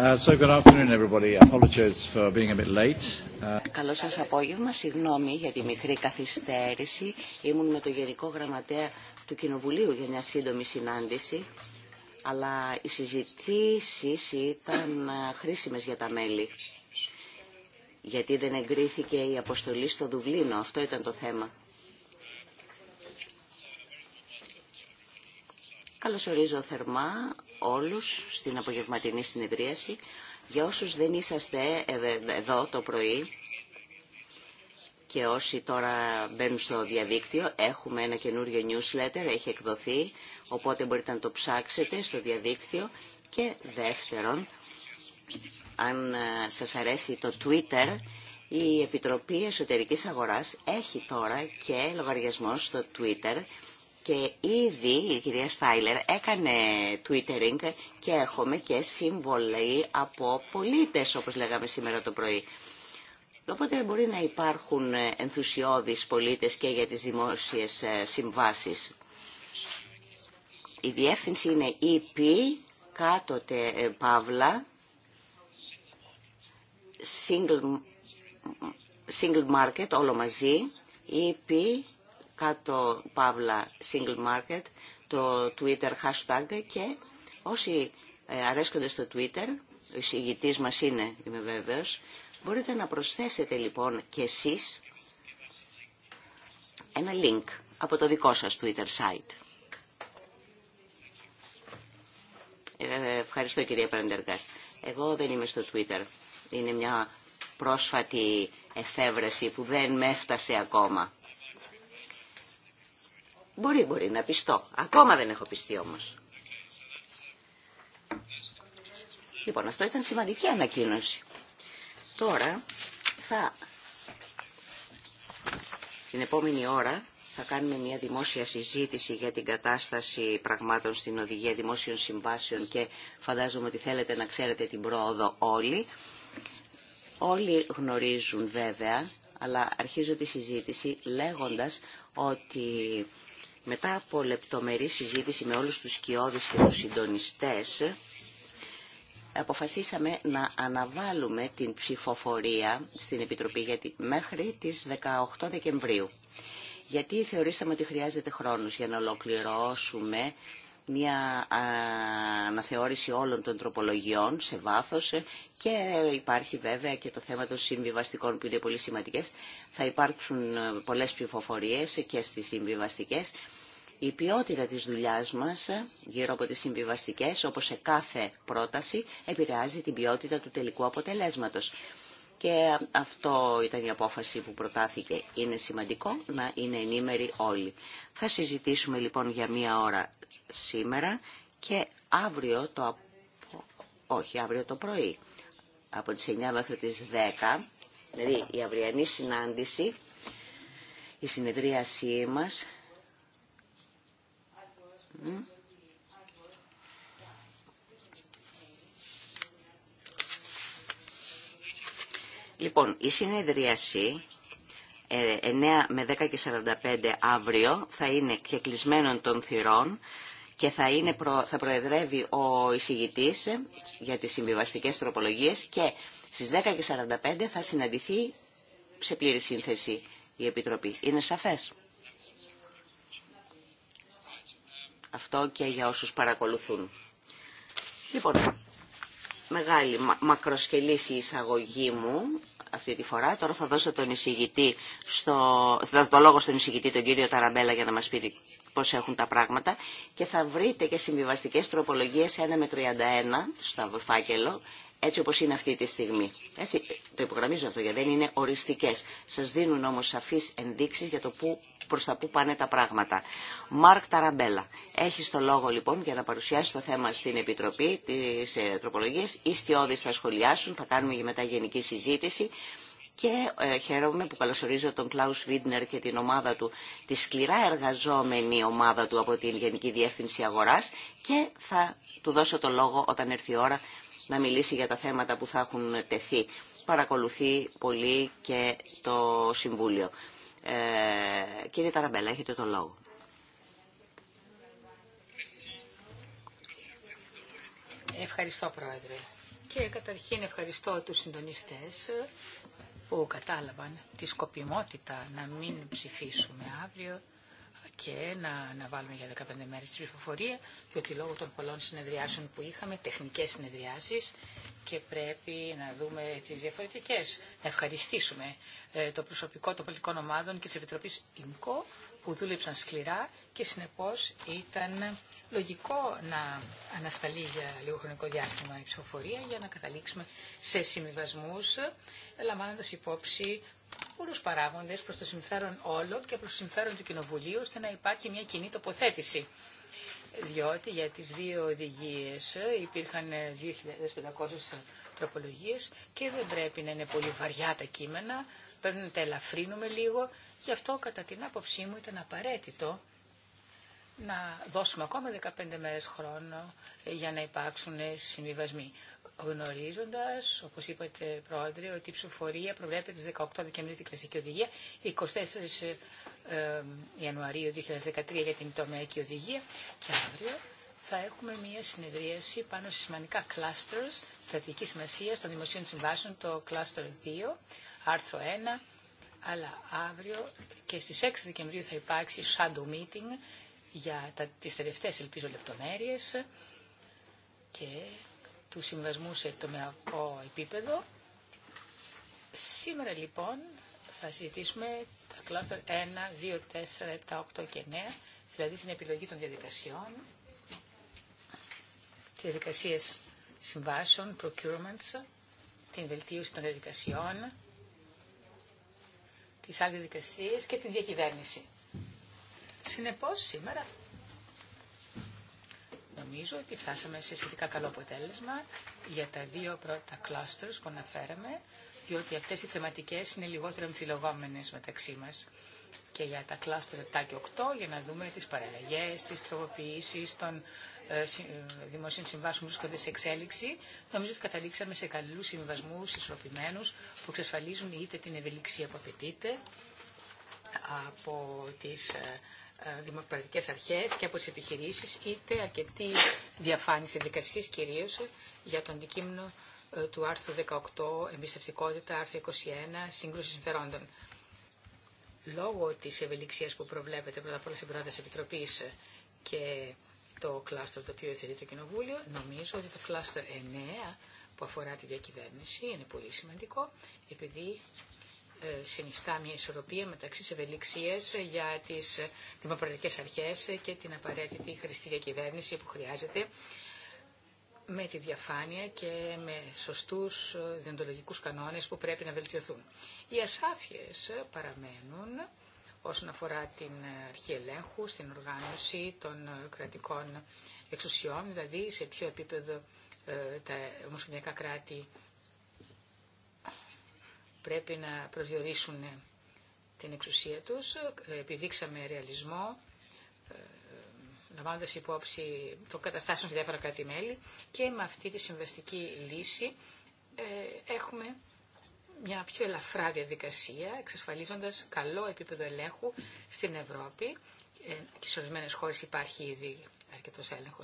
Uh, so good uh, Καλό σας απόγευμα. Συγγνώμη για τη μικρή καθυστέρηση. Ήμουν με το Γενικό Γραμματέα του Κοινοβουλίου για μια σύντομη συνάντηση. Αλλά οι συζητήσεις ήταν ε, χρήσιμες για τα μέλη. Γιατί δεν εγκρίθηκε η αποστολή στο Δουβλίνο. Αυτό ήταν το θέμα. Καλώς ορίζω θερμά όλους στην απογευματινή συνεδρίαση. Για όσους δεν είσαστε εδώ το πρωί και όσοι τώρα μπαίνουν στο διαδίκτυο, έχουμε ένα καινούριο newsletter, έχει εκδοθεί, οπότε μπορείτε να το ψάξετε στο διαδίκτυο. Και δεύτερον, αν ε, σας αρέσει το Twitter, η Επιτροπή Εσωτερικής Αγοράς έχει τώρα και λογαριασμό στο Twitter, και ήδη η κυρία Στάιλερ έκανε twittering και έχουμε και σύμβολη από πολίτες όπως λέγαμε σήμερα το πρωί. Οπότε μπορεί να υπάρχουν ενθουσιώδεις πολίτες και για τις δημόσιες ε, συμβάσεις. Η διεύθυνση είναι EP, κάτωτε ε, παύλα, single, mm, mm, single market, όλο μαζί, EP, κάτω παύλα single market, το Twitter hashtag και όσοι ε, αρέσκονται στο Twitter, ο εισηγητής μας είναι, είμαι βέβαιος, μπορείτε να προσθέσετε λοιπόν και εσείς ένα link από το δικό σας Twitter site. Ε, ευχαριστώ κυρία Πραντεργάς. Εγώ δεν είμαι στο Twitter. Είναι μια πρόσφατη εφεύρεση που δεν με έφτασε ακόμα. Μπορεί, μπορεί να πιστώ. Ακόμα δεν έχω πιστεί όμως. Λοιπόν, αυτό ήταν σημαντική ανακοίνωση. Τώρα θα... Την επόμενη ώρα θα κάνουμε μια δημόσια συζήτηση για την κατάσταση πραγμάτων στην Οδηγία Δημόσιων Συμβάσεων και φαντάζομαι ότι θέλετε να ξέρετε την πρόοδο όλοι. Όλοι γνωρίζουν βέβαια, αλλά αρχίζω τη συζήτηση λέγοντας ότι μετά από λεπτομερή συζήτηση με όλους τους σκιώδεις και τους συντονιστές, αποφασίσαμε να αναβάλουμε την ψηφοφορία στην Επιτροπή γιατί μέχρι τις 18 Δεκεμβρίου. Γιατί θεωρήσαμε ότι χρειάζεται χρόνος για να ολοκληρώσουμε μια αναθεώρηση όλων των τροπολογιών σε βάθος και υπάρχει βέβαια και το θέμα των συμβιβαστικών που είναι πολύ σημαντικές. Θα υπάρξουν ε, πολλές ψηφοφορίες και στις συμβιβαστικές. Η ποιότητα της δουλειάς μας ε, γύρω από τις συμβιβαστικές, όπως σε κάθε πρόταση, επηρεάζει την ποιότητα του τελικού αποτελέσματος. Και αυτό ήταν η απόφαση που προτάθηκε. Είναι σημαντικό να είναι ενήμεροι όλοι. Θα συζητήσουμε λοιπόν για μία ώρα σήμερα και αύριο το, όχι, αύριο το πρωί, από τις 9 μέχρι τις 10, δηλαδή η αυριανή συνάντηση, η συνεδρίασή μας, Λοιπόν, η συνεδρίαση 9 ε, με 10 και 45 αύριο θα είναι και κλεισμένων των θυρών και θα, είναι, θα προεδρεύει ο εισηγητής ε, για τις συμβιβαστικές τροπολογίες και στις 10 και 45 θα συναντηθεί σε πλήρη σύνθεση η Επιτροπή. Είναι σαφές. Αυτό και για όσους παρακολουθούν. Λοιπόν, μεγάλη μακροσκελής η εισαγωγή μου αυτή τη φορά. Τώρα θα δώσω τον εισηγητή στο, θα το λόγο στον εισηγητή τον κύριο Ταραμπέλα για να μας πει πώς έχουν τα πράγματα και θα βρείτε και συμβιβαστικές τροπολογίες 1 με 31 στα φάκελο έτσι όπως είναι αυτή τη στιγμή. Έτσι, το υπογραμμίζω αυτό γιατί δεν είναι οριστικές. Σας δίνουν όμως σαφείς ενδείξεις για το πού προς τα που πάνε τα πράγματα. Μάρκ Ταραμπέλα, έχει το λόγο λοιπόν για να παρουσιάσει το θέμα στην Επιτροπή της τροπολογία. Ε, Τροπολογίας. Οι σκιώδει θα σχολιάσουν, θα κάνουμε και μετά γενική συζήτηση. Και ε, χαίρομαι που καλωσορίζω τον Κλάου Βίντνερ και την ομάδα του, τη σκληρά εργαζόμενη ομάδα του από την Γενική Διεύθυνση αγορά και θα του δώσω το λόγο όταν έρθει η ώρα να μιλήσει για τα θέματα που θα έχουν τεθεί. Παρακολουθεί πολύ και το Συμβούλιο. Ε, κύριε Ταραμπέλα, έχετε το λόγο. Ευχαριστώ, Πρόεδρε. Και καταρχήν ευχαριστώ τους συντονιστές που κατάλαβαν τη σκοπιμότητα να μην ψηφίσουμε αύριο και να βάλουμε για 15 μέρες την ψηφοφορία, διότι λόγω των πολλών συνεδριάσεων που είχαμε, τεχνικές συνεδριάσεις και πρέπει να δούμε τις διαφορετικές. Να ευχαριστήσουμε ε, το προσωπικό των πολιτικών ομάδων και της Επιτροπής ΙΜΚΟ που δούλεψαν σκληρά και συνεπώς ήταν λογικό να ανασταλεί για λίγο χρονικό διάστημα η ψηφοφορία για να καταλήξουμε σε συμβιβασμούς λαμβάνοντας υπόψη πολλού παράγοντε προ το συμφέρον όλων και προ το συμφέρον του Κοινοβουλίου, ώστε να υπάρχει μια κοινή τοποθέτηση. Διότι για τις δύο οδηγίε υπήρχαν 2.500 τροπολογίε και δεν πρέπει να είναι πολύ βαριά τα κείμενα, πρέπει να τα ελαφρύνουμε λίγο. Γι' αυτό κατά την άποψή μου ήταν απαραίτητο να δώσουμε ακόμα 15 μέρες χρόνο για να υπάρξουν συμβιβασμοί. Γνωρίζοντα, όπω είπατε πρόεδρε, ότι η ψηφοφορία προβλέπεται στις 18 Δεκεμβρίου την κλασική οδηγία, 24 ε, Ιανουαρίου 2013 για την τομεακή οδηγία και αύριο θα έχουμε μια συνεδρίαση πάνω σε σημαντικά clusters στρατηγική σημασία των δημοσίων συμβάσεων, το cluster 2, άρθρο 1, αλλά αύριο και στις 6 Δεκεμβρίου θα υπάρξει shadow meeting για τι τις τελευταίες ελπίζω λεπτομέρειες και του συμβασμού σε τομεακό επίπεδο. Σήμερα λοιπόν θα συζητήσουμε τα κλάστερ 1, 2, 4, 7, 8 και 9, δηλαδή την επιλογή των διαδικασιών, τις διαδικασίες συμβάσεων, procurements, την βελτίωση των διαδικασιών, τις άλλες διαδικασίες και την διακυβέρνηση. Συνεπώς σήμερα Νομίζω ότι φτάσαμε σε σχετικά καλό αποτέλεσμα για τα δύο πρώτα clusters που αναφέραμε, διότι αυτές οι θεματικές είναι λιγότερο εμφυλογόμενες μεταξύ μας. Και για τα κλάστερ 7 και 8, για να δούμε τις παραλλαγές, τις τροποποιήσεις των ε, ε, δημοσίων συμβάσεων που βρίσκονται σε εξέλιξη, νομίζω ότι καταλήξαμε σε καλούς συμβασμούς ισορροπημένου που εξασφαλίζουν είτε την ευελιξία που απαιτείται από τις ε, ε, δημοκρατικές αρχές και από τις επιχειρήσεις, είτε αρκετή διαφάνιση δικασίες κυρίως για το αντικείμενο ε, του άρθρου 18, εμπιστευτικότητα, άρθρο 21, σύγκρουση συμφερόντων. Λόγω της ευελιξίας που προβλέπεται πρώτα απ' όλα στην πρόταση Επιτροπής και το κλάστερ το οποίο εθελεί το Κοινοβούλιο, νομίζω ότι το κλάστερ 9 που αφορά τη διακυβέρνηση είναι πολύ σημαντικό, επειδή ε, συνιστά μια ισορροπία μεταξύ ευελιξίας για τις δημοκρατικές αρχές και την απαραίτητη χρηστή διακυβέρνηση που χρειάζεται με τη διαφάνεια και με σωστούς διοντολογικούς κανόνες που πρέπει να βελτιωθούν. Οι ασάφειες παραμένουν όσον αφορά την αρχή ελέγχου, στην οργάνωση των κρατικών εξουσιών, δηλαδή σε ποιο επίπεδο ε, τα ομοσπονδιακά κράτη πρέπει να προσδιορίσουν ε, την εξουσία τους. Ε, επιδείξαμε ρεαλισμό, ε, λαμβάνοντα υπόψη το καταστάσιο σε διάφορα κράτη-μέλη και με αυτή τη συμβαστική λύση έχουμε μια πιο ελαφρά διαδικασία, εξασφαλίζοντας καλό επίπεδο ελέγχου στην Ευρώπη και σε ορισμένε χώρε υπάρχει ήδη αρκετό έλεγχο.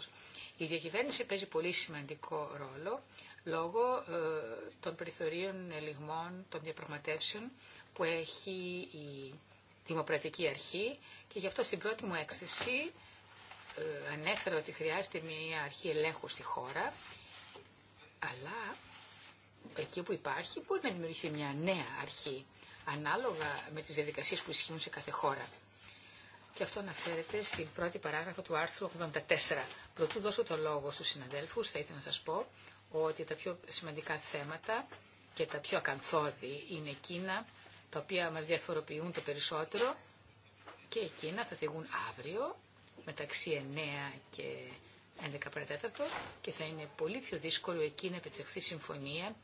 Η διακυβέρνηση παίζει πολύ σημαντικό ρόλο λόγω ε, των περιθωρίων ελιγμών των διαπραγματεύσεων που έχει η Δημοκρατική Αρχή και γι' αυτό στην πρώτη μου έκθεση ε, ανέφερα ότι χρειάζεται μια αρχή ελέγχου στη χώρα, αλλά εκεί που υπάρχει μπορεί να δημιουργηθεί μια νέα αρχή ανάλογα με τις διαδικασίες που ισχύουν σε κάθε χώρα. Και αυτό αναφέρεται στην πρώτη παράγραφο του άρθρου 84. Προτού δώσω το λόγο στους συναδέλφους, θα ήθελα να σας πω ότι τα πιο σημαντικά θέματα και τα πιο ακαθόδη είναι εκείνα τα οποία μας διαφοροποιούν το περισσότερο και εκείνα θα φύγουν αύριο μεταξύ 9 και 11 παρατέταρτο και θα είναι πολύ πιο δύσκολο εκεί να επιτευχθεί συμφωνία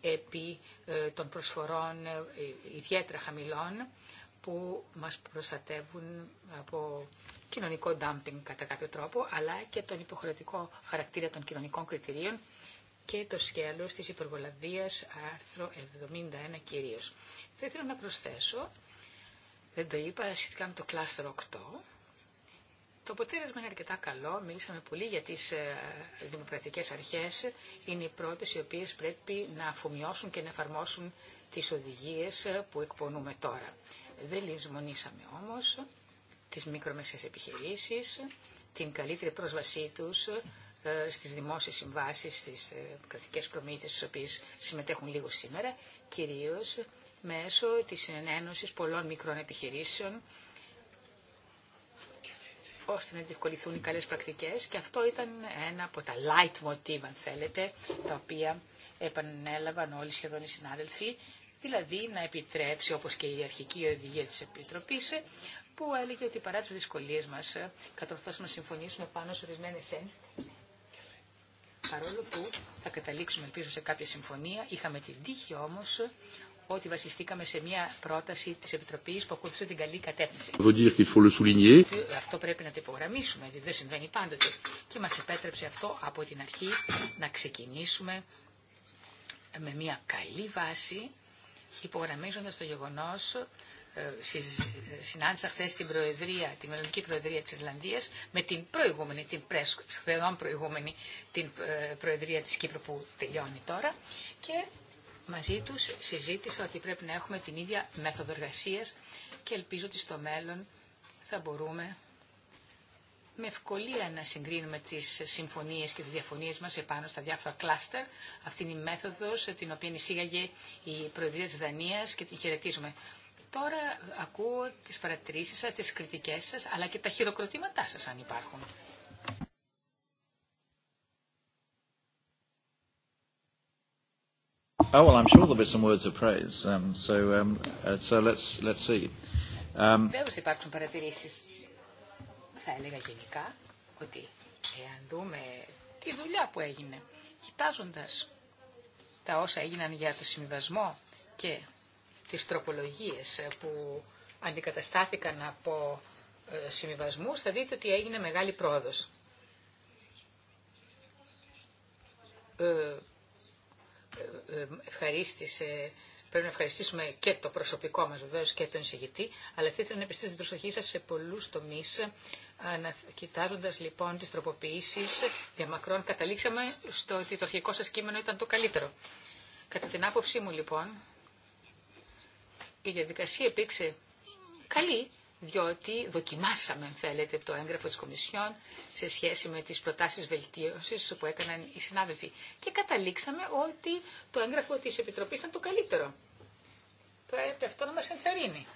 επί ε, των προσφορών ε, ιδιαίτερα χαμηλών που μας προστατεύουν από κοινωνικό ντάμπινγκ κατά κάποιο τρόπο αλλά και τον υποχρεωτικό χαρακτήρα των κοινωνικών κριτηρίων και το σκέλος της υπεργολαβίας άρθρο 71 κυρίως. Θα ήθελα να προσθέσω, δεν το είπα, σχετικά με το κλάστρο 8, το αποτέλεσμα είναι αρκετά καλό. Μίλησαμε πολύ για τις ε, δημοκρατικές αρχές. Είναι οι πρώτες οι οποίες πρέπει να αφομοιώσουν και να εφαρμόσουν τις οδηγίες ε, που εκπονούμε τώρα. Δεν λησμονήσαμε όμως τις μικρομεσαίες επιχειρήσεις, την καλύτερη πρόσβασή τους ε, στις δημόσιες συμβάσεις, στις ε, κρατικές προμήθειες στις οποίες συμμετέχουν λίγο σήμερα, κυρίως μέσω της συνενένωση πολλών μικρών επιχειρήσεων, ώστε να διευκολυθούν οι καλές πρακτικές και αυτό ήταν ένα από τα light motive, αν θέλετε, τα οποία επανέλαβαν όλοι σχεδόν οι συνάδελφοι, δηλαδή να επιτρέψει, όπως και η αρχική οδηγία της Επιτροπής, που έλεγε ότι παρά τις δυσκολίες μας, ε, κατορθώσαμε να συμφωνήσουμε πάνω σε ορισμένε έννοιες, Παρόλο που θα καταλήξουμε ελπίζω σε κάποια συμφωνία, είχαμε την τύχη όμως ότι βασιστήκαμε σε μια πρόταση της Επιτροπής που ακολουθούσε την καλή κατεύθυνση. Αυτό πρέπει να το υπογραμμίσουμε, γιατί δεν συμβαίνει πάντοτε. Και μας επέτρεψε αυτό από την αρχή να ξεκινήσουμε με μια καλή βάση, υπογραμμίζοντας το γεγονός ε, συνάντησα χθε την Προεδρία, τη Μελλοντική Προεδρία της Ιρλανδίας με την προηγούμενη, την πρέσκο, σχεδόν προηγούμενη, την ε, Προεδρία της Κύπρου που τελειώνει τώρα και μαζί τους συζήτησα ότι πρέπει να έχουμε την ίδια μέθοδο εργασία και ελπίζω ότι στο μέλλον θα μπορούμε με ευκολία να συγκρίνουμε τις συμφωνίες και τις διαφωνίες μας επάνω στα διάφορα κλάστερ. Αυτή είναι η μέθοδος την οποία εισήγαγε η Προεδρία της Δανίας και την χαιρετίζουμε. Τώρα ακούω τις παρατηρήσεις σας, τις κριτικές σας, αλλά και τα χειροκροτήματά σας αν υπάρχουν. Oh, well, I'm sure some words of praise. Um, so, um, uh, so let's, let's see. Um... Βέβαια υπάρχουν παρατηρήσεις. Θα έλεγα γενικά ότι εάν δούμε τη δουλειά που έγινε, κοιτάζοντας τα όσα έγιναν για το συμβιβασμό και τις τροπολογίες ε, που αντικαταστάθηκαν από ε, συμβιβασμού, θα δείτε ότι έγινε μεγάλη πρόοδος. Ε, ευχαρίστησε, πρέπει να ευχαριστήσουμε και το προσωπικό μας βεβαίω και τον εισηγητή, αλλά θα ήθελα να επιστήσω την προσοχή σας σε πολλούς τομείς. Κοιτάζοντας λοιπόν τις τροποποιήσεις για μακρόν καταλήξαμε στο ότι το αρχικό σας κείμενο ήταν το καλύτερο. Κατά την άποψή μου λοιπόν, η διαδικασία υπήρξε καλή, διότι δοκιμάσαμε, αν θέλετε, το έγγραφο της Κομισιόν σε σχέση με τις προτάσεις βελτίωσης που έκαναν οι συνάδελφοι. Και καταλήξαμε ότι το έγγραφο της Επιτροπής ήταν το καλύτερο. Πρέπει αυτό να μας ενθαρρύνει.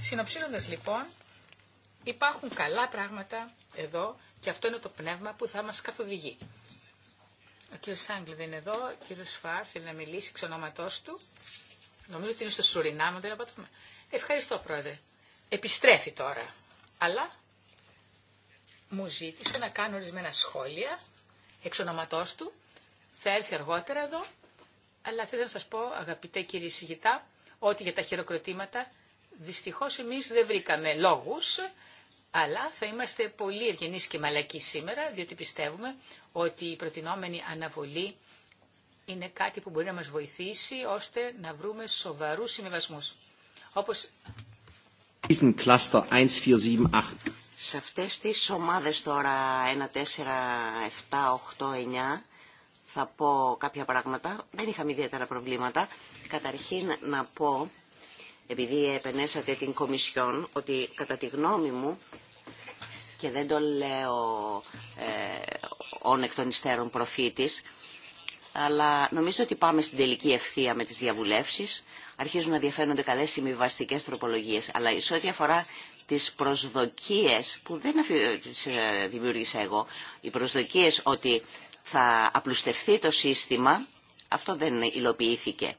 Συνοψίζοντας λοιπόν, υπάρχουν καλά πράγματα εδώ και αυτό είναι το πνεύμα που θα μας καθοδηγεί. Ο κύριος Σάγκλη δεν είναι εδώ, ο κύριος Φάρ θέλει να μιλήσει εξ ονόματός του. Νομίζω ότι είναι στο Σουρινάμ, δεν απατώμε. Ευχαριστώ, Πρόεδρε. Επιστρέφει τώρα. Αλλά μου ζήτησε να κάνω ορισμένα σχόλια εξ ονοματός του. Θα έρθει αργότερα εδώ. Αλλά θέλω να σας πω, αγαπητέ κύριε Σιγητά, ότι για τα χειροκροτήματα δυστυχώς εμείς δεν βρήκαμε λόγους, αλλά θα είμαστε πολύ ευγενείς και μαλακοί σήμερα, διότι πιστεύουμε ότι η προτινόμενη αναβολή είναι κάτι που μπορεί να μας βοηθήσει ώστε να βρούμε σοβαρούς συμβιβασμούς. Όπως... Σε αυτές τις ομάδες τώρα 1, 4, 7, 8, 9 θα πω κάποια πράγματα. Δεν είχαμε ιδιαίτερα προβλήματα. Καταρχήν να πω, επειδή επενέσατε την Κομισιόν, ότι κατά τη γνώμη μου, και δεν το λέω ε, όν εκ των υστέρων προφήτης, αλλά νομίζω ότι πάμε στην τελική ευθεία με τις διαβουλεύσεις. Αρχίζουν να διαφαίνονται καλές συμβιβαστικέ τροπολογίες, αλλά σε ό,τι αφορά τις προσδοκίες που δεν ε, δημιούργησα εγώ, οι προσδοκίες ότι θα απλουστευτεί το σύστημα, αυτό δεν υλοποιήθηκε.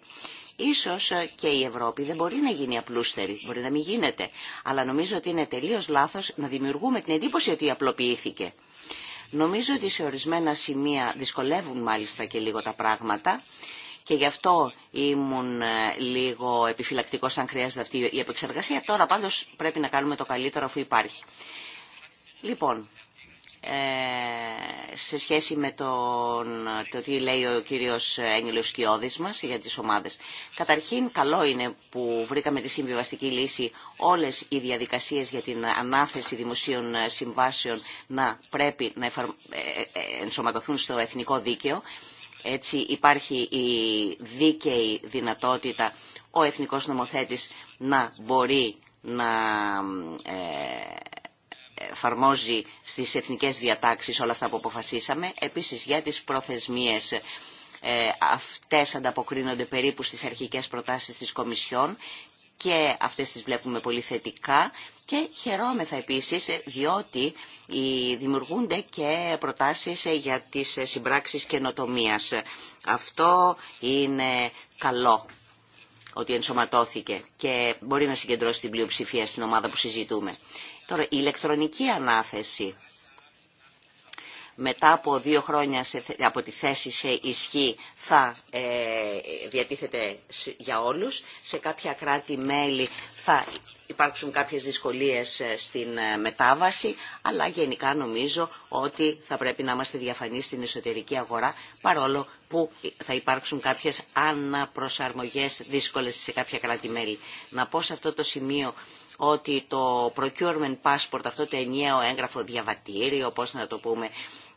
Ίσως ε, και η Ευρώπη δεν μπορεί να γίνει απλούστερη, μπορεί να μην γίνεται, αλλά νομίζω ότι είναι τελείως λάθος να δημιουργούμε την εντύπωση ότι απλοποιήθηκε. Νομίζω ότι σε ορισμένα σημεία δυσκολεύουν μάλιστα και λίγο τα πράγματα και γι' αυτό ήμουν ε, λίγο επιφυλακτικός αν χρειάζεται αυτή η επεξεργασία. Τώρα πάντως πρέπει να κάνουμε το καλύτερο αφού υπάρχει. Λοιπόν, ε, σε σχέση με τον, το τι λέει ο κύριος Έγγελος Κιώδης μας για τις ομάδες. Καταρχήν καλό είναι που βρήκαμε τη συμβιβαστική λύση όλες οι διαδικασίες για την ανάθεση δημοσίων συμβάσεων να πρέπει να ε, ε, ενσωματωθούν στο εθνικό δίκαιο. Έτσι υπάρχει η δίκαιη δυνατότητα ο εθνικός νομοθέτης να μπορεί να εφαρμόζει στις εθνικές διατάξεις όλα αυτά που αποφασίσαμε. Επίσης για τις προθεσμίες ε, αυτές ανταποκρίνονται περίπου στις αρχικές προτάσεις της Κομισιόν και αυτές τις βλέπουμε πολύ θετικά και χαιρόμεθα επίσης ε, διότι ε, δημιουργούνται και προτάσεις ε, για τις συμπράξεις καινοτομία. Αυτό είναι καλό ότι ενσωματώθηκε και μπορεί να συγκεντρώσει την πλειοψηφία στην ομάδα που συζητούμε. Τώρα, η ηλεκτρονική ανάθεση μετά από δύο χρόνια από τη θέση σε ισχύ θα ε, διατίθεται για όλους. Σε κάποια κράτη-μέλη θα υπάρξουν κάποιες δυσκολίες ε, στην ε, μετάβαση, αλλά γενικά νομίζω ότι θα πρέπει να είμαστε διαφανείς στην εσωτερική αγορά, παρόλο που θα υπάρξουν κάποιες αναπροσαρμογές δύσκολες σε κάποια κράτη-μέλη. Να πω σε αυτό το σημείο ότι το procurement passport, αυτό το ενιαίο έγγραφο διαβατήριο, πώς να το πούμε,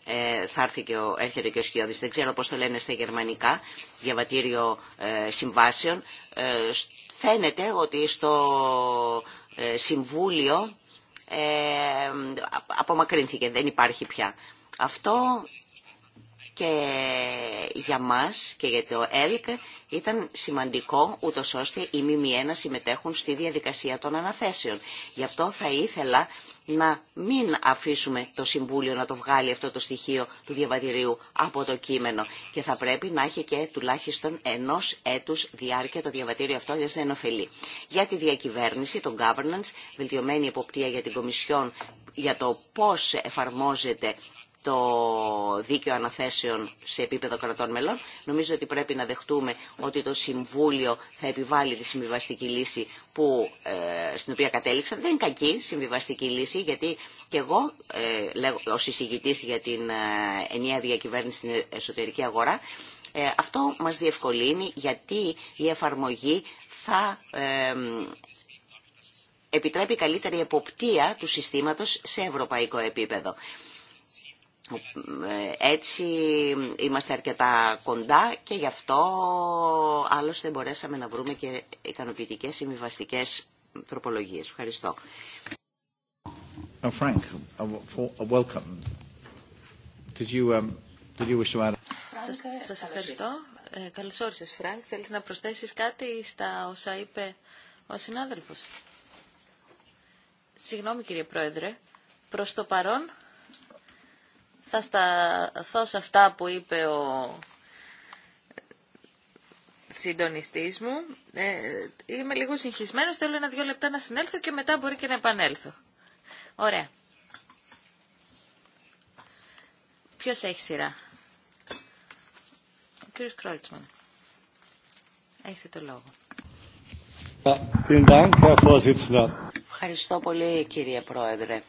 ε, θα έρθει και ο, έρχεται και ο Σκιώδης, δεν ξέρω πώς το λένε στα γερμανικά, διαβατήριο ε, συμβάσεων. Ε, φαίνεται ότι στο Συμβούλιο απομακρύνθηκε, δεν υπάρχει πια. Αυτό και για μας και για το ΕΛΚ ήταν σημαντικό ούτως ώστε οι ΜΜΕ να συμμετέχουν στη διαδικασία των αναθέσεων. Γι' αυτό θα ήθελα να μην αφήσουμε το Συμβούλιο να το βγάλει αυτό το στοιχείο του διαβατηρίου από το κείμενο και θα πρέπει να έχει και τουλάχιστον ενός έτους διάρκεια το διαβατήριο αυτό για δεν ωφελεί. Για τη διακυβέρνηση, το governance, βελτιωμένη εποπτεία για την Κομισιόν για το πώς εφαρμόζεται το δίκαιο αναθέσεων σε επίπεδο κρατών μελών. Νομίζω ότι πρέπει να δεχτούμε ότι το Συμβούλιο θα επιβάλλει τη συμβιβαστική λύση που, ε, στην οποία κατέληξαν. Δεν κακή συμβιβαστική λύση, γιατί και εγώ, ε, ως εισηγητής για την ε, ενιαία διακυβέρνηση στην εσωτερική αγορά, ε, αυτό μας διευκολύνει γιατί η εφαρμογή θα ε, επιτρέπει καλύτερη εποπτεία του συστήματος σε ευρωπαϊκό επίπεδο. Ε, έτσι είμαστε αρκετά κοντά και γι' αυτό άλλωστε μπορέσαμε να βρούμε και ικανοποιητικέ συμβιβαστικέ τροπολογίες. Ευχαριστώ. Σα Frank, welcome. Did you, um, did you wish to Σας, ευχαριστώ. Ε, καλώς Φρανκ. Θέλεις να προσθέσεις κάτι στα όσα είπε ο συνάδελφος. Συγγνώμη, κύριε Πρόεδρε. Προς το παρόν θα σταθώ σε αυτά που είπε ο συντονιστής μου. Ε, είμαι λίγο συγχυσμένος, θέλω ένα-δυο λεπτά να συνέλθω και μετά μπορεί και να επανέλθω. Ωραία. Ποιος έχει σειρά. Ο κύριος Κρόιτσμαν. Έχετε το λόγο. Ευχαριστώ πολύ κύριε Πρόεδρε.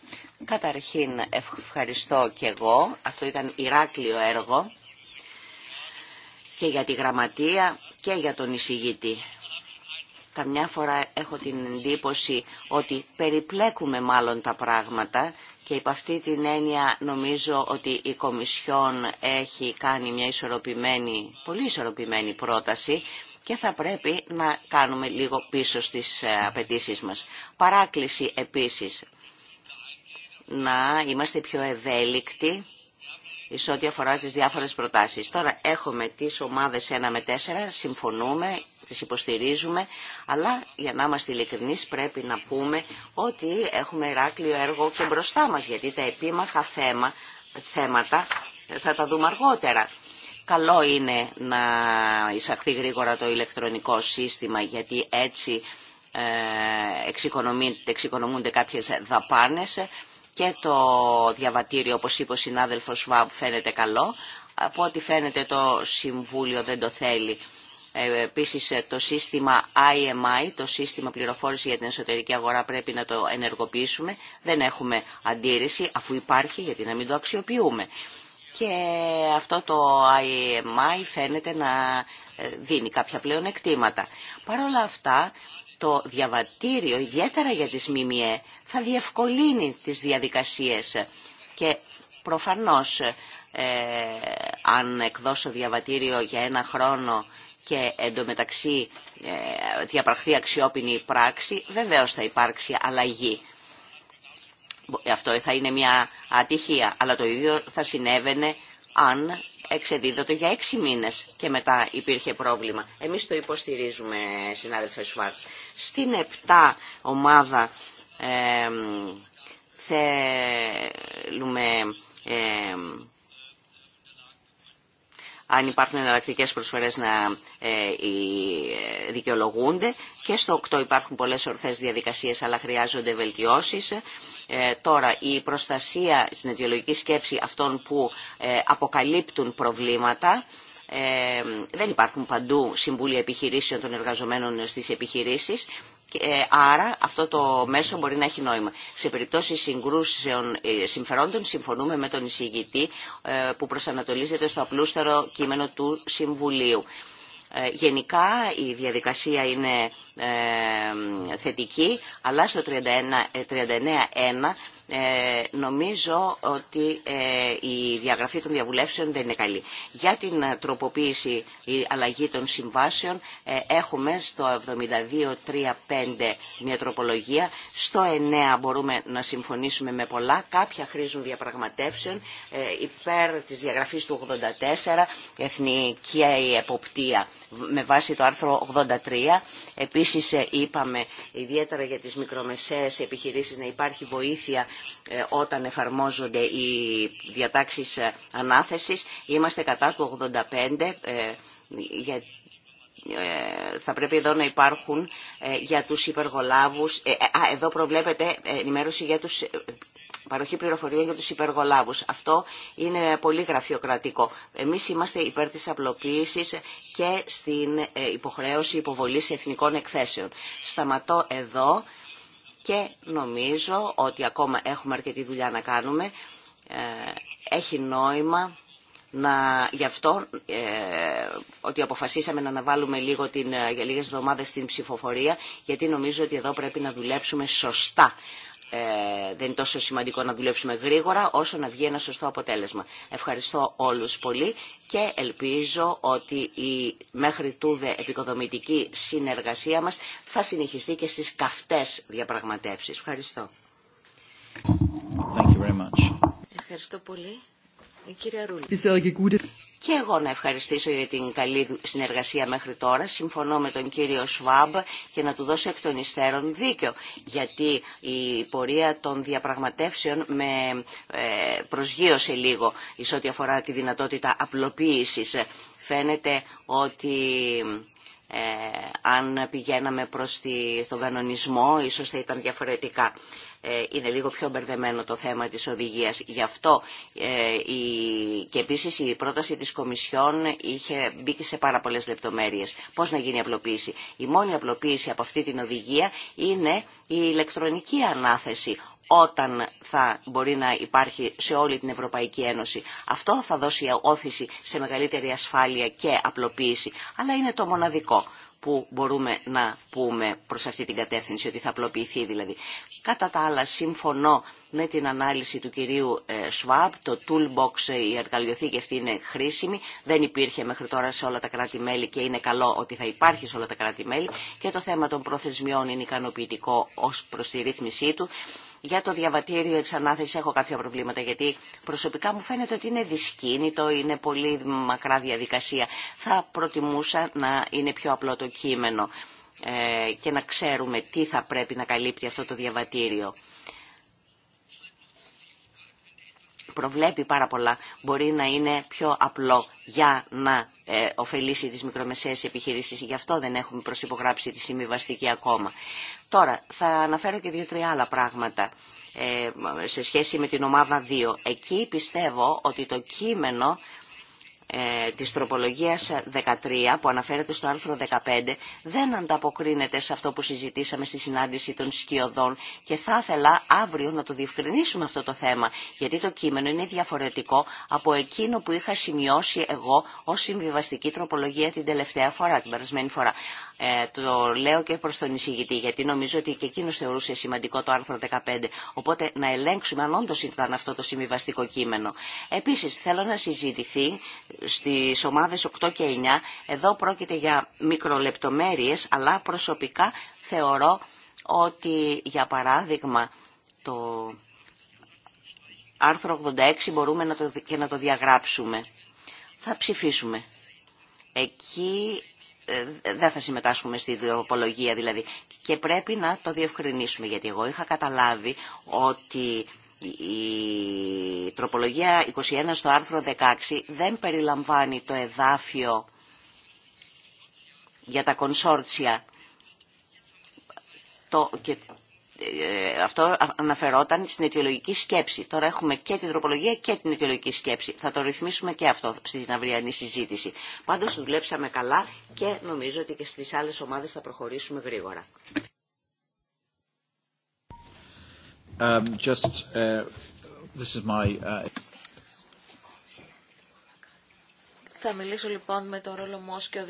Καταρχήν ευχαριστώ και εγώ. Αυτό ήταν Ηράκλειο έργο και για τη γραμματεία και για τον εισηγητή. Καμιά φορά έχω την εντύπωση ότι περιπλέκουμε μάλλον τα πράγματα και υπ' αυτή την έννοια νομίζω ότι η Κομισιόν έχει κάνει μια ισορροπημένη, πολύ ισορροπημένη πρόταση και θα πρέπει να κάνουμε λίγο πίσω στις ε, απαιτήσει μας. Παράκληση επίσης να είμαστε πιο ευέλικτοι σε ό,τι αφορά τις διάφορες προτάσεις. Τώρα έχουμε τις ομάδες 1 με 4, συμφωνούμε, τις υποστηρίζουμε, αλλά για να είμαστε ειλικρινείς πρέπει να πούμε ότι έχουμε εράκλειο έργο και μπροστά μας, γιατί τα επίμαχα θέματα θα τα δούμε αργότερα. Καλό είναι να εισαχθεί γρήγορα το ηλεκτρονικό σύστημα γιατί έτσι ε, εξοικονομούνται κάποιες δαπάνες και το διαβατήριο, όπως είπε ο συνάδελφος Σβάμπ, φαίνεται καλό. Από ό,τι φαίνεται το Συμβούλιο δεν το θέλει. Ε, Επίση, ε, το σύστημα IMI, το σύστημα πληροφόρηση για την εσωτερική αγορά, πρέπει να το ενεργοποιήσουμε. Δεν έχουμε αντίρρηση, αφού υπάρχει, γιατί να μην το αξιοποιούμε και αυτό το IMI φαίνεται να ε, δίνει κάποια πλέον εκτίματα. Παρ' όλα αυτά, το διαβατήριο, ιδιαίτερα για τις ΜΜΕ, θα διευκολύνει τις διαδικασίες και προφανώς ε, αν εκδώσω διαβατήριο για ένα χρόνο και εντωμεταξύ ε, διαπραχθεί αξιόπινη πράξη, βεβαίως θα υπάρξει αλλαγή αυτό θα είναι μια ατυχία, αλλά το ίδιο θα συνέβαινε αν εξεδίδωτο για έξι μήνες και μετά υπήρχε πρόβλημα. Εμείς το υποστηρίζουμε, συνάδελφε Σουάρτ. Στην επτά ομάδα θέλουμε αν υπάρχουν εναλλακτικέ προσφορές να ε, ε, δικαιολογούνται. Και στο 8 υπάρχουν πολλές ορθές διαδικασίες, αλλά χρειάζονται βελτιώσεις. Ε, τώρα, η προστασία στην αιτιολογική σκέψη αυτών που αποκαλύπτουν προβλήματα, δεν υπάρχουν παντού συμβούλια επιχειρήσεων των εργαζομένων στις επιχειρήσεις. Ε, άρα αυτό το μέσο μπορεί να έχει νόημα. Σε περιπτώσει συγκρούσεων ε, συμφερόντων συμφωνούμε με τον εισηγητή ε, που προσανατολίζεται στο απλούστερο κείμενο του Συμβουλίου. Γενικά η διαδικασία είναι θετική, αλλά στο 39.1 ε, νομίζω ότι ε, η διαγραφή των διαβουλεύσεων δεν είναι καλή. Για την ε, τροποποίηση η αλλαγή των συμβάσεων ε, έχουμε στο 72.35 μια τροπολογία. Στο 9 μπορούμε να συμφωνήσουμε με πολλά. Κάποια χρήζουν διαπραγματεύσεων υπέρ της διαγραφής του 84 εθνική εποπτεία με βάση το άρθρο 83. Επίσης είπαμε ιδιαίτερα για τις μικρομεσαίες επιχειρήσεις να υπάρχει βοήθεια ε, όταν εφαρμόζονται οι διατάξεις ε, ανάθεσης. Είμαστε κατά του 85 ε, για θα πρέπει εδώ να υπάρχουν για τους υπεργολάβους. Α, εδώ προβλέπεται ενημέρωση για τους παροχή πληροφοριών για τους υπεργολάβους. Αυτό είναι πολύ γραφειοκρατικό. Εμείς είμαστε υπέρ της απλοποίησης και στην υποχρέωση υποβολής εθνικών εκθέσεων. Σταματώ εδώ και νομίζω ότι ακόμα έχουμε αρκετή δουλειά να κάνουμε. Ε, έχει νόημα να, γι' αυτό ε, ότι αποφασίσαμε να αναβάλουμε λίγο την, ε, για λίγες εβδομάδες την ψηφοφορία γιατί νομίζω ότι εδώ πρέπει να δουλέψουμε σωστά ε, δεν είναι τόσο σημαντικό να δουλέψουμε γρήγορα όσο να βγει ένα σωστό αποτέλεσμα. Ευχαριστώ όλους πολύ και ελπίζω ότι η μέχρι τούδε επικοδομητική συνεργασία μας θα συνεχιστεί και στις καυτές διαπραγματεύσεις. Ευχαριστώ. Ευχαριστώ πολύ. Η κυρία Ρούλη. Και εγώ να ευχαριστήσω για την καλή συνεργασία μέχρι τώρα. Συμφωνώ με τον κύριο Σουάμπ και να του δώσω εκ των υστέρων δίκιο. Γιατί η πορεία των διαπραγματεύσεων με ε, προσγείωσε λίγο εις ό,τι αφορά τη δυνατότητα απλοποίησης. Φαίνεται ότι... Ε, αν πηγαίναμε προς τη, τον κανονισμό, ίσως θα ήταν διαφορετικά. Ε, είναι λίγο πιο μπερδεμένο το θέμα της οδηγίας. Γι' αυτό ε, η... και επίσης η πρόταση της Κομισιόν είχε μπήκε σε πάρα πολλές λεπτομέρειες. Πώς να γίνει η απλοποίηση. Η μόνη απλοποίηση από αυτή την οδηγία είναι η ηλεκτρονική ανάθεση όταν θα μπορεί να υπάρχει σε όλη την Ευρωπαϊκή Ένωση. Αυτό θα δώσει όθηση σε μεγαλύτερη ασφάλεια και απλοποίηση, αλλά είναι το μοναδικό που μπορούμε να πούμε προς αυτή την κατεύθυνση, ότι θα απλοποιηθεί δηλαδή. Κατά τα άλλα, συμφωνώ με την ανάλυση του κυρίου Schwab, ε, το toolbox, ε, η εργαλειοθήκη αυτή είναι χρήσιμη, δεν υπήρχε μέχρι τώρα σε όλα τα κράτη-μέλη και είναι καλό ότι θα υπάρχει σε όλα τα κράτη-μέλη και το θέμα των προθεσμιών είναι ικανοποιητικό ως προς τη ρύθμισή του. Για το διαβατήριο εξανάθεση έχω κάποια προβλήματα γιατί προσωπικά μου φαίνεται ότι είναι δυσκίνητο, είναι πολύ μακρά διαδικασία. Θα προτιμούσα να είναι πιο απλό το κείμενο ε, και να ξέρουμε τι θα πρέπει να καλύπτει αυτό το διαβατήριο προβλέπει πάρα πολλά μπορεί να είναι πιο απλό για να ε, ωφελήσει τις μικρομεσαίες επιχειρήσεις. Γι' αυτό δεν έχουμε προσυπογράψει τη συμβιβαστική ακόμα. Τώρα, θα αναφέρω και δύο-τρία άλλα πράγματα ε, σε σχέση με την ομάδα 2. Εκεί πιστεύω ότι το κείμενο ε, της τροπολογίας 13 που αναφέρεται στο άρθρο 15 δεν ανταποκρίνεται σε αυτό που συζητήσαμε στη συνάντηση των σκιωδών και θα ήθελα αύριο να το διευκρινίσουμε αυτό το θέμα γιατί το κείμενο είναι διαφορετικό από εκείνο που είχα σημειώσει εγώ ως συμβιβαστική τροπολογία την τελευταία φορά, την περασμένη φορά. Ε, το λέω και προς τον εισηγητή, γιατί νομίζω ότι και εκείνος θεωρούσε σημαντικό το άρθρο 15. Οπότε να ελέγξουμε αν όντως ήταν αυτό το συμβιβαστικό κείμενο. Επίσης, θέλω να συζητηθεί στις ομάδες 8 και 9. Εδώ πρόκειται για μικρολεπτομέρειες, αλλά προσωπικά θεωρώ ότι, για παράδειγμα, το άρθρο 86 μπορούμε να το, και να το διαγράψουμε. Θα ψηφίσουμε. Εκεί ε, δεν θα συμμετάσχουμε στη διοπολογία δηλαδή. Και πρέπει να το διευκρινίσουμε, γιατί εγώ είχα καταλάβει ότι η τροπολογία 21 στο άρθρο 16 δεν περιλαμβάνει το εδάφιο για τα κονσόρτσια το, ε, αυτό αναφερόταν στην αιτιολογική σκέψη. Τώρα έχουμε και την τροπολογία και την αιτιολογική σκέψη. Θα το ρυθμίσουμε και αυτό στην αυριανή συζήτηση. Πάντως δουλέψαμε καλά και νομίζω ότι και στις άλλες ομάδες θα προχωρήσουμε γρήγορα. Um, just, uh, this is my, uh, θα μιλήσω λοιπόν με τον ρόλο μου ως και ο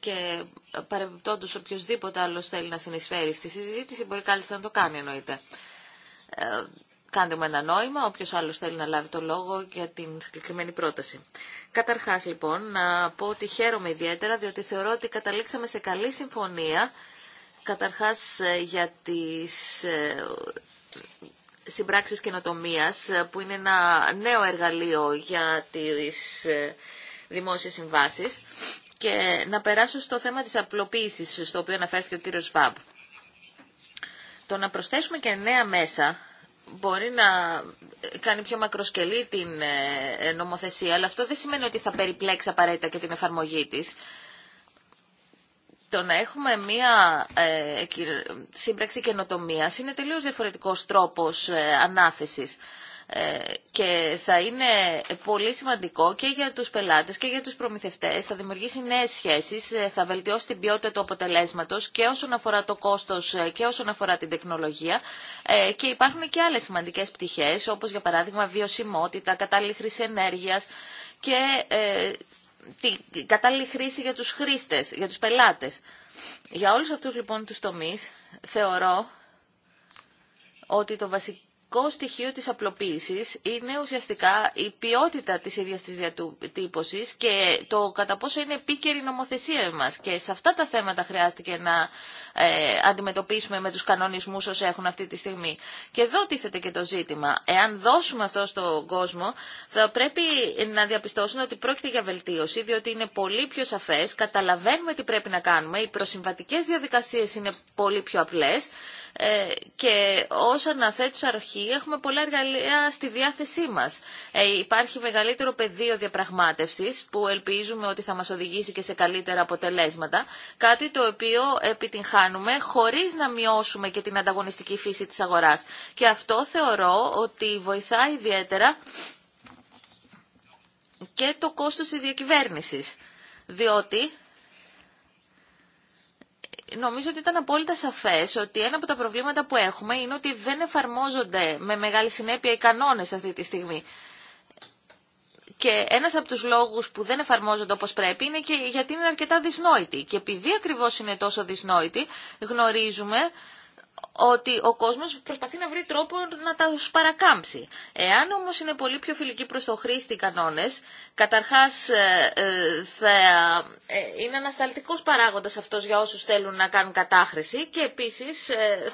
και ε, παρεμπιπτόντως οποιοδήποτε άλλο θέλει να συνεισφέρει στη συζήτηση μπορεί κάλλιστα να το κάνει εννοείται. Ε, κάντε μου ένα νόημα, όποιος άλλος θέλει να λάβει το λόγο για την συγκεκριμένη πρόταση. Καταρχάς λοιπόν να πω ότι χαίρομαι ιδιαίτερα διότι θεωρώ ότι καταλήξαμε σε καλή συμφωνία καταρχάς ε, για τις ε, συμπράξεις καινοτομία, που είναι ένα νέο εργαλείο για τις δημόσιες συμβάσεις και να περάσω στο θέμα της απλοποίησης στο οποίο αναφέρθηκε ο κύριος Βάμπ. Το να προσθέσουμε και νέα μέσα μπορεί να κάνει πιο μακροσκελή την ε, νομοθεσία, αλλά αυτό δεν σημαίνει ότι θα περιπλέξει απαραίτητα και την εφαρμογή της. Το να έχουμε μία ε, σύμπραξη καινοτομία είναι τελείως διαφορετικός τρόπος ε, ανάθεσης. Ε, και θα είναι πολύ σημαντικό και για τους πελάτες και για τους προμηθευτές. Θα δημιουργήσει νέες σχέσεις, ε, θα βελτιώσει την ποιότητα του αποτελέσματος και όσον αφορά το κόστος ε, και όσον αφορά την τεχνολογία. Και υπάρχουν και άλλες σημαντικές πτυχές, όπως για παράδειγμα βιωσιμότητα, κατάλληλη χρήση ενέργειας και κατάλληλη χρήση για τους χρήστες, για τους πελάτες. Για όλους αυτούς λοιπόν τους τομείς θεωρώ ότι το βασικό βασικό στοιχείο της απλοποίησης είναι ουσιαστικά η ποιότητα της ίδιας της διατύπωσης και το κατά πόσο είναι επίκαιρη η νομοθεσία μας. Και σε αυτά τα θέματα χρειάστηκε να ε, αντιμετωπίσουμε με τους κανονισμούς όσοι έχουν αυτή τη στιγμή. Και εδώ τίθεται και το ζήτημα. Εάν δώσουμε αυτό στον κόσμο, θα πρέπει να διαπιστώσουν ότι πρόκειται για βελτίωση, διότι είναι πολύ πιο σαφές, καταλαβαίνουμε τι πρέπει να κάνουμε, οι προσυμβατικές διαδικασίες είναι πολύ πιο απλές ε, και ως αναθέτουσα αρχή έχουμε πολλά εργαλεία στη διάθεσή μας. Ε, υπάρχει μεγαλύτερο πεδίο διαπραγμάτευσης που ελπίζουμε ότι θα μας οδηγήσει και σε καλύτερα αποτελέσματα, κάτι το οποίο επιτυγχάνουμε χωρίς να μειώσουμε και την ανταγωνιστική φύση της αγοράς. Και αυτό θεωρώ ότι βοηθάει ιδιαίτερα και το κόστος της διακυβέρνησης, διότι νομίζω ότι ήταν απόλυτα σαφέ ότι ένα από τα προβλήματα που έχουμε είναι ότι δεν εφαρμόζονται με μεγάλη συνέπεια οι κανόνες αυτή τη στιγμή. Και ένα από του λόγου που δεν εφαρμόζονται όπω πρέπει είναι και γιατί είναι αρκετά δυσνόητοι. Και επειδή ακριβώ είναι τόσο δυσνόητοι, γνωρίζουμε ότι ο κόσμος προσπαθεί να βρει τρόπο να τα παρακάμψει. Εάν όμω είναι πολύ πιο φιλική προς το χρήστη οι κανόνες, καταρχάς ε, ε, θα ε, είναι ανασταλτικό παράγοντα αυτό για όσους θέλουν να κάνουν κατάχρηση και επίσης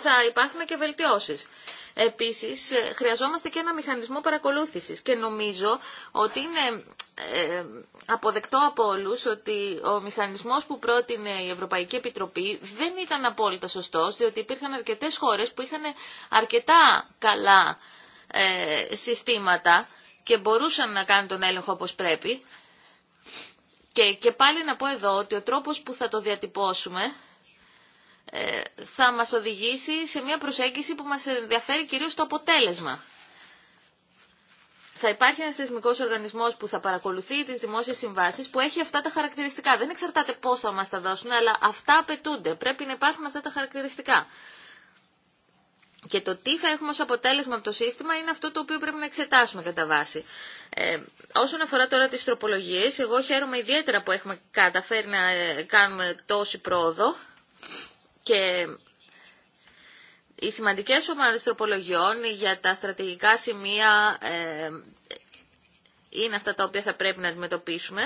θα υπάρχουν και βελτιώσεις. Επίσης, ε, χρειαζόμαστε και ένα μηχανισμό παρακολούθησης και νομίζω ότι είναι ε, αποδεκτό από όλου ότι ο μηχανισμός που πρότεινε η Ευρωπαϊκή Επιτροπή δεν ήταν απόλυτα σωστός, διότι υπήρχαν αρκετές χώρες που είχαν αρκετά καλά ε, συστήματα και μπορούσαν να κάνουν τον έλεγχο όπως πρέπει. Και, και πάλι να πω εδώ ότι ο τρόπος που θα το διατυπώσουμε ε, θα μας οδηγήσει σε μια προσέγγιση που μας ενδιαφέρει κυρίως το αποτέλεσμα. Θα υπάρχει ένα θεσμικό οργανισμό που θα παρακολουθεί τις δημόσιες συμβάσεις, που έχει αυτά τα χαρακτηριστικά. Δεν εξαρτάται πώ θα μα τα δώσουν, αλλά αυτά απαιτούνται. Πρέπει να υπάρχουν αυτά τα χαρακτηριστικά. Και το τι θα έχουμε ως αποτέλεσμα από το σύστημα είναι αυτό το οποίο πρέπει να εξετάσουμε κατά βάση. Ε, όσον αφορά τώρα τις τροπολογίες, εγώ χαίρομαι ιδιαίτερα που έχουμε καταφέρει να ε, κάνουμε τόση πρόοδο. Και οι σημαντικές ομάδες τροπολογιών για τα στρατηγικά σημεία ε, είναι αυτά τα οποία θα πρέπει να αντιμετωπίσουμε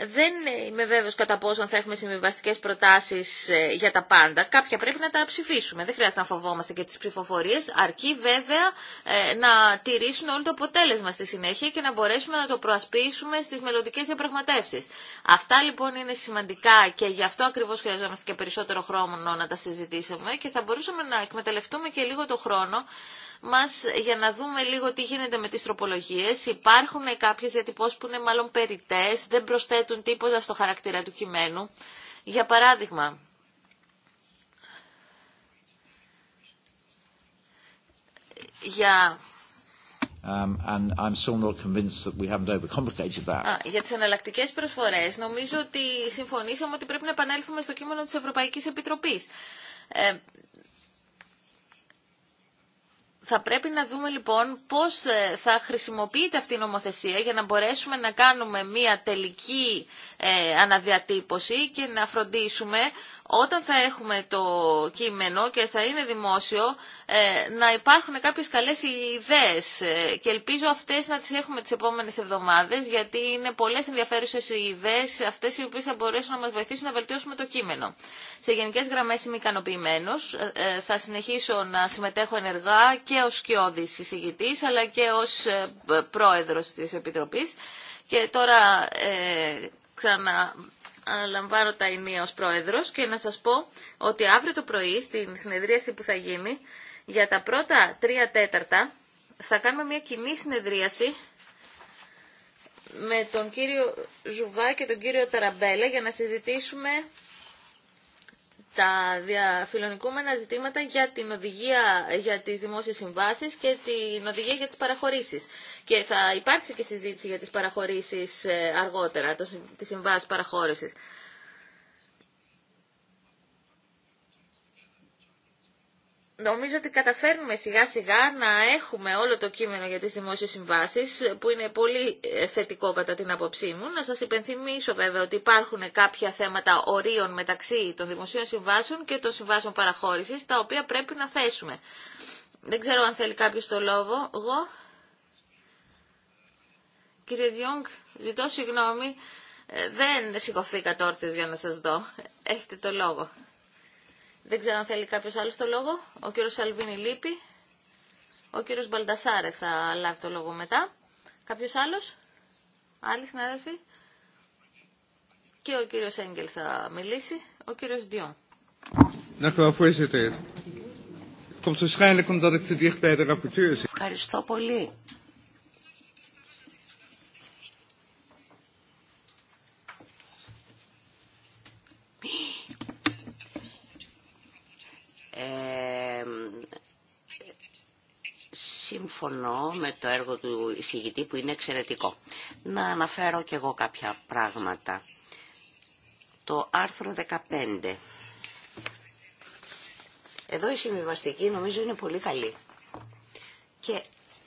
δεν είμαι βέβαιος κατά πόσο θα έχουμε συμβιβαστικέ προτάσεις ε, για τα πάντα. Κάποια πρέπει να τα ψηφίσουμε. Δεν χρειάζεται να φοβόμαστε και τις ψηφοφορίες, αρκεί βέβαια ε, να τηρήσουν όλο το αποτέλεσμα στη συνέχεια και να μπορέσουμε να το προασπίσουμε στις μελλοντικέ διαπραγματεύσει. Αυτά λοιπόν είναι σημαντικά και γι' αυτό ακριβώς χρειαζόμαστε και περισσότερο χρόνο να τα συζητήσουμε και θα μπορούσαμε να εκμεταλλευτούμε και λίγο το χρόνο μας για να δούμε λίγο τι γίνεται με τις τροπολογίες. Υπάρχουν κάποιες διατυπώσεις που είναι μάλλον περιτές, δεν προσθέτουν τίποτα στο χαρακτήρα του κειμένου. Για παράδειγμα, για για τις εναλλακτικέ προσφορές νομίζω ότι συμφωνήσαμε ότι πρέπει να επανέλθουμε στο κείμενο της Ευρωπαϊκής Επιτροπής. Ε, θα πρέπει να δούμε λοιπόν πώς ε, θα χρησιμοποιείται αυτή η νομοθεσία για να μπορέσουμε να κάνουμε μια τελική ε, αναδιατύπωση και να φροντίσουμε όταν θα έχουμε το κείμενο και θα είναι δημόσιο ε, να υπάρχουν κάποιες καλές ιδέες ε, και ελπίζω αυτές να τις έχουμε τις επόμενες εβδομάδες γιατί είναι πολλές ενδιαφέρουσες οι ιδέες αυτές οι οποίες θα μπορέσουν να μας βοηθήσουν να βελτιώσουμε το κείμενο. Σε γενικές γραμμές είμαι ικανοποιημένο. θα συνεχίσω να συμμετέχω ενεργά και ως σκιώδης εισηγητής αλλά και ως πρόεδρος της Επιτροπής και τώρα ξαναλαμβάνω τα ενία ως πρόεδρος και να σας πω ότι αύριο το πρωί στην συνεδρίαση που θα γίνει για τα πρώτα τρία τέταρτα θα κάνουμε μια κοινή συνεδρίαση με τον κύριο Ζουβά και τον κύριο Ταραμπέλα για να συζητήσουμε τα διαφιλονικούμενα ζητήματα για την οδηγία για τις δημόσιες συμβάσεις και την οδηγία για τις παραχωρήσεις. Και θα υπάρξει και συζήτηση για τις παραχωρήσεις ε, αργότερα, τις συμβάσεις παραχώρησης. Νομίζω ότι καταφέρνουμε σιγά σιγά να έχουμε όλο το κείμενο για τις δημόσιες συμβάσεις που είναι πολύ ε, θετικό κατά την απόψή μου. Να σας υπενθυμίσω βέβαια ότι υπάρχουν κάποια θέματα ορίων μεταξύ των δημοσίων συμβάσεων και των συμβάσεων παραχώρησης τα οποία πρέπει να θέσουμε. Δεν ξέρω αν θέλει κάποιο το λόγο. Εγώ, κύριε Διόγκ, ζητώ συγγνώμη, ε, δεν σηκωθήκα τόρτες για να σας δω. Έχετε το λόγο. Δεν ξέρω αν θέλει κάποιο άλλο το λόγο. Ο κύριο Σαλβίνη λείπει. Ο κύριο Μπαλτασάρε θα λάβει το λόγο μετά. Κάποιο άλλο. Άλλοι συνάδελφοι. Και ο κύριο Έγκελ θα μιλήσει. Ο κύριο Διόν. Ευχαριστώ πολύ. Ε, συμφωνώ με το έργο του εισηγητή που είναι εξαιρετικό. Να αναφέρω κι εγώ κάποια πράγματα. Το άρθρο 15. Εδώ η συμβιβαστική νομίζω είναι πολύ καλή. Και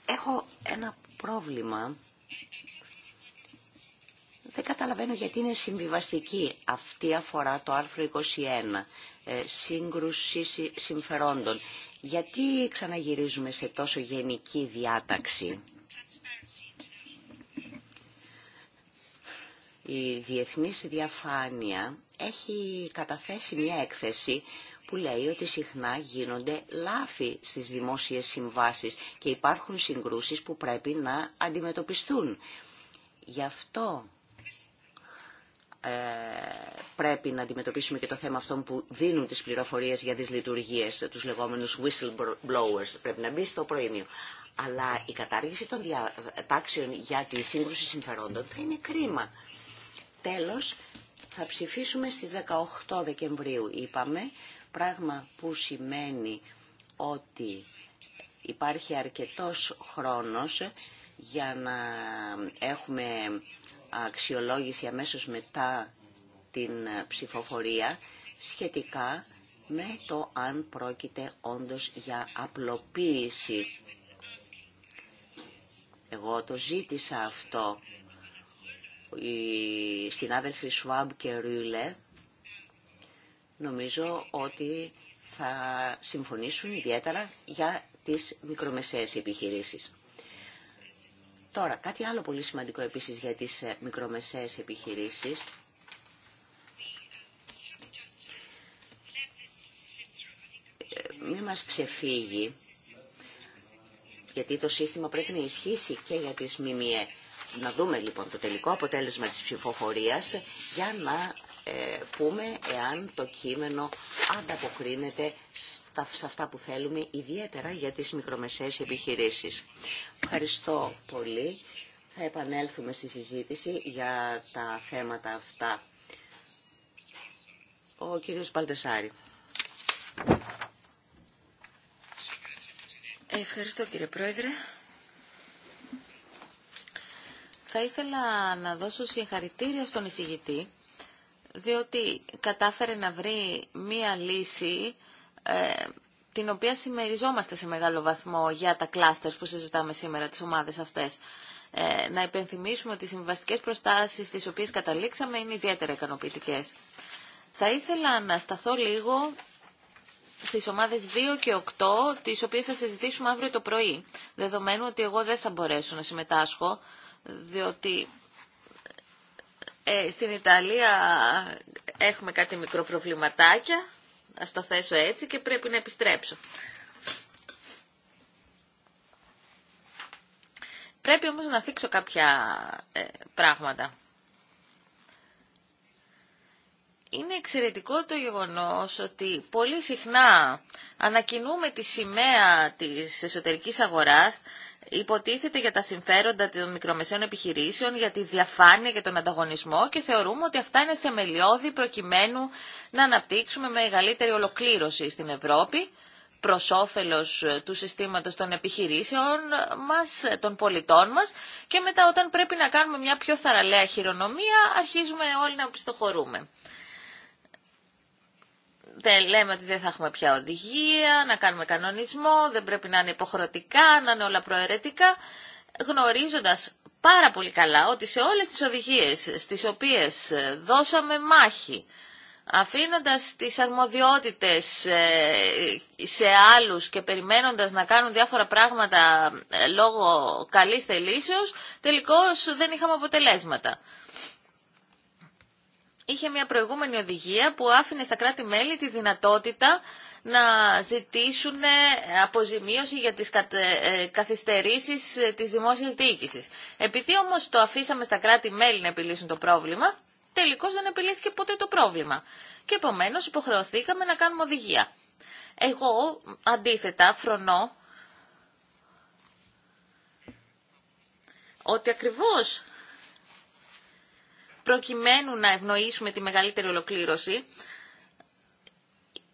έχω ένα πρόβλημα δεν καταλαβαίνω γιατί είναι συμβιβαστική. Αυτή αφορά το άρθρο 21, ε, σύγκρουση συμφερόντων. Γιατί ξαναγυρίζουμε σε τόσο γενική διάταξη. Η Διεθνής Διαφάνεια έχει καταθέσει μια έκθεση που λέει ότι συχνά γίνονται λάθη στις δημόσιες συμβάσεις και υπάρχουν συγκρούσεις που πρέπει να αντιμετωπιστούν. Γι' αυτό ε, πρέπει να αντιμετωπίσουμε και το θέμα Αυτό που δίνουν τις πληροφορίες για τις λειτουργίες, τους λεγόμενους whistleblowers, πρέπει να μπει στο προήμιο. Αλλά η κατάργηση των διατάξεων για τη σύγκρουση συμφερόντων θα είναι κρίμα. Τέλος, θα ψηφίσουμε στις 18 Δεκεμβρίου, είπαμε, πράγμα που σημαίνει ότι υπάρχει αρκετός χρόνος για να έχουμε αξιολόγηση αμέσως μετά την ψηφοφορία σχετικά με το αν πρόκειται όντως για απλοποίηση. Εγώ το ζήτησα αυτό. Οι συνάδελφοι Σουάμπ και Ρούλε νομίζω ότι θα συμφωνήσουν ιδιαίτερα για τις μικρομεσαίες επιχειρήσεις. Τώρα, κάτι άλλο πολύ σημαντικό επίσης για τις ε, μικρομεσαίες επιχειρήσεις ε, μην μας ξεφύγει, γιατί το σύστημα πρέπει να ισχύσει και για τις ΜΜΕ. Να δούμε λοιπόν το τελικό αποτέλεσμα της ψηφοφορίας για να ε, πούμε εάν το κείμενο ανταποκρίνεται στα, σε αυτά που θέλουμε, ιδιαίτερα για τις μικρομεσαίες επιχειρήσεις. Ευχαριστώ πολύ. Θα επανέλθουμε στη συζήτηση για τα θέματα αυτά. Ο κύριος Παλτεσάρη. Ευχαριστώ κύριε Πρόεδρε. Θα ήθελα να δώσω συγχαρητήρια στον εισηγητή διότι κατάφερε να βρει μία λύση ε, την οποία συμμεριζόμαστε σε μεγάλο βαθμό για τα κλάστερ που συζητάμε σήμερα, τις ομάδες αυτές. Ε, να υπενθυμίσουμε ότι οι συμβαστικές προστάσεις στις οποίες καταλήξαμε είναι ιδιαίτερα ικανοποιητικέ. Θα ήθελα να σταθώ λίγο στις ομάδες 2 και 8, τις οποίες θα συζητήσουμε αύριο το πρωί, δεδομένου ότι εγώ δεν θα μπορέσω να συμμετάσχω, διότι ε, στην Ιταλία έχουμε κάτι μικρό προβληματάκια, ας το θέσω έτσι και πρέπει να επιστρέψω. Πρέπει όμως να θίξω κάποια ε, πράγματα. Είναι εξαιρετικό το γεγονός ότι πολύ συχνά ανακοινούμε τη σημαία της εσωτερικής αγοράς υποτίθεται για τα συμφέροντα των μικρομεσαίων επιχειρήσεων, για τη διαφάνεια και τον ανταγωνισμό και θεωρούμε ότι αυτά είναι θεμελιώδη προκειμένου να αναπτύξουμε μεγαλύτερη ολοκλήρωση στην Ευρώπη προ όφελο ε, του συστήματος των επιχειρήσεων μας, ε, των πολιτών μας και μετά όταν πρέπει να κάνουμε μια πιο θαραλέα χειρονομία αρχίζουμε όλοι να πιστοχωρούμε δεν λέμε ότι δεν θα έχουμε πια οδηγία, να κάνουμε κανονισμό, δεν πρέπει να είναι υποχρεωτικά, να είναι όλα προαιρετικά, γνωρίζοντας πάρα πολύ καλά ότι σε όλες τις οδηγίες στις οποίες ε, δώσαμε μάχη, αφήνοντας τις αρμοδιότητες ε, σε άλλους και περιμένοντας να κάνουν διάφορα πράγματα ε, λόγω καλής θελήσεως, τελικώς δεν είχαμε αποτελέσματα είχε μια προηγούμενη οδηγία που άφηνε στα κράτη-μέλη τη δυνατότητα να ζητήσουν ε, αποζημίωση για τις ε, καθυστερήσεις ε, της δημόσιας διοίκησης. Επειδή όμως το αφήσαμε στα κράτη-μέλη να επιλύσουν το πρόβλημα, τελικώς δεν επιλύθηκε ποτέ το πρόβλημα. Και επομένως υποχρεωθήκαμε να κάνουμε οδηγία. Εγώ, αντίθετα, φρονώ ότι ακριβώς προκειμένου να ευνοήσουμε τη μεγαλύτερη ολοκλήρωση,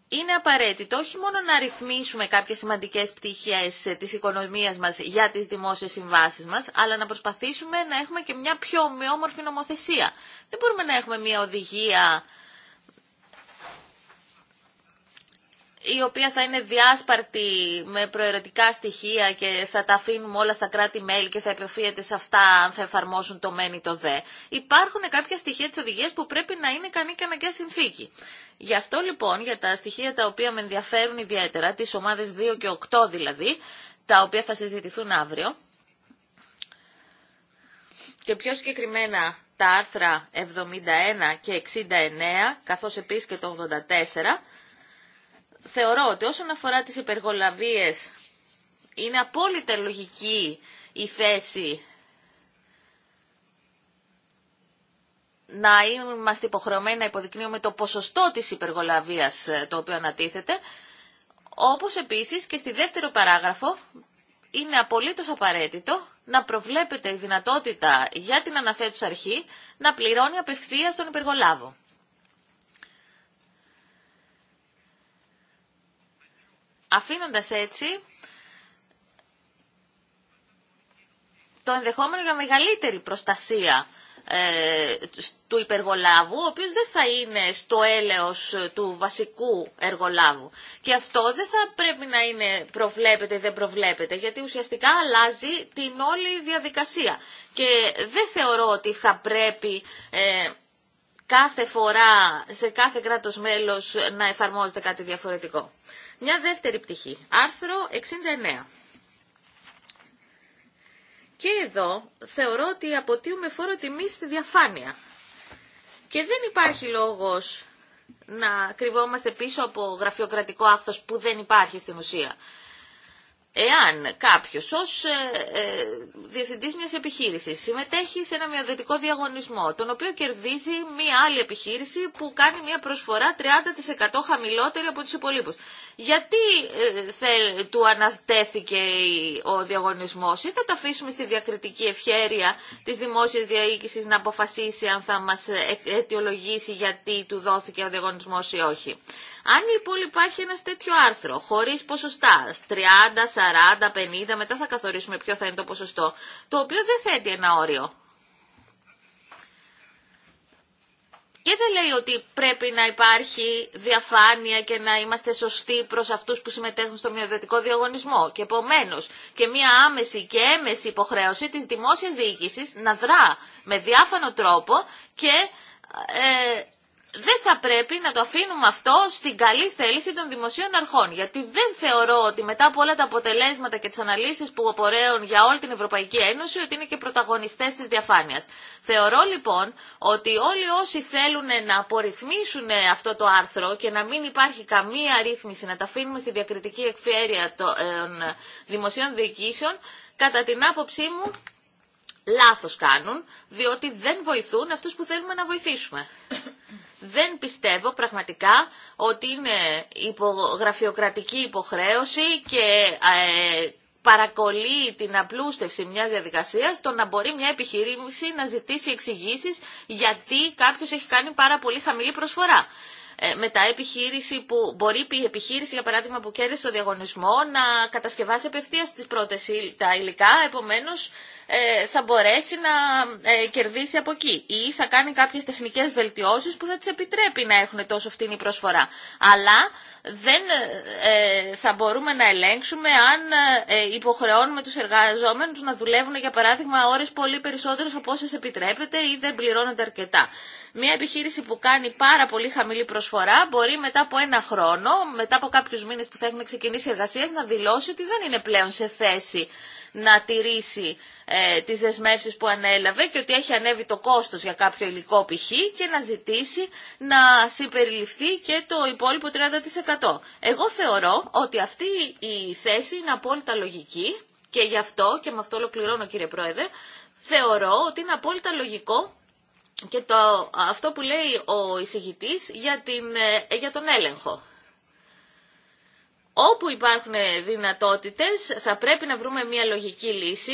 είναι απαραίτητο όχι μόνο να ρυθμίσουμε κάποιες σημαντικές πτυχές της οικονομίας μας για τις δημόσιες συμβάσεις μας, αλλά να προσπαθήσουμε να έχουμε και μια πιο ομοιόμορφη νομοθεσία. Δεν μπορούμε να έχουμε μια οδηγία η οποία θα είναι διάσπαρτη με προαιρετικά στοιχεία και θα τα αφήνουμε όλα στα κράτη-μέλη και θα επιφύεται σε αυτά αν θα εφαρμόσουν το μεν ή το δε. Υπάρχουν κάποια στοιχεία της οδηγίας που πρέπει να είναι ικανή και αναγκαία συνθήκη. Γι' αυτό λοιπόν για τα στοιχεία τα οποία με ενδιαφέρουν ιδιαίτερα, τις ομάδες 2 και 8 δηλαδή, τα οποία θα συζητηθούν αύριο, και πιο συγκεκριμένα τα άρθρα 71 και 69, καθώς επίσης και το 84, θεωρώ ότι όσον αφορά τις υπεργολαβίες είναι απόλυτα λογική η θέση να είμαστε υποχρεωμένοι να υποδεικνύουμε το ποσοστό της υπεργολαβίας ε, το οποίο ανατίθεται, όπως επίσης και στη δεύτερο παράγραφο είναι απολύτως απαραίτητο να προβλέπεται η δυνατότητα για την αναθέτουσα αρχή να πληρώνει απευθείας τον υπεργολάβο. αφήνοντας έτσι το ενδεχόμενο για μεγαλύτερη προστασία ε, του υπεργολάβου, ο οποίος δεν θα είναι στο έλεος του βασικού εργολάβου. Και αυτό δεν θα πρέπει να είναι προβλέπεται ή δεν προβλέπεται, γιατί ουσιαστικά αλλάζει την όλη διαδικασία. Και δεν θεωρώ ότι θα πρέπει... Ε, κάθε φορά σε κάθε κράτος μέλος να εφαρμόζεται κάτι διαφορετικό. Μια δεύτερη πτυχή. Άρθρο 69. Και εδώ θεωρώ ότι αποτείουμε φόρο τιμή στη διαφάνεια. Και δεν υπάρχει λόγος να κρυβόμαστε πίσω από γραφειοκρατικό άχθος που δεν υπάρχει στην ουσία. Εάν κάποιο ως ε, ε, διευθυντή μια επιχείρηση συμμετέχει σε ένα μειοδοτικό διαγωνισμό, τον οποίο κερδίζει μια άλλη επιχείρηση που κάνει μια προσφορά 30% χαμηλότερη από του υπολείπους γιατί ε, του ανατέθηκε ο διαγωνισμός ή θα τα αφήσουμε στη διακριτική ευχέρεια της δημόσιας διαίκησης να αποφασίσει αν θα μας ε, αιτιολογήσει γιατί του δόθηκε ο διαγωνισμός ή όχι. Αν λοιπόν υπάρχει ένα τέτοιο άρθρο, χωρί ποσοστά, 30, 40, 50, μετά θα καθορίσουμε ποιο θα είναι το ποσοστό, το οποίο δεν θέτει ένα όριο. Και δεν λέει ότι πρέπει να υπάρχει διαφάνεια και να είμαστε σωστοί προς αυτούς που συμμετέχουν στο μειοδοτικό διαγωνισμό. Και επομένω και μια άμεση και έμεση υποχρέωση της δημόσιας διοίκησης να δρά με διάφανο τρόπο και ε, δεν θα πρέπει να το αφήνουμε αυτό στην καλή θέληση των δημοσίων αρχών. Γιατί δεν θεωρώ ότι μετά από όλα τα αποτελέσματα και τι αναλύσει που απορρέουν για όλη την Ευρωπαϊκή Ένωση ότι είναι και πρωταγωνιστέ τη διαφάνεια. Θεωρώ λοιπόν ότι όλοι όσοι θέλουν να απορριθμίσουν αυτό το άρθρο και να μην υπάρχει καμία ρύθμιση να τα αφήνουμε στη διακριτική εκφέρεια των ε, δημοσίων διοικήσεων, κατά την άποψή μου λάθος κάνουν, διότι δεν βοηθούν αυτούς που θέλουμε να βοηθήσουμε δεν πιστεύω πραγματικά ότι είναι υπογραφειοκρατική υποχρέωση και ε, παρακολεί την απλούστευση μιας διαδικασίας το να μπορεί μια επιχειρήση να ζητήσει εξηγήσει γιατί κάποιος έχει κάνει πάρα πολύ χαμηλή προσφορά ε, μετά επιχείρηση που μπορεί η επιχείρηση, για παράδειγμα, που κέρδισε το διαγωνισμό να κατασκευάσει απευθεία τι πρώτε τα υλικά, επομένω ε, θα μπορέσει να ε, κερδίσει από εκεί. Ή θα κάνει κάποιε τεχνικέ βελτιώσει που θα τι επιτρέπει να έχουν τόσο φτηνή προσφορά. Αλλά δεν ε, θα μπορούμε να ελέγξουμε αν υποχρεώνουμε τους εργαζόμενους να δουλεύουν για παράδειγμα ώρες πολύ περισσότερες από όσες επιτρέπεται ή δεν πληρώνονται αρκετά. Μια επιχείρηση που κάνει πάρα πολύ χαμηλή προσφορά μπορεί μετά από ένα χρόνο, μετά από κάποιους μήνες που θα έχουν ξεκινήσει εργασίες, να δηλώσει ότι δεν είναι πλέον σε θέση να τηρήσει ε, τις δεσμεύσεις που ανέλαβε και ότι έχει ανέβει το κόστος για κάποιο υλικό π.χ. και να ζητήσει να συμπεριληφθεί και το υπόλοιπο 30%. Εγώ θεωρώ ότι αυτή η θέση είναι απόλυτα λογική και γι' αυτό, και με αυτό ολοκληρώνω κύριε Πρόεδρε, θεωρώ ότι είναι απόλυτα λογικό και το, αυτό που λέει ο εισηγητής για, την, ε, για τον έλεγχο. Όπου υπάρχουν δυνατότητες θα πρέπει να βρούμε μια λογική λύση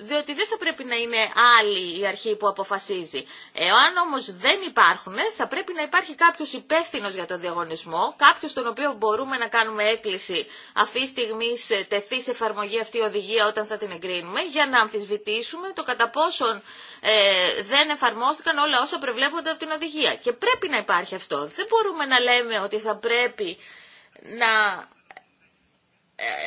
διότι δεν θα πρέπει να είναι άλλη η αρχή που αποφασίζει. Εάν όμως δεν υπάρχουν, θα πρέπει να υπάρχει κάποιος υπεύθυνο για τον διαγωνισμό, κάποιος τον οποίο μπορούμε να κάνουμε έκκληση αυτή τη στιγμή τεθεί σε εφαρμογή αυτή η οδηγία όταν θα την εγκρίνουμε, για να αμφισβητήσουμε το κατά πόσον ε, δεν εφαρμόστηκαν όλα όσα προβλέπονται από την οδηγία. Και πρέπει να υπάρχει αυτό. Δεν μπορούμε να λέμε ότι θα πρέπει να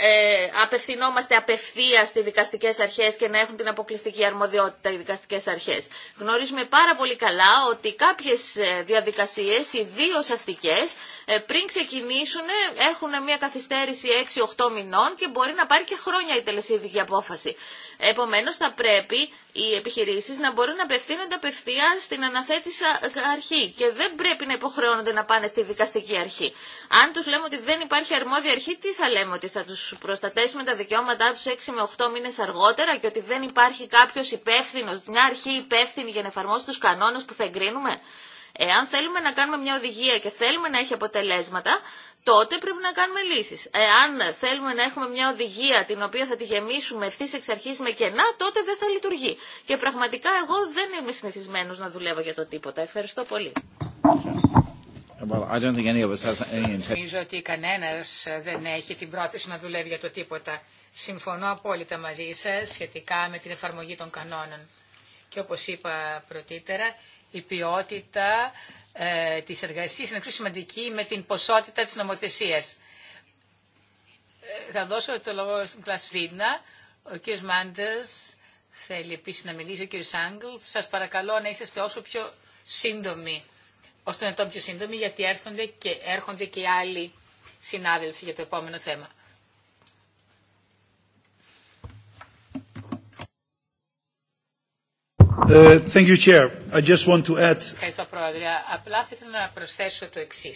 ε, ε, απευθυνόμαστε απευθεία στις δικαστικέ αρχέ και να έχουν την αποκλειστική αρμοδιότητα οι δικαστικέ αρχέ. Γνωρίζουμε πάρα πολύ καλά ότι κάποιες ε, διαδικασίες, ιδίω αστικέ, πριν ξεκινήσουν έχουν μια καθυστέρηση 6-8 μηνών και μπορεί να πάρει και χρόνια η τελεσίδικη απόφαση. Επομένω θα πρέπει οι επιχειρήσει να μπορούν να απευθύνονται απευθεία στην αναθέτηση αρχή και δεν πρέπει να υποχρεώνονται να πάνε στη δικαστική αρχή. Αν του λέμε ότι δεν υπάρχει αρμόδια αρχή, τι θα λέμε ότι θα του τους προστατέσουμε τα δικαιώματά του 6 με 8 μήνε αργότερα και ότι δεν υπάρχει κάποιο υπεύθυνο, μια αρχή υπεύθυνη για να εφαρμόσει του κανόνε που θα εγκρίνουμε. Εάν θέλουμε να κάνουμε μια οδηγία και θέλουμε να έχει αποτελέσματα, τότε πρέπει να κάνουμε λύσει. Εάν θέλουμε να έχουμε μια οδηγία την οποία θα τη γεμίσουμε ευθύ εξ αρχή με κενά, τότε δεν θα λειτουργεί. Και πραγματικά εγώ δεν είμαι συνηθισμένο να δουλεύω για το τίποτα. Ευχαριστώ πολύ. Νομίζω ότι κανένας δεν έχει την πρόθεση να δουλεύει για το τίποτα. Συμφωνώ απόλυτα μαζί σας σχετικά με την εφαρμογή των κανόνων. Και όπως είπα πρωτήτερα, η ποιότητα ε, της εργασίας είναι πιο σημαντική με την ποσότητα της νομοθεσίας. Ε, θα δώσω το λόγο στην Κλασβίνα. Ο κ. Μάντερς θέλει επίσης να μιλήσει, ο κ. Σάγκλ. Σας παρακαλώ να είσαστε όσο πιο σύντομοι ώστε να το πιο σύντομη, γιατί έρχονται και, έρχονται και άλλοι συνάδελφοι για το επόμενο θέμα. Ε, thank you, Chair. I just want to add... Ευχαριστώ, Πρόεδρε. Απλά θέλω να προσθέσω το εξή.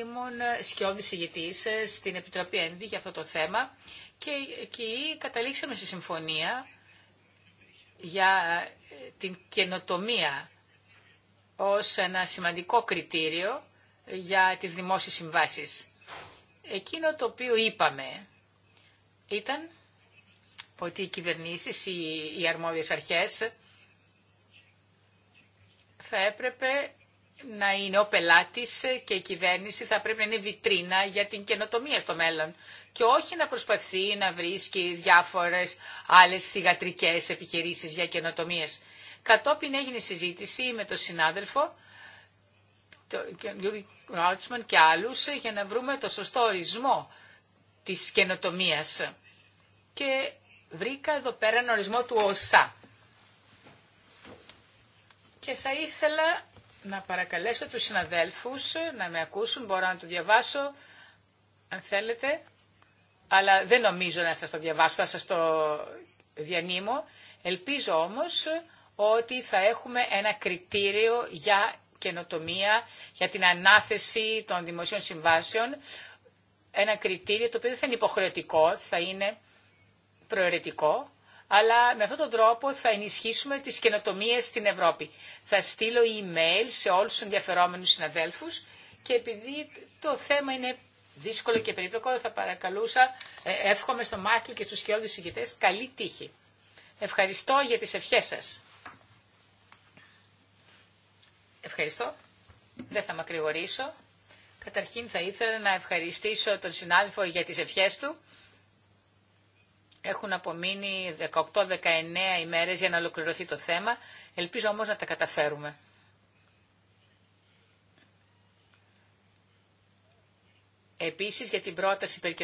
Ήμουν σκιώδη ηγητής ε, στην Επιτροπή ΕΝΔΙ για αυτό το θέμα και εκεί καταλήξαμε στη συμφωνία για ε, την καινοτομία ως ένα σημαντικό κριτήριο για τις δημόσιες συμβάσεις. Εκείνο το οποίο είπαμε ήταν ότι οι κυβερνήσεις, οι αρμόδιες αρχές θα έπρεπε να είναι ο πελάτης και η κυβέρνηση θα πρέπει να είναι βιτρίνα για την καινοτομία στο μέλλον και όχι να προσπαθεί να βρίσκει διάφορες άλλες θυγατρικές επιχειρήσεις για καινοτομίες. Κατόπιν έγινε συζήτηση με τον συνάδελφο Γιούρι και άλλους για να βρούμε το σωστό ορισμό της καινοτομίας. Και βρήκα εδώ πέρα ένα ορισμό του ΩΣΑ. Και θα ήθελα να παρακαλέσω τους συναδέλφους να με ακούσουν, μπορώ να το διαβάσω αν θέλετε, αλλά δεν νομίζω να σας το διαβάσω, θα σας το διανύμω. Ελπίζω όμως ότι θα έχουμε ένα κριτήριο για καινοτομία, για την ανάθεση των δημοσίων συμβάσεων, ένα κριτήριο το οποίο δεν θα είναι υποχρεωτικό, θα είναι προαιρετικό, αλλά με αυτόν τον τρόπο θα ενισχύσουμε τις καινοτομίες στην Ευρώπη. Θα στείλω email σε όλους τους ενδιαφερόμενους συναδέλφους και επειδή το θέμα είναι δύσκολο και περίπλοκο, θα παρακαλούσα, ε, εύχομαι στον Μάκλ και στους σκιώδους συγκητές καλή τύχη. Ευχαριστώ για τις ευχές σας. Ευχαριστώ. Δεν θα μακρηγορήσω. Καταρχήν θα ήθελα να ευχαριστήσω τον συνάδελφο για τις ευχές του. Έχουν απομείνει 18-19 ημέρες για να ολοκληρωθεί το θέμα. Ελπίζω όμως να τα καταφέρουμε. Επίσης για την πρόταση περί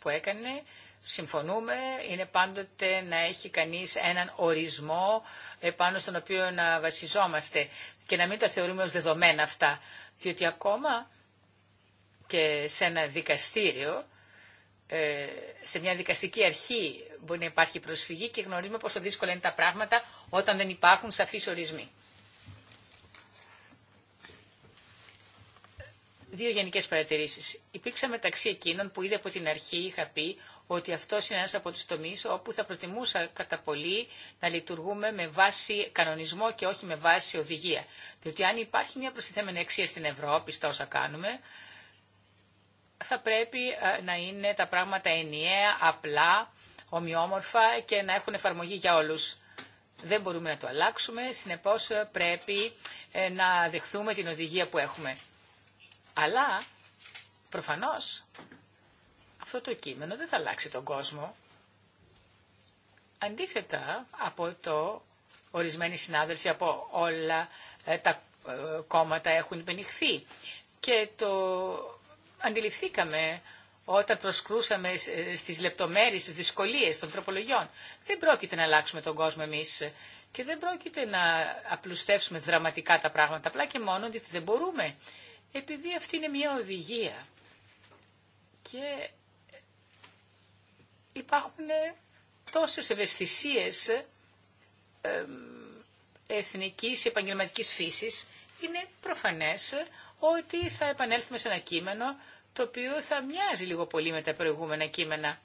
που έκανε, συμφωνούμε είναι πάντοτε να έχει κανείς έναν ορισμό πάνω στον οποίο να βασιζόμαστε και να μην τα θεωρούμε ως δεδομένα αυτά. Διότι ακόμα και σε ένα δικαστήριο, ε, σε μια δικαστική αρχή μπορεί να υπάρχει προσφυγή και γνωρίζουμε πόσο δύσκολα είναι τα πράγματα όταν δεν υπάρχουν σαφείς ορισμοί. Δύο γενικές παρατηρήσεις. Υπήρξα μεταξύ εκείνων που ήδη από την αρχή είχα πει ότι αυτό είναι ένας από τους τομεί όπου θα προτιμούσα κατά πολύ να λειτουργούμε με βάση κανονισμό και όχι με βάση οδηγία. Διότι αν υπάρχει μια προστιθέμενη αξία στην Ευρώπη, στα όσα κάνουμε, θα πρέπει ε, να είναι τα πράγματα ενιαία, απλά, ομοιόμορφα και να έχουν εφαρμογή για όλους. Δεν μπορούμε να το αλλάξουμε, συνεπώς ε, πρέπει ε, να δεχθούμε την οδηγία που έχουμε. Αλλά, προφανώς, αυτό το κείμενο δεν θα αλλάξει τον κόσμο. Αντίθετα από το ορισμένοι συνάδελφοι από όλα ε, τα ε, κόμματα έχουν υπενηχθεί. Και το αντιληφθήκαμε όταν προσκρούσαμε ε, στις λεπτομέρειες, στις δυσκολίες των τροπολογιών. Δεν πρόκειται να αλλάξουμε τον κόσμο εμείς και δεν πρόκειται να απλουστεύσουμε δραματικά τα πράγματα, απλά και μόνο διότι δεν μπορούμε. Επειδή αυτή είναι μια οδηγία και υπάρχουν τόσες ευαισθησίες εθνικής και επαγγελματικής φύσης, είναι προφανές ότι θα επανέλθουμε σε ένα κείμενο το οποίο θα μοιάζει λίγο πολύ με τα προηγούμενα κείμενα.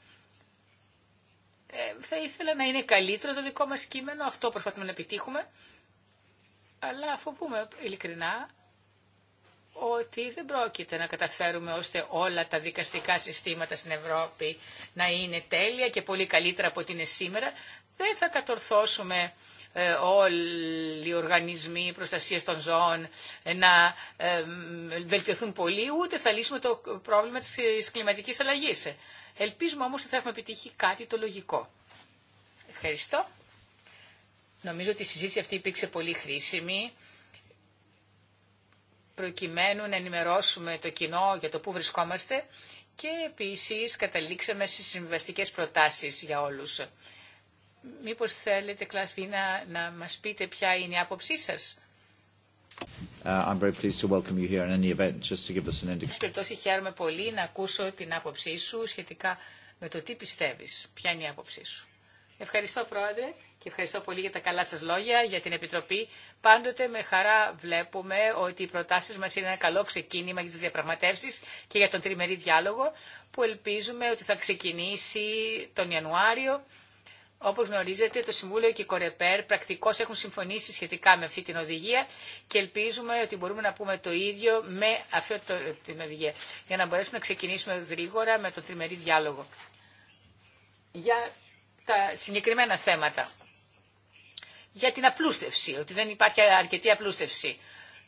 Ε, θα ήθελα να είναι καλύτερο το δικό μας κείμενο, αυτό προσπαθούμε να επιτύχουμε, αλλά αφού πούμε ειλικρινά ότι δεν πρόκειται να καταφέρουμε ώστε όλα τα δικαστικά συστήματα στην Ευρώπη να είναι τέλεια και πολύ καλύτερα από ό,τι είναι σήμερα. Δεν θα κατορθώσουμε ε, όλοι οι οργανισμοί προστασίας των ζώων ε, να ε, βελτιωθούν πολύ, ούτε θα λύσουμε το πρόβλημα της κλιματικής αλλαγής. Ελπίζουμε όμως ότι θα έχουμε επιτύχει κάτι το λογικό. Ευχαριστώ. Νομίζω ότι η συζήτηση αυτή υπήρξε πολύ χρήσιμη προκειμένου να ενημερώσουμε το κοινό για το πού βρισκόμαστε και επίσης καταλήξαμε στις συμβαστικές προτάσεις για όλους. Μήπως θέλετε, Κλάσβη, να, μας πείτε ποια είναι η άποψή σας. Στην uh, περιπτώσει χαίρομαι πολύ να ακούσω την άποψή σου σχετικά με το τι πιστεύεις, ποια είναι η άποψή σου. Ευχαριστώ, Πρόεδρε και ευχαριστώ πολύ για τα καλά σας λόγια, για την Επιτροπή. Πάντοτε με χαρά βλέπουμε ότι οι προτάσεις μας είναι ένα καλό ξεκίνημα για τις διαπραγματεύσεις και για τον τριμερή διάλογο που ελπίζουμε ότι θα ξεκινήσει τον Ιανουάριο. Όπως γνωρίζετε, το Συμβούλιο και η Κορεπέρ πρακτικώς έχουν συμφωνήσει σχετικά με αυτή την οδηγία και ελπίζουμε ότι μπορούμε να πούμε το ίδιο με αυτή την οδηγία για να μπορέσουμε να ξεκινήσουμε γρήγορα με τον τριμερή διάλογο. Για τα συγκεκριμένα θέματα για την απλούστευση, ότι δεν υπάρχει αρκετή απλούστευση.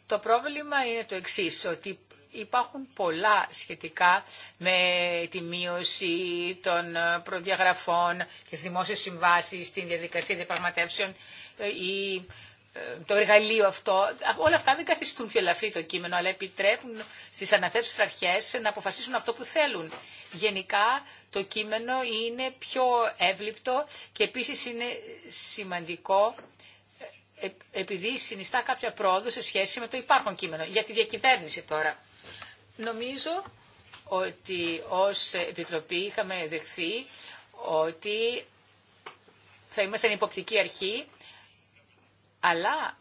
Το πρόβλημα είναι το εξή ότι υπάρχουν πολλά σχετικά με τη μείωση των προδιαγραφών και δημόσιες συμβάσεις, στην διαδικασία διαπραγματεύσεων ή ε, ε, το εργαλείο αυτό. Όλα αυτά δεν καθιστούν πιο ελαφρύ το κείμενο, αλλά επιτρέπουν στις αναθέσεις αρχές να αποφασίσουν αυτό που θέλουν. Γενικά το κείμενο είναι πιο εύληπτο και επίσης είναι σημαντικό επειδή συνιστά κάποια πρόοδο σε σχέση με το υπάρχον κείμενο. Για τη διακυβέρνηση τώρα. Νομίζω ότι ως Επιτροπή είχαμε δεχθεί ότι θα είμαστε υποπτική αρχή, αλλά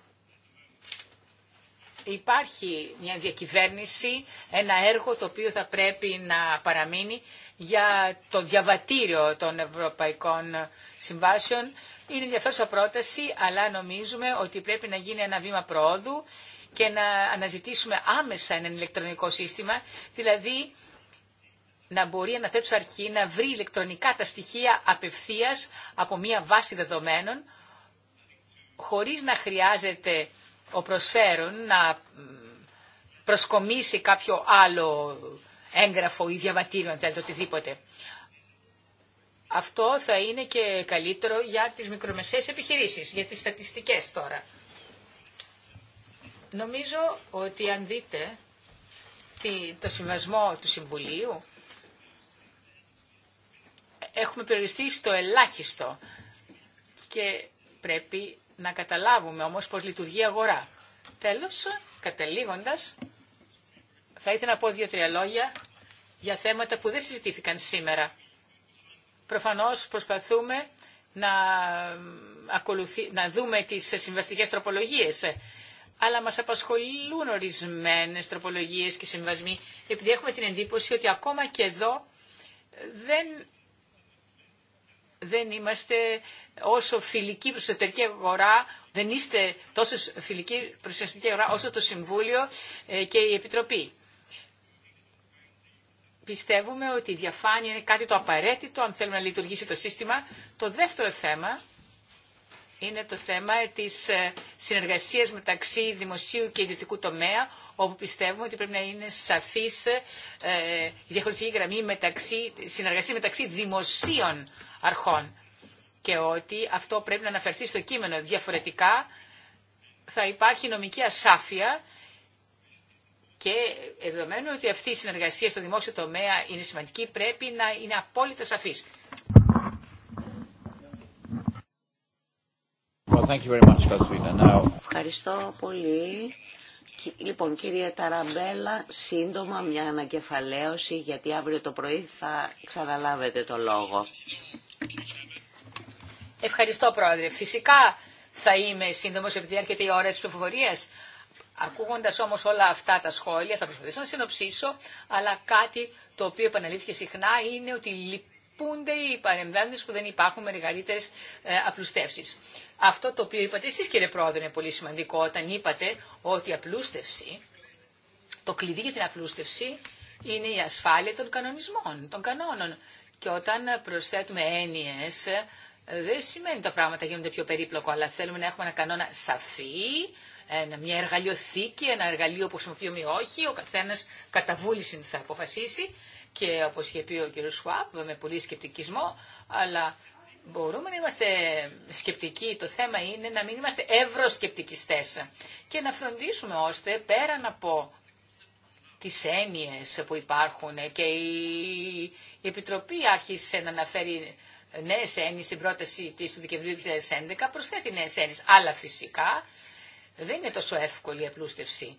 υπάρχει μια διακυβέρνηση, ένα έργο το οποίο θα πρέπει να παραμείνει για το διαβατήριο των Ευρωπαϊκών Συμβάσεων. Είναι ενδιαφέρουσα πρόταση, αλλά νομίζουμε ότι πρέπει να γίνει ένα βήμα προόδου και να αναζητήσουμε άμεσα ένα ηλεκτρονικό σύστημα, δηλαδή να μπορεί ένα τέτοιο αρχή να βρει ηλεκτρονικά τα στοιχεία απευθείας από μια βάση δεδομένων, χωρίς να χρειάζεται ο προσφέρον να προσκομίσει κάποιο άλλο έγγραφο ή διαβατήριο, αν θέλετε, οτιδήποτε. Αυτό θα είναι και καλύτερο για τις μικρομεσαίες επιχειρήσεις, για τις στατιστικές τώρα. Νομίζω ότι αν δείτε το συμβασμό του Συμβουλίου, έχουμε περιοριστεί στο ελάχιστο και πρέπει να καταλάβουμε όμως πώς λειτουργεί η αγορά. Τέλος, κατελήγοντας, θα ήθελα να πω δύο-τρία λόγια για θέματα που δεν συζητήθηκαν σήμερα. Προφανώς προσπαθούμε να, ακολουθεί, να δούμε τις συμβαστικές τροπολογίες, αλλά μας απασχολούν ορισμένες τροπολογίες και συμβασμοί, επειδή έχουμε την εντύπωση ότι ακόμα και εδώ δεν, δεν είμαστε όσο φιλική προσωπική αγορά, δεν είστε τόσο φιλική προσωπική αγορά όσο το Συμβούλιο ε, και η Επιτροπή. Πιστεύουμε ότι η διαφάνεια είναι κάτι το απαραίτητο αν θέλουμε να λειτουργήσει το σύστημα. Το δεύτερο θέμα είναι το θέμα της ε, συνεργασίας μεταξύ δημοσίου και ιδιωτικού τομέα, όπου πιστεύουμε ότι πρέπει να είναι σαφής ε, η διαχωριστική γραμμή μεταξύ, συνεργασία μεταξύ δημοσίων αρχών και ότι αυτό πρέπει να αναφερθεί στο κείμενο. Διαφορετικά θα υπάρχει νομική ασάφεια και δεδομένου ότι αυτή η συνεργασία στο δημόσιο τομέα είναι σημαντική, πρέπει να είναι απόλυτα σαφής. Ευχαριστώ πολύ. Λοιπόν, κύριε Ταραμπέλα, σύντομα μια ανακεφαλαίωση, γιατί αύριο το πρωί θα ξαναλάβετε το λόγο. Ευχαριστώ, Πρόεδρε. Φυσικά θα είμαι σύντομο, επειδή έρχεται η ώρα τη ψηφοφορία. Ακούγοντα όμω όλα αυτά τα σχόλια, θα προσπαθήσω να συνοψίσω, αλλά κάτι το οποίο επαναλήφθηκε συχνά είναι ότι λυπούνται οι παρεμβαίνοντε που δεν υπάρχουν μεγαλύτερε απλουστεύσει. Αυτό το οποίο είπατε εσεί, κύριε Πρόεδρε, είναι πολύ σημαντικό όταν είπατε ότι η απλούστευση, το κλειδί για την απλούστευση είναι η ασφάλεια των κανονισμών, των κανόνων. Και όταν προσθέτουμε έννοιες δεν σημαίνει ότι τα πράγματα γίνονται πιο περίπλοκο, αλλά θέλουμε να έχουμε ένα κανόνα σαφή, ένα, μια εργαλειοθήκη, ένα εργαλείο που χρησιμοποιούμε ή όχι, ο καθένας κατά βούληση θα αποφασίσει και όπως είχε πει ο κ. Σουάπ με πολύ σκεπτικισμό, αλλά μπορούμε να είμαστε σκεπτικοί. Το θέμα είναι να μην είμαστε ευρωσκεπτικιστές και να φροντίσουμε ώστε πέραν από τις έννοιες που υπάρχουν και η Επιτροπή άρχισε να αναφέρει νέε έννοιε στην πρόταση τη του Δεκεμβρίου 2011, προσθέτει νέε έννοιε. Αλλά φυσικά δεν είναι τόσο εύκολη η απλούστευση.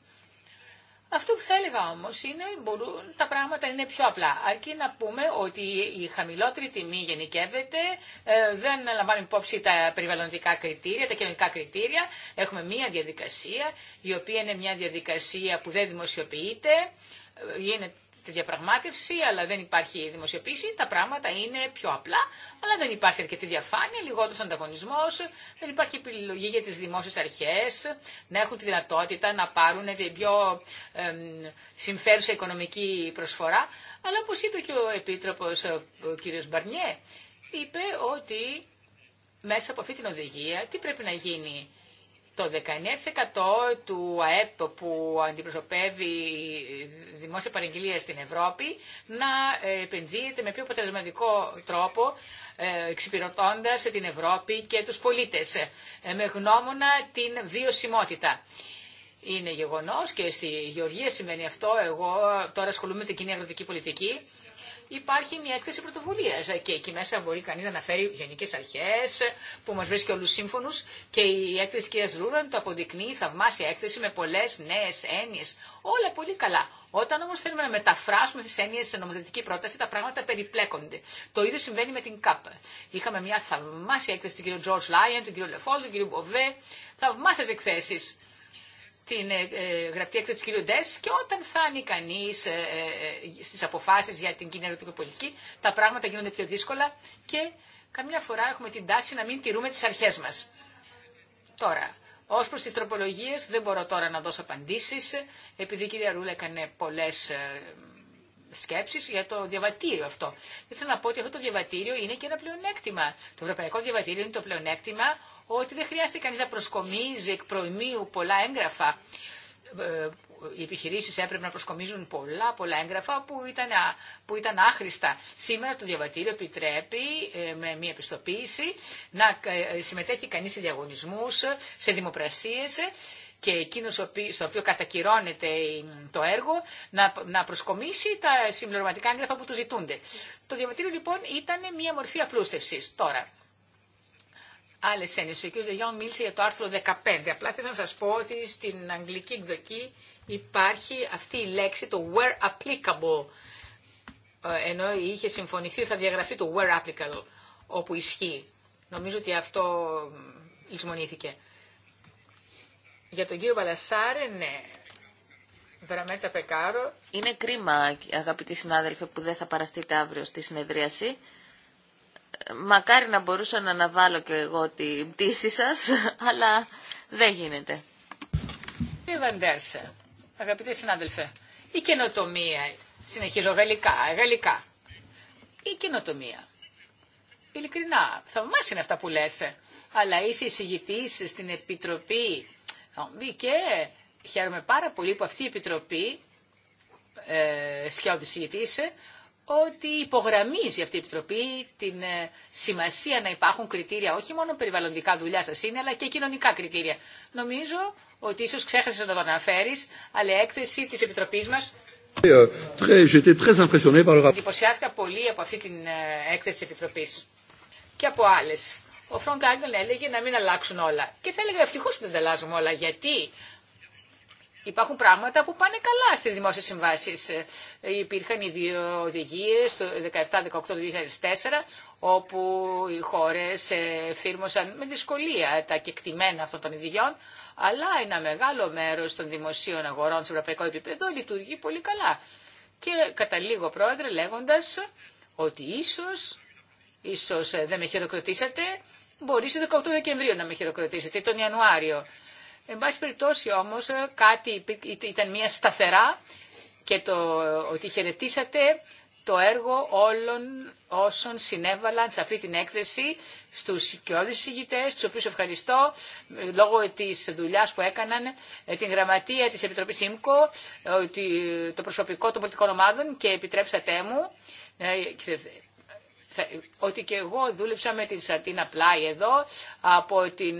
Αυτό που θα έλεγα όμω είναι μπορούν, τα πράγματα είναι πιο απλά. Αρκεί να πούμε ότι η χαμηλότερη τιμή γενικεύεται, ε, δεν λαμβάνει υπόψη τα περιβαλλοντικά κριτήρια, τα κοινωνικά κριτήρια. Έχουμε μία διαδικασία, η οποία είναι μια διαδικασία που δεν δημοσιοποιείται, ε, γίνεται τη διαπραγμάτευση, αλλά δεν υπάρχει δημοσιοποίηση. Τα πράγματα είναι πιο απλά, αλλά δεν υπάρχει αρκετή διαφάνεια, λιγότερο ανταγωνισμό, δεν υπάρχει επιλογή για τι δημόσιε αρχέ να έχουν τη δυνατότητα να πάρουν την πιο ε, συμφέρουσα οικονομική προσφορά. Αλλά όπω είπε και ο Επίτροπο ο κ. Μπαρνιέ, είπε ότι μέσα από αυτή την οδηγία τι πρέπει να γίνει το 19% του ΑΕΠ που αντιπροσωπεύει δημόσια παραγγελία στην Ευρώπη να επενδύεται με πιο αποτελεσματικό τρόπο ε, εξυπηρετώντας την Ευρώπη και τους πολίτες ε, με γνώμονα την βιωσιμότητα. Είναι γεγονός και στη Γεωργία σημαίνει αυτό. Εγώ τώρα ασχολούμαι με την κοινή αγροτική πολιτική υπάρχει μια έκθεση πρωτοβουλία ε, και εκεί μέσα μπορεί κανεί να αναφέρει γενικέ αρχέ που μα βρίσκει όλου σύμφωνου και η έκθεση κυρία Ρούδαν το αποδεικνύει θαυμάσια έκθεση με πολλέ νέε έννοιε. Όλα πολύ καλά. Όταν όμω θέλουμε να μεταφράσουμε τι έννοιε σε νομοθετική πρόταση, τα πράγματα περιπλέκονται. Το ίδιο συμβαίνει με την ΚΑΠ. Είχαμε μια θαυμάσια έκθεση του κ. George Λάιεν, του κ. Λεφόλ, του κ. Μποβέ. Θαυμάσιε εκθέσει την ε, ε, γραπτή έκθεση του κ. Ντες και όταν φτάνει κανείς ε, στις αποφάσεις για την κοινή ερωτική πολιτική, τα πράγματα γίνονται πιο δύσκολα και καμιά φορά έχουμε την τάση να μην τηρούμε τις αρχές μας. Τώρα, Ω προ τι τροπολογίε, δεν μπορώ τώρα να δώσω απαντήσει, επειδή η κυρία Ρούλα έκανε πολλέ σκέψει για το διαβατήριο αυτό. Ήθελα να πω ότι αυτό το διαβατήριο είναι και ένα πλεονέκτημα. Το Ευρωπαϊκό Διαβατήριο είναι το πλεονέκτημα ότι δεν χρειάζεται κανείς να προσκομίζει εκ προημίου πολλά έγγραφα. Ε, οι επιχειρήσει έπρεπε να προσκομίζουν πολλά πολλά έγγραφα που ήταν, που ήταν άχρηστα. Σήμερα το διαβατήριο επιτρέπει ε, με μια επιστοποίηση να ε, συμμετέχει κανείς σε διαγωνισμούς, σε δημοπρασίες και εκείνο στο οποίο κατακυρώνεται το έργο να προσκομίσει τα συμπληρωματικά έγγραφα που του ζητούνται. Το διαβατήριο λοιπόν ήταν μια μορφή απλούστευση. Τώρα, Άλλε έννοιε. Ο κ. Δεγιόν μίλησε για το άρθρο 15. Απλά θέλω να σας πω ότι στην αγγλική εκδοχή υπάρχει αυτή η λέξη το where applicable ε, ενώ είχε συμφωνηθεί θα διαγραφεί το where applicable όπου ισχύει. Νομίζω ότι αυτό λησμονήθηκε. Για τον κύριο Παλασάρε, ναι. Βραμέτα Πεκάρο. Είναι κρίμα, αγαπητοί συνάδελφοι, που δεν θα παραστείτε αύριο στη συνεδρίαση. Μακάρι να μπορούσα να αναβάλω και εγώ την πτήση σας, αλλά δεν γίνεται. Κύριε Βαντέρς, αγαπητέ συνάδελφε, η καινοτομία, συνεχίζω γαλλικά, γαλλικά, η καινοτομία. Ειλικρινά, θαυμάσια είναι αυτά που λες, αλλά είσαι εισηγητής στην Επιτροπή και χαίρομαι πάρα πολύ που αυτή η Επιτροπή ε, σκιώδης εισηγητής ότι υπογραμμίζει αυτή η Επιτροπή την ε, σημασία να υπάρχουν κριτήρια, όχι μόνο περιβαλλοντικά δουλειά σα είναι, αλλά και κοινωνικά κριτήρια. Νομίζω ότι ίσω ξέχασε να το αναφέρει, αλλά η έκθεση της Επιτροπής μας ε, εντυπωσιάστηκα πολύ από αυτή την ε, έκθεση τη Επιτροπής και από άλλε. Ο Φρονκ Άγγελ έλεγε να μην αλλάξουν όλα. Και θα έλεγα ευτυχώ που δεν αλλάζουμε όλα. Γιατί Υπάρχουν πράγματα που πάνε καλά στι δημόσιε συμβάσει. Ε, υπήρχαν οι δύο οδηγίε το 17-18-2004 όπου οι χώρε ε, φύρμωσαν με δυσκολία τα κεκτημένα αυτών των ιδιών αλλά ένα μεγάλο μέρο των δημοσίων αγορών σε ευρωπαϊκό επίπεδο λειτουργεί πολύ καλά. Και καταλήγω πρόεδρε λέγοντα ότι ίσω, ε, δεν με χειροκροτήσατε, μπορεί στις 18 Δεκεμβρίου να με χειροκροτήσετε, ή τον Ιανουάριο. Εν πάση περιπτώσει όμως ε, κάτι ήταν μια σταθερά και το ότι χαιρετήσατε το έργο όλων όσων συνέβαλαν σε αυτή την έκθεση, στους οικειώδεις συγητές, τους οποίους ευχαριστώ λόγω της δουλειάς που έκαναν, ε, την γραμματεία της Επιτροπής ΣΥΜΚΟ, ε, το προσωπικό των πολιτικών ομάδων και επιτρέψατε μου ότι και εγώ δούλεψα με την Σαρτίνα Πλάι εδώ από την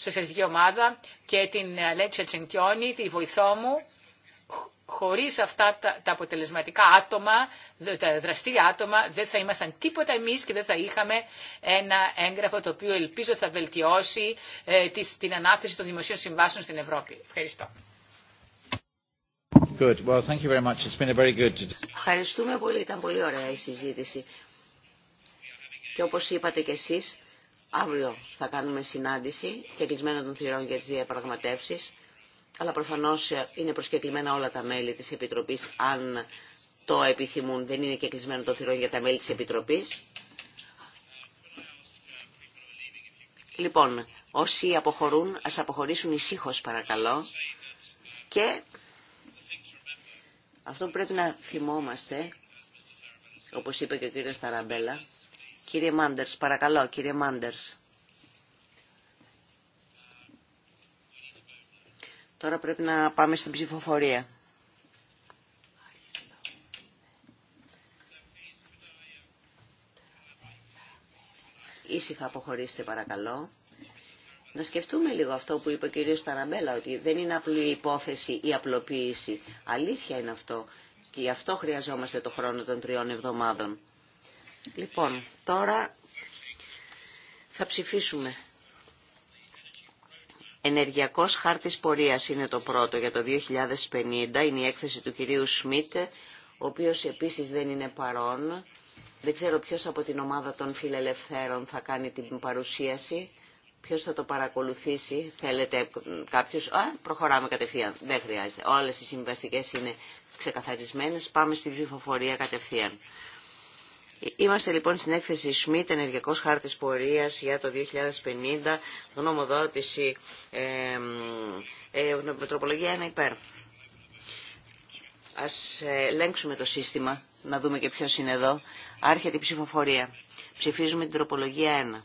σοσιαλιστική ομάδα και την Αλέτσια ε, Τσενκιόνη, τη βοηθό μου, χωρίς αυτά τα, αποτελεσματικά άτομα, τα δραστήρια άτομα, δεν θα ήμασταν τίποτα εμείς και δεν θα είχαμε ένα έγγραφο το οποίο ελπίζω θα βελτιώσει ε, την ανάθεση των δημοσίων συμβάσεων στην Ευρώπη. Ευχαριστώ. Good. Well, thank you very much. It's been a very good... Ευχαριστούμε πολύ. Ήταν πολύ ωραία η συζήτηση. Και όπως είπατε και εσείς, Αύριο θα κάνουμε συνάντηση και κλεισμένο των θυρών για τις διαπραγματεύσεις, αλλά προφανώς ε, είναι προσκεκλημένα όλα τα μέλη της Επιτροπής, αν το επιθυμούν. Δεν είναι και κλεισμένο των θυρών για τα μέλη της Επιτροπής. Λοιπόν, όσοι αποχωρούν, ας αποχωρήσουν ησύχως παρακαλώ. Και αυτό που πρέπει να θυμόμαστε, όπως είπε και ο κ. Σταραμπέλα Κύριε Μάντερς, παρακαλώ, κύριε Μάντερς. Τώρα πρέπει να πάμε στην ψηφοφορία. Ήσυχα αποχωρήστε παρακαλώ. Να σκεφτούμε λίγο αυτό που είπε ο κύριος Ταραμπέλα, ότι δεν είναι απλή υπόθεση η απλοποίηση. Αλήθεια είναι αυτό. Και γι' αυτό χρειαζόμαστε το χρόνο των τριών εβδομάδων. Λοιπόν, τώρα θα ψηφίσουμε. Ενεργειακός χάρτης πορείας είναι το πρώτο για το 2050. Είναι η έκθεση του κυρίου Σμιτ, ο οποίος επίσης δεν είναι παρόν. Δεν ξέρω ποιος από την ομάδα των φιλελευθέρων θα κάνει την παρουσίαση. Ποιος θα το παρακολουθήσει. Θέλετε κάποιους. Α, προχωράμε κατευθείαν. Δεν χρειάζεται. Όλες οι συμβαστικές είναι ξεκαθαρισμένες. Πάμε στην ψηφοφορία κατευθείαν. Είμαστε λοιπόν στην έκθεση ΣΜΙΤ, Ενεργειακός Χάρτης Πορείας για το 2050, γνωμοδότηση, ε, ε, 1 υπέρ. Ας ε, ελέγξουμε το σύστημα, να δούμε και ποιος είναι εδώ. Άρχεται η ψηφοφορία. Ψηφίζουμε την τροπολογία 1.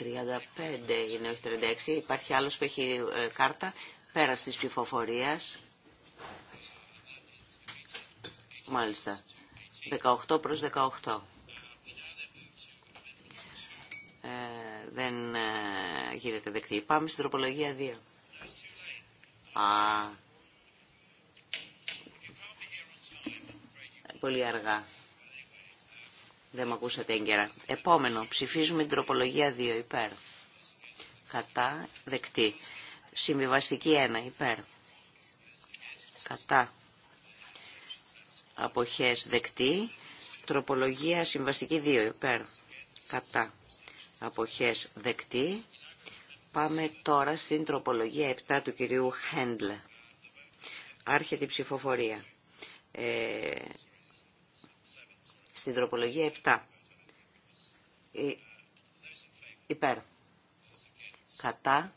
«35 είναι, όχι 36. Υπάρχει άλλος που έχει ε, κάρτα. Πέρας τη ψηφοφορία. Μάλιστα. 18 προς 18. Ε, δεν ε, γίνεται δεκτή. Πάμε στην τροπολογία 2. Α, πολύ αργά. Δεν με ακούσατε έγκαιρα. Επόμενο, ψηφίζουμε την τροπολογία 2 υπέρ. Κατά δεκτή. Συμβιβαστική 1 υπέρ. Κατά. Αποχές δεκτή. Τροπολογία συμβαστική 2 υπέρ. Κατά. Αποχές δεκτή. Πάμε τώρα στην τροπολογία 7 του κυρίου Χέντλε. Άρχεται η ψηφοφορία. Ε, στην τροπολογία 7. Υ, ε, υπέρ. Κατά.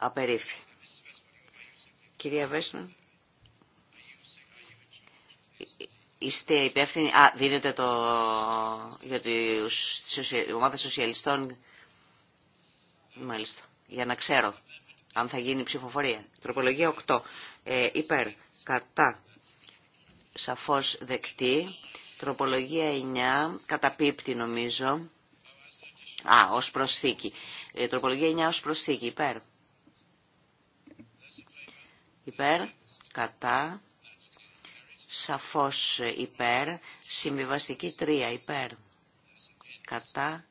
Απερίφθη. Κυρία Βέσνα. Είστε υπεύθυνοι... Α, δίνετε το... για τη ομάδα σοσιαλιστών... Μάλιστα. Για να ξέρω αν θα γίνει ψηφοφορία. Τροπολογία 8. Ε, υπέρ. Κατά. Σαφώς δεκτή. Τροπολογία 9. Καταπίπτει νομίζω. Α, ως προσθήκη. Ε, τροπολογία 9 ως προσθήκη. Υπέρ υπέρ, κατά, σαφώς υπέρ, συμβιβαστική 3 υπέρ, κατά,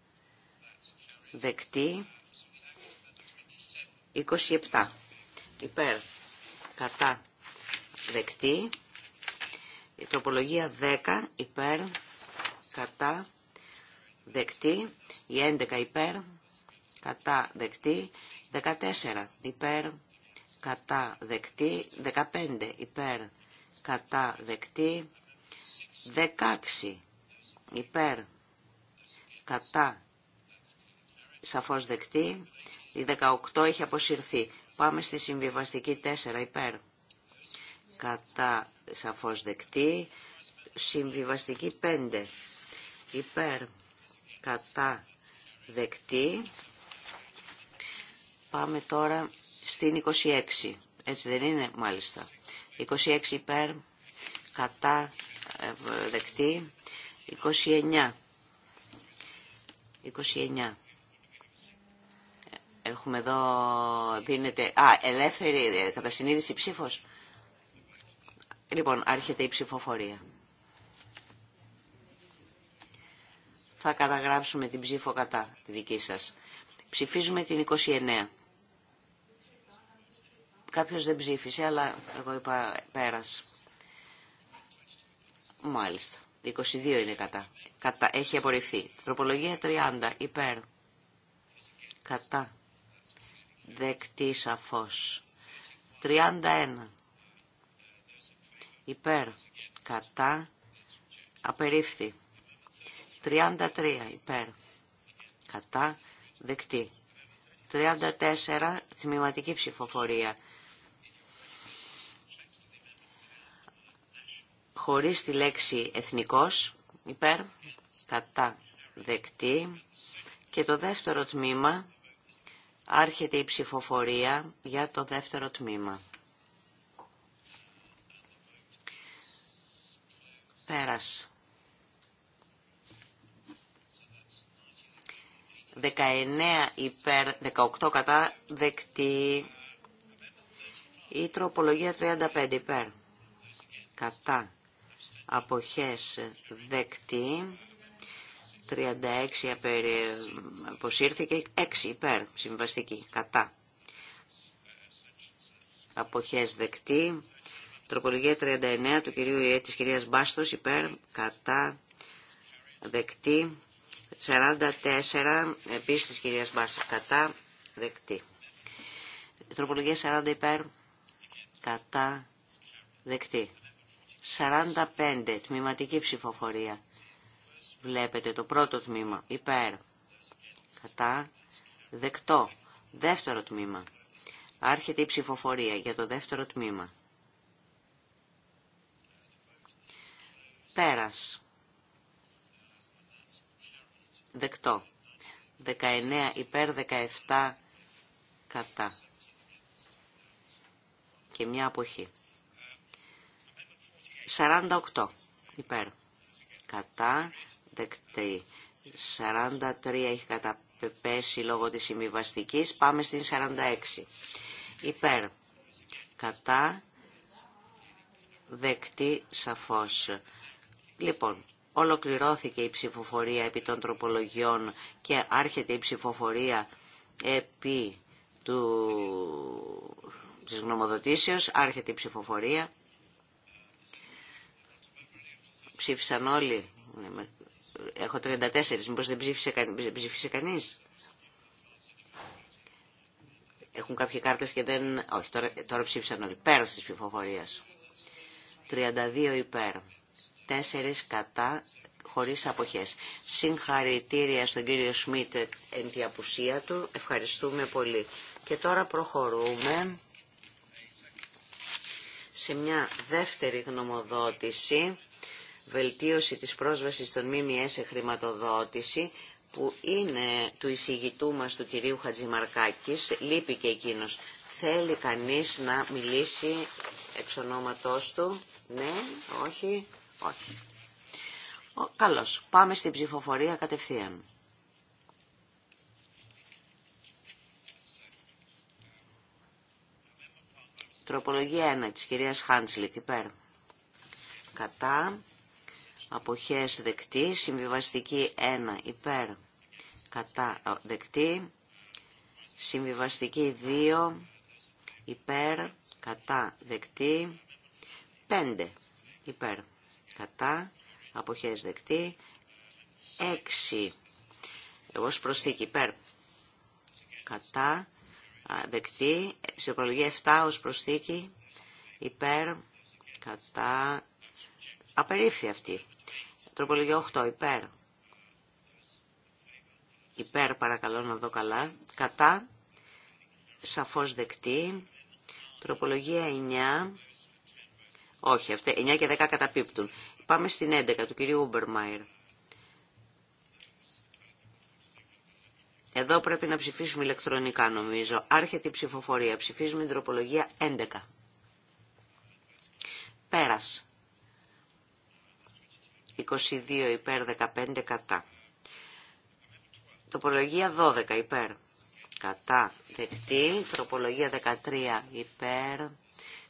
δεκτή, 27 υπέρ, κατά, δεκτή, η τροπολογία 10 υπέρ, κατά, δεκτή, η 11 υπέρ, κατά, δεκτή, 14 υπέρ, κατά δεκτή, 15 υπέρ κατά δεκτή, 16 υπέρ κατά σαφώς δεκτή, η 18 έχει αποσυρθεί. Πάμε στη συμβιβαστική 4 υπέρ κατά σαφώς δεκτή, συμβιβαστική 5 υπέρ κατά δεκτή. Πάμε τώρα στην 26. Έτσι δεν είναι, μάλιστα. 26 υπέρ, κατά, ε, δεκτή. 29. 29. Έχουμε εδώ, δίνεται, α, ελεύθερη, ε, κατά συνείδηση ψήφος. Λοιπόν, άρχεται η ψηφοφορία. Θα καταγράψουμε την ψήφο κατά τη δική σας. Ψηφίζουμε την 29. Κάποιος δεν ψήφισε, αλλά εγώ είπα πέρας. Μάλιστα. 22 είναι κατά. κατά. Έχει απορριφθεί. Τροπολογία 30. Υπέρ. Κατά. Δεκτή σαφώ. 31. Υπέρ. Κατά. Απερίφθη. 33. Υπέρ. Κατά. Δεκτή. 34. Τμηματική ψηφοφορία. χωρίς τη λέξη εθνικός, υπέρ, κατά, δεκτή. Και το δεύτερο τμήμα, άρχεται η ψηφοφορία για το δεύτερο τμήμα. Πέρας. 19 υπέρ, 18 κατά, δεκτή. Η τροπολογία 35 υπέρ. Κατά αποχές δεκτή 36 αποσύρθηκε 6 υπέρ συμβαστική κατά αποχές δεκτή τροπολογία 39 του κυρίου Ιέ της κυρίας Μπάστος υπέρ κατά δεκτή 44 επίσης της κυρίας Μπάστος κατά δεκτή τροπολογία 40 υπέρ κατά δεκτή 45, τμήματική ψηφοφορία. Βλέπετε το πρώτο τμήμα, υπέρ. Κατά, δεκτό. Δεύτερο τμήμα. Άρχεται η ψηφοφορία για το δεύτερο τμήμα. Πέρας. Δεκτό. 19 υπέρ 17 κατά. Και μια αποχή. 48 υπέρ. Κατά δεκτή. 43 έχει καταπέσει λόγω της συμβιβαστική. Πάμε στην 46. Υπέρ. Κατά δεκτή σαφώς. Λοιπόν, ολοκληρώθηκε η ψηφοφορία επί των τροπολογιών και άρχεται η ψηφοφορία επί του... της γνωμοδοτήσεως. Άρχεται η ψηφοφορία. Ψήφισαν όλοι. Ναι, έχω 34. Μήπως δεν ψήφισε, δεν κανείς. Έχουν κάποιοι κάρτες και δεν... Όχι, τώρα, τώρα ψήφισαν όλοι. Πέρα της ψηφοφορίας. 32 υπέρ. 4 κατά χωρίς αποχές. Συγχαρητήρια στον κύριο Σμιτ εν τη απουσία του. Ευχαριστούμε πολύ. Και τώρα προχωρούμε σε μια δεύτερη γνωμοδότηση βελτίωση της πρόσβασης των ΜΜΕ σε χρηματοδότηση που είναι του εισηγητού μας του κυρίου Χατζημαρκάκης, λείπει και εκείνος. Θέλει κανείς να μιλήσει εξ ονόματός του, ναι, όχι, όχι. Ο, καλώς, πάμε στην ψηφοφορία κατευθείαν. Τροπολογία 1 της κυρίας Χάντσλικ, υπέρ. Κατά, αποχές δεκτή, συμβιβαστική 1 υπέρ κατά δεκτή, συμβιβαστική 2 υπέρ κατά δεκτή, 5 υπέρ κατά αποχές δεκτή, 6 ως προσθήκη υπέρ κατά δεκτή, σε 7 ως προσθήκη υπέρ κατά απερίφθη αυτή. Τροπολογία 8 υπέρ. Υπέρ παρακαλώ να δω καλά. Κατά. Σαφώς δεκτή. Τροπολογία 9. Όχι, αυτέ 9 και 10 καταπίπτουν. Πάμε στην 11 του κυρίου Ούμπερμαϊρ. Εδώ πρέπει να ψηφίσουμε ηλεκτρονικά νομίζω. Άρχεται η ψηφοφορία. Ψηφίζουμε την τροπολογία 11. Πέρας. 22 υπέρ 15 κατά. Τροπολογία 12 υπέρ κατά δεκτή. Τροπολογία 13 υπέρ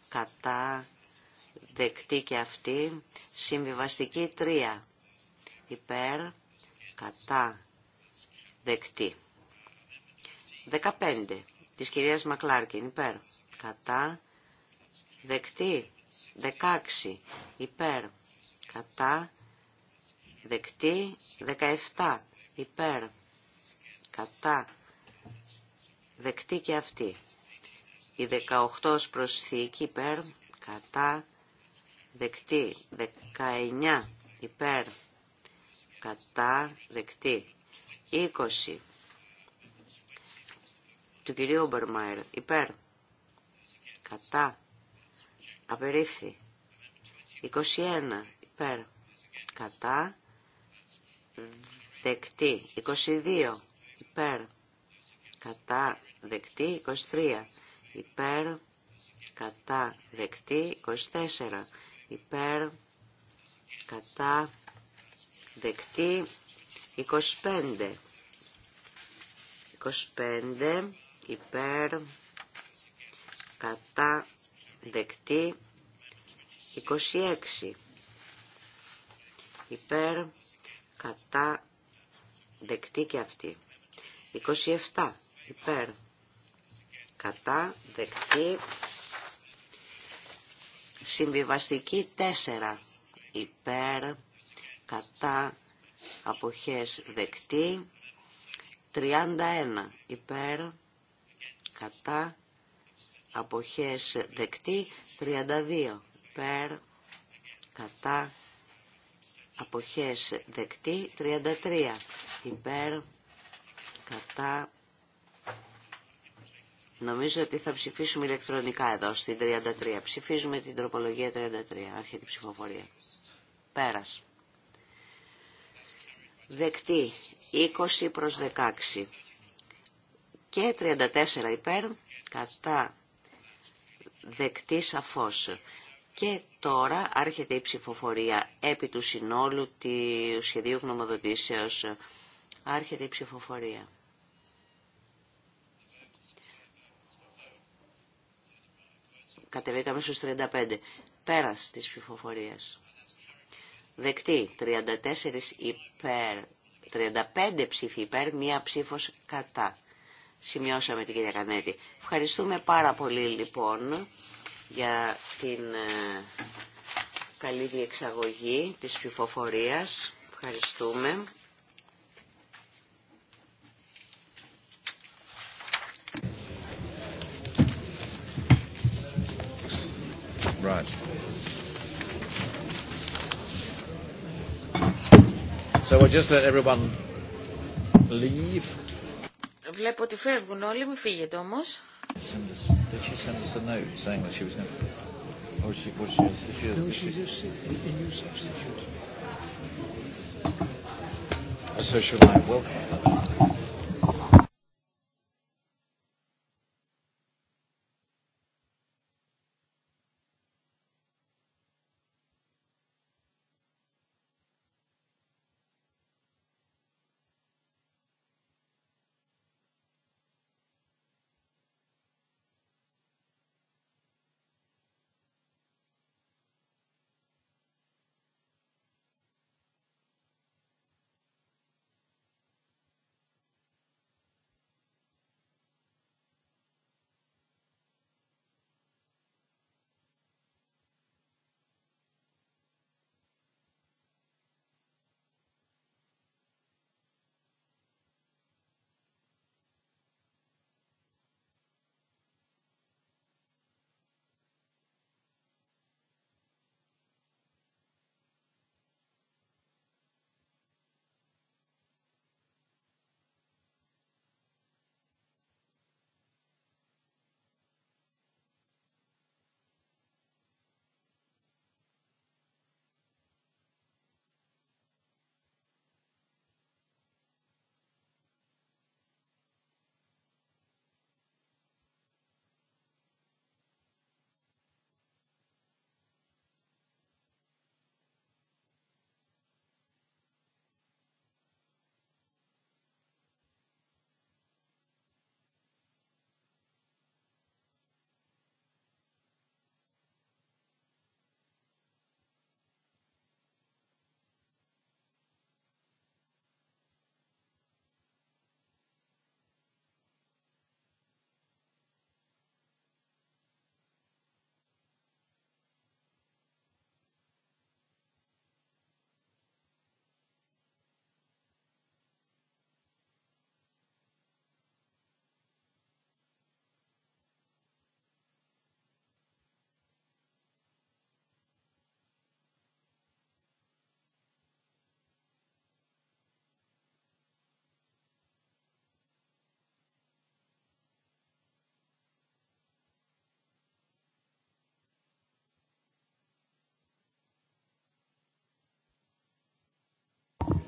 κατά δεκτή και αυτή. Συμβιβαστική 3 υπέρ κατά δεκτή. 15 της κυρίας Μακλάρκιν υπέρ κατά δεκτή. 16 υπέρ κατά Δεκτή 17 υπέρ κατά δεκτή και αυτή. Η 18 προσθήκη υπέρ κατά δεκτή. 19 υπέρ κατά δεκτή. 20 του κυρίου Ομπερμαϊρ υπέρ κατά απερίφθη. 21 υπέρ κατά δεκτή 22 υπέρ κατά δεκτή 23 υπέρ κατά δεκτή 24 υπέρ κατά δεκτή 25 25 υπέρ κατά δεκτή 26 υπέρ κατά δεκτή και αυτή. 27 υπέρ κατά δεκτή συμβιβαστική 4 υπέρ κατά αποχές δεκτή 31 υπέρ κατά αποχές δεκτή 32 υπέρ κατά αποχές δεκτή 33 υπέρ κατά νομίζω ότι θα ψηφίσουμε ηλεκτρονικά εδώ στην 33 ψηφίζουμε την τροπολογία 33 άρχεται η ψηφοφορία πέρας δεκτή 20 προς 16 και 34 υπέρ κατά δεκτή σαφώς και τώρα άρχεται η ψηφοφορία επί του συνόλου του σχεδίου γνωμοδοτήσεως. Άρχεται η ψηφοφορία. Κατεβήκαμε στους 35. Πέρας της ψηφοφορίας. Δεκτή. 34 υπέρ. 35 ψήφοι υπέρ. Μία ψήφος κατά. Σημειώσαμε την κυρία Κανέτη. Ευχαριστούμε πάρα πολύ λοιπόν για την ε, καλή διεξαγωγή της ψηφοφορία. Ευχαριστούμε. Right. So we'll just let everyone leave. Βλέπω ότι φεύγουν όλοι, μην φύγετε όμως. Did she send us a note saying that she was going to... Or she, was she, is she, no, she, just a new substitute. A social Welcome.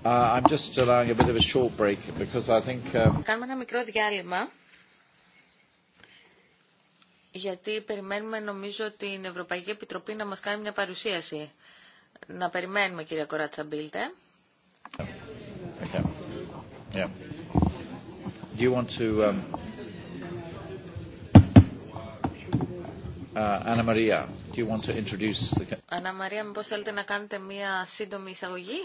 Uh, I'm just allowing a bit of a short break because I think. Uh, κάνουμε ένα μικρό διάλειμμα. Γιατί περιμένουμε νομίζω την Ευρωπαϊκή Επιτροπή να μας κάνει μια παρουσίαση. Να περιμένουμε κυρία Κοράτσα Μπίλτε. Okay. Do you want to... Um, uh, Anna Maria, do you want to introduce Αναμαρία, μήπως θέλετε να κάνετε μια σύντομη εισαγωγή.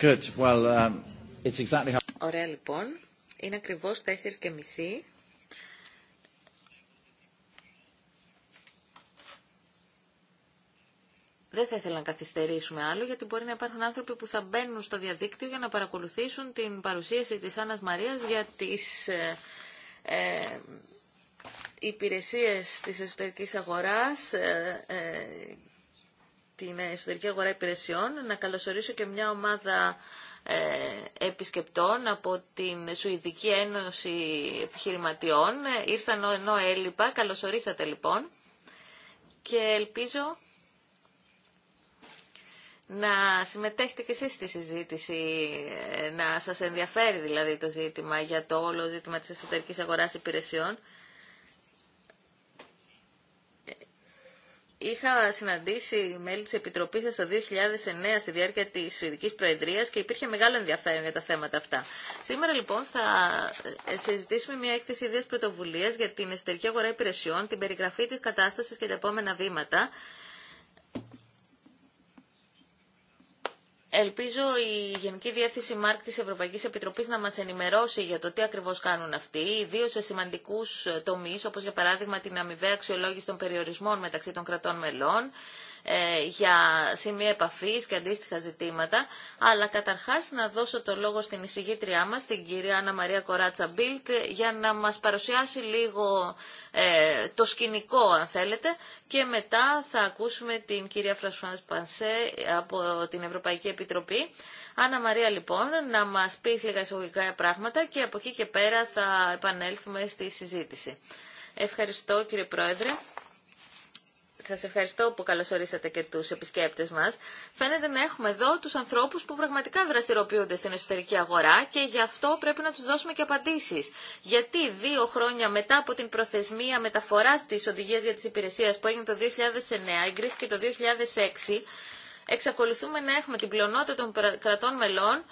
Um, Ωραία λοιπόν. Είναι ακριβώς 4 και μισή. Δεν θα ήθελα να καθυστερήσουμε άλλο, γιατί μπορεί να υπάρχουν άνθρωποι που θα μπαίνουν στο διαδίκτυο για να παρακολουθήσουν την παρουσίαση της Άννας Μαρίας για τις ε, ε, υπηρεσίες της εσωτερικής αγοράς ε, ε, την εσωτερική αγορά υπηρεσιών, να καλωσορίσω και μια ομάδα ε, επισκεπτών από την Σουηδική Ένωση Επιχειρηματιών. Ήρθαν ενώ έλειπα, καλωσορίσατε λοιπόν και ελπίζω να συμμετέχετε και εσείς στη συζήτηση, ε, να σας ενδιαφέρει δηλαδή το ζήτημα για το όλο ζήτημα της εσωτερικής αγοράς υπηρεσιών Είχα συναντήσει μέλη της Επιτροπής σας το 2009 στη διάρκεια της Σουηδικής Προεδρίας και υπήρχε μεγάλο ενδιαφέρον για τα θέματα αυτά. Σήμερα λοιπόν θα συζητήσουμε μια έκθεση δύο πρωτοβουλίας για την εσωτερική αγορά υπηρεσιών, την περιγραφή της κατάστασης και τα επόμενα βήματα Ελπίζω η Γενική Διεύθυνση ΜΑΡΚ της Ευρωπαϊκής Επιτροπής να μας ενημερώσει για το τι ακριβώς κάνουν αυτοί, ιδίω σε σημαντικούς τομείς, όπως για παράδειγμα την αμοιβαία αξιολόγηση των περιορισμών μεταξύ των κρατών μελών, ε, για σημεία επαφής και αντίστοιχα ζητήματα. Αλλά καταρχάς να δώσω το λόγο στην εισηγήτριά μας, την κυρία Άννα Μαρία Κοράτσα Μπίλτ, για να μας παρουσιάσει λίγο ε, το σκηνικό, αν θέλετε, και μετά θα ακούσουμε την κυρία Φρασφάνς Πανσέ από την Ευρωπαϊκή Επιτροπή. Άννα Μαρία λοιπόν να μας πει λίγα εισαγωγικά πράγματα και από εκεί και πέρα θα επανέλθουμε στη συζήτηση. Ευχαριστώ κύριε Πρόεδρε σας ευχαριστώ που καλωσορίσατε και τους επισκέπτες μας. Φαίνεται να έχουμε εδώ τους ανθρώπους που πραγματικά δραστηριοποιούνται στην εσωτερική αγορά και γι' αυτό πρέπει να τους δώσουμε και απαντήσεις. Γιατί δύο χρόνια μετά από την προθεσμία μεταφοράς της οδηγίας για τις υπηρεσίες που έγινε το 2009, εγκρίθηκε το 2006, εξακολουθούμε να έχουμε την πλειονότητα των κρατών μελών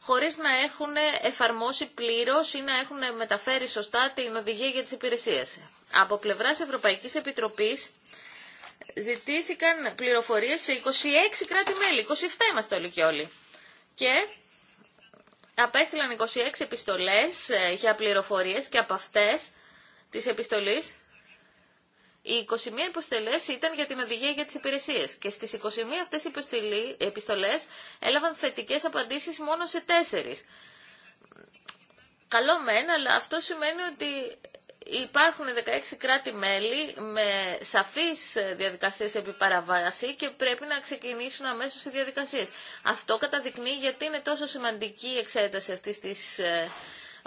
χωρίς να έχουν εφαρμόσει πλήρως ή να έχουν μεταφέρει σωστά την οδηγία για τις υπηρεσίες. Από πλευράς Ευρωπαϊκής Επιτροπής ζητήθηκαν πληροφορίες σε 26 κράτη-μέλη, 27 είμαστε όλοι και όλοι. Και απέστειλαν 26 επιστολές ε, για πληροφορίες και από αυτές τις επιστολές οι 21 επιστολέ ήταν για την οδηγία για τις υπηρεσίες και στις 21 αυτές οι επιστολές έλαβαν θετικές απαντήσεις μόνο σε τέσσερις. Καλό μεν, αλλά αυτό σημαίνει ότι υπάρχουν 16 κράτη-μέλη με σαφείς διαδικασίες επί παραβάση και πρέπει να ξεκινήσουν αμέσως οι διαδικασίες. Αυτό καταδεικνύει γιατί είναι τόσο σημαντική η εξέταση αυτής της ε,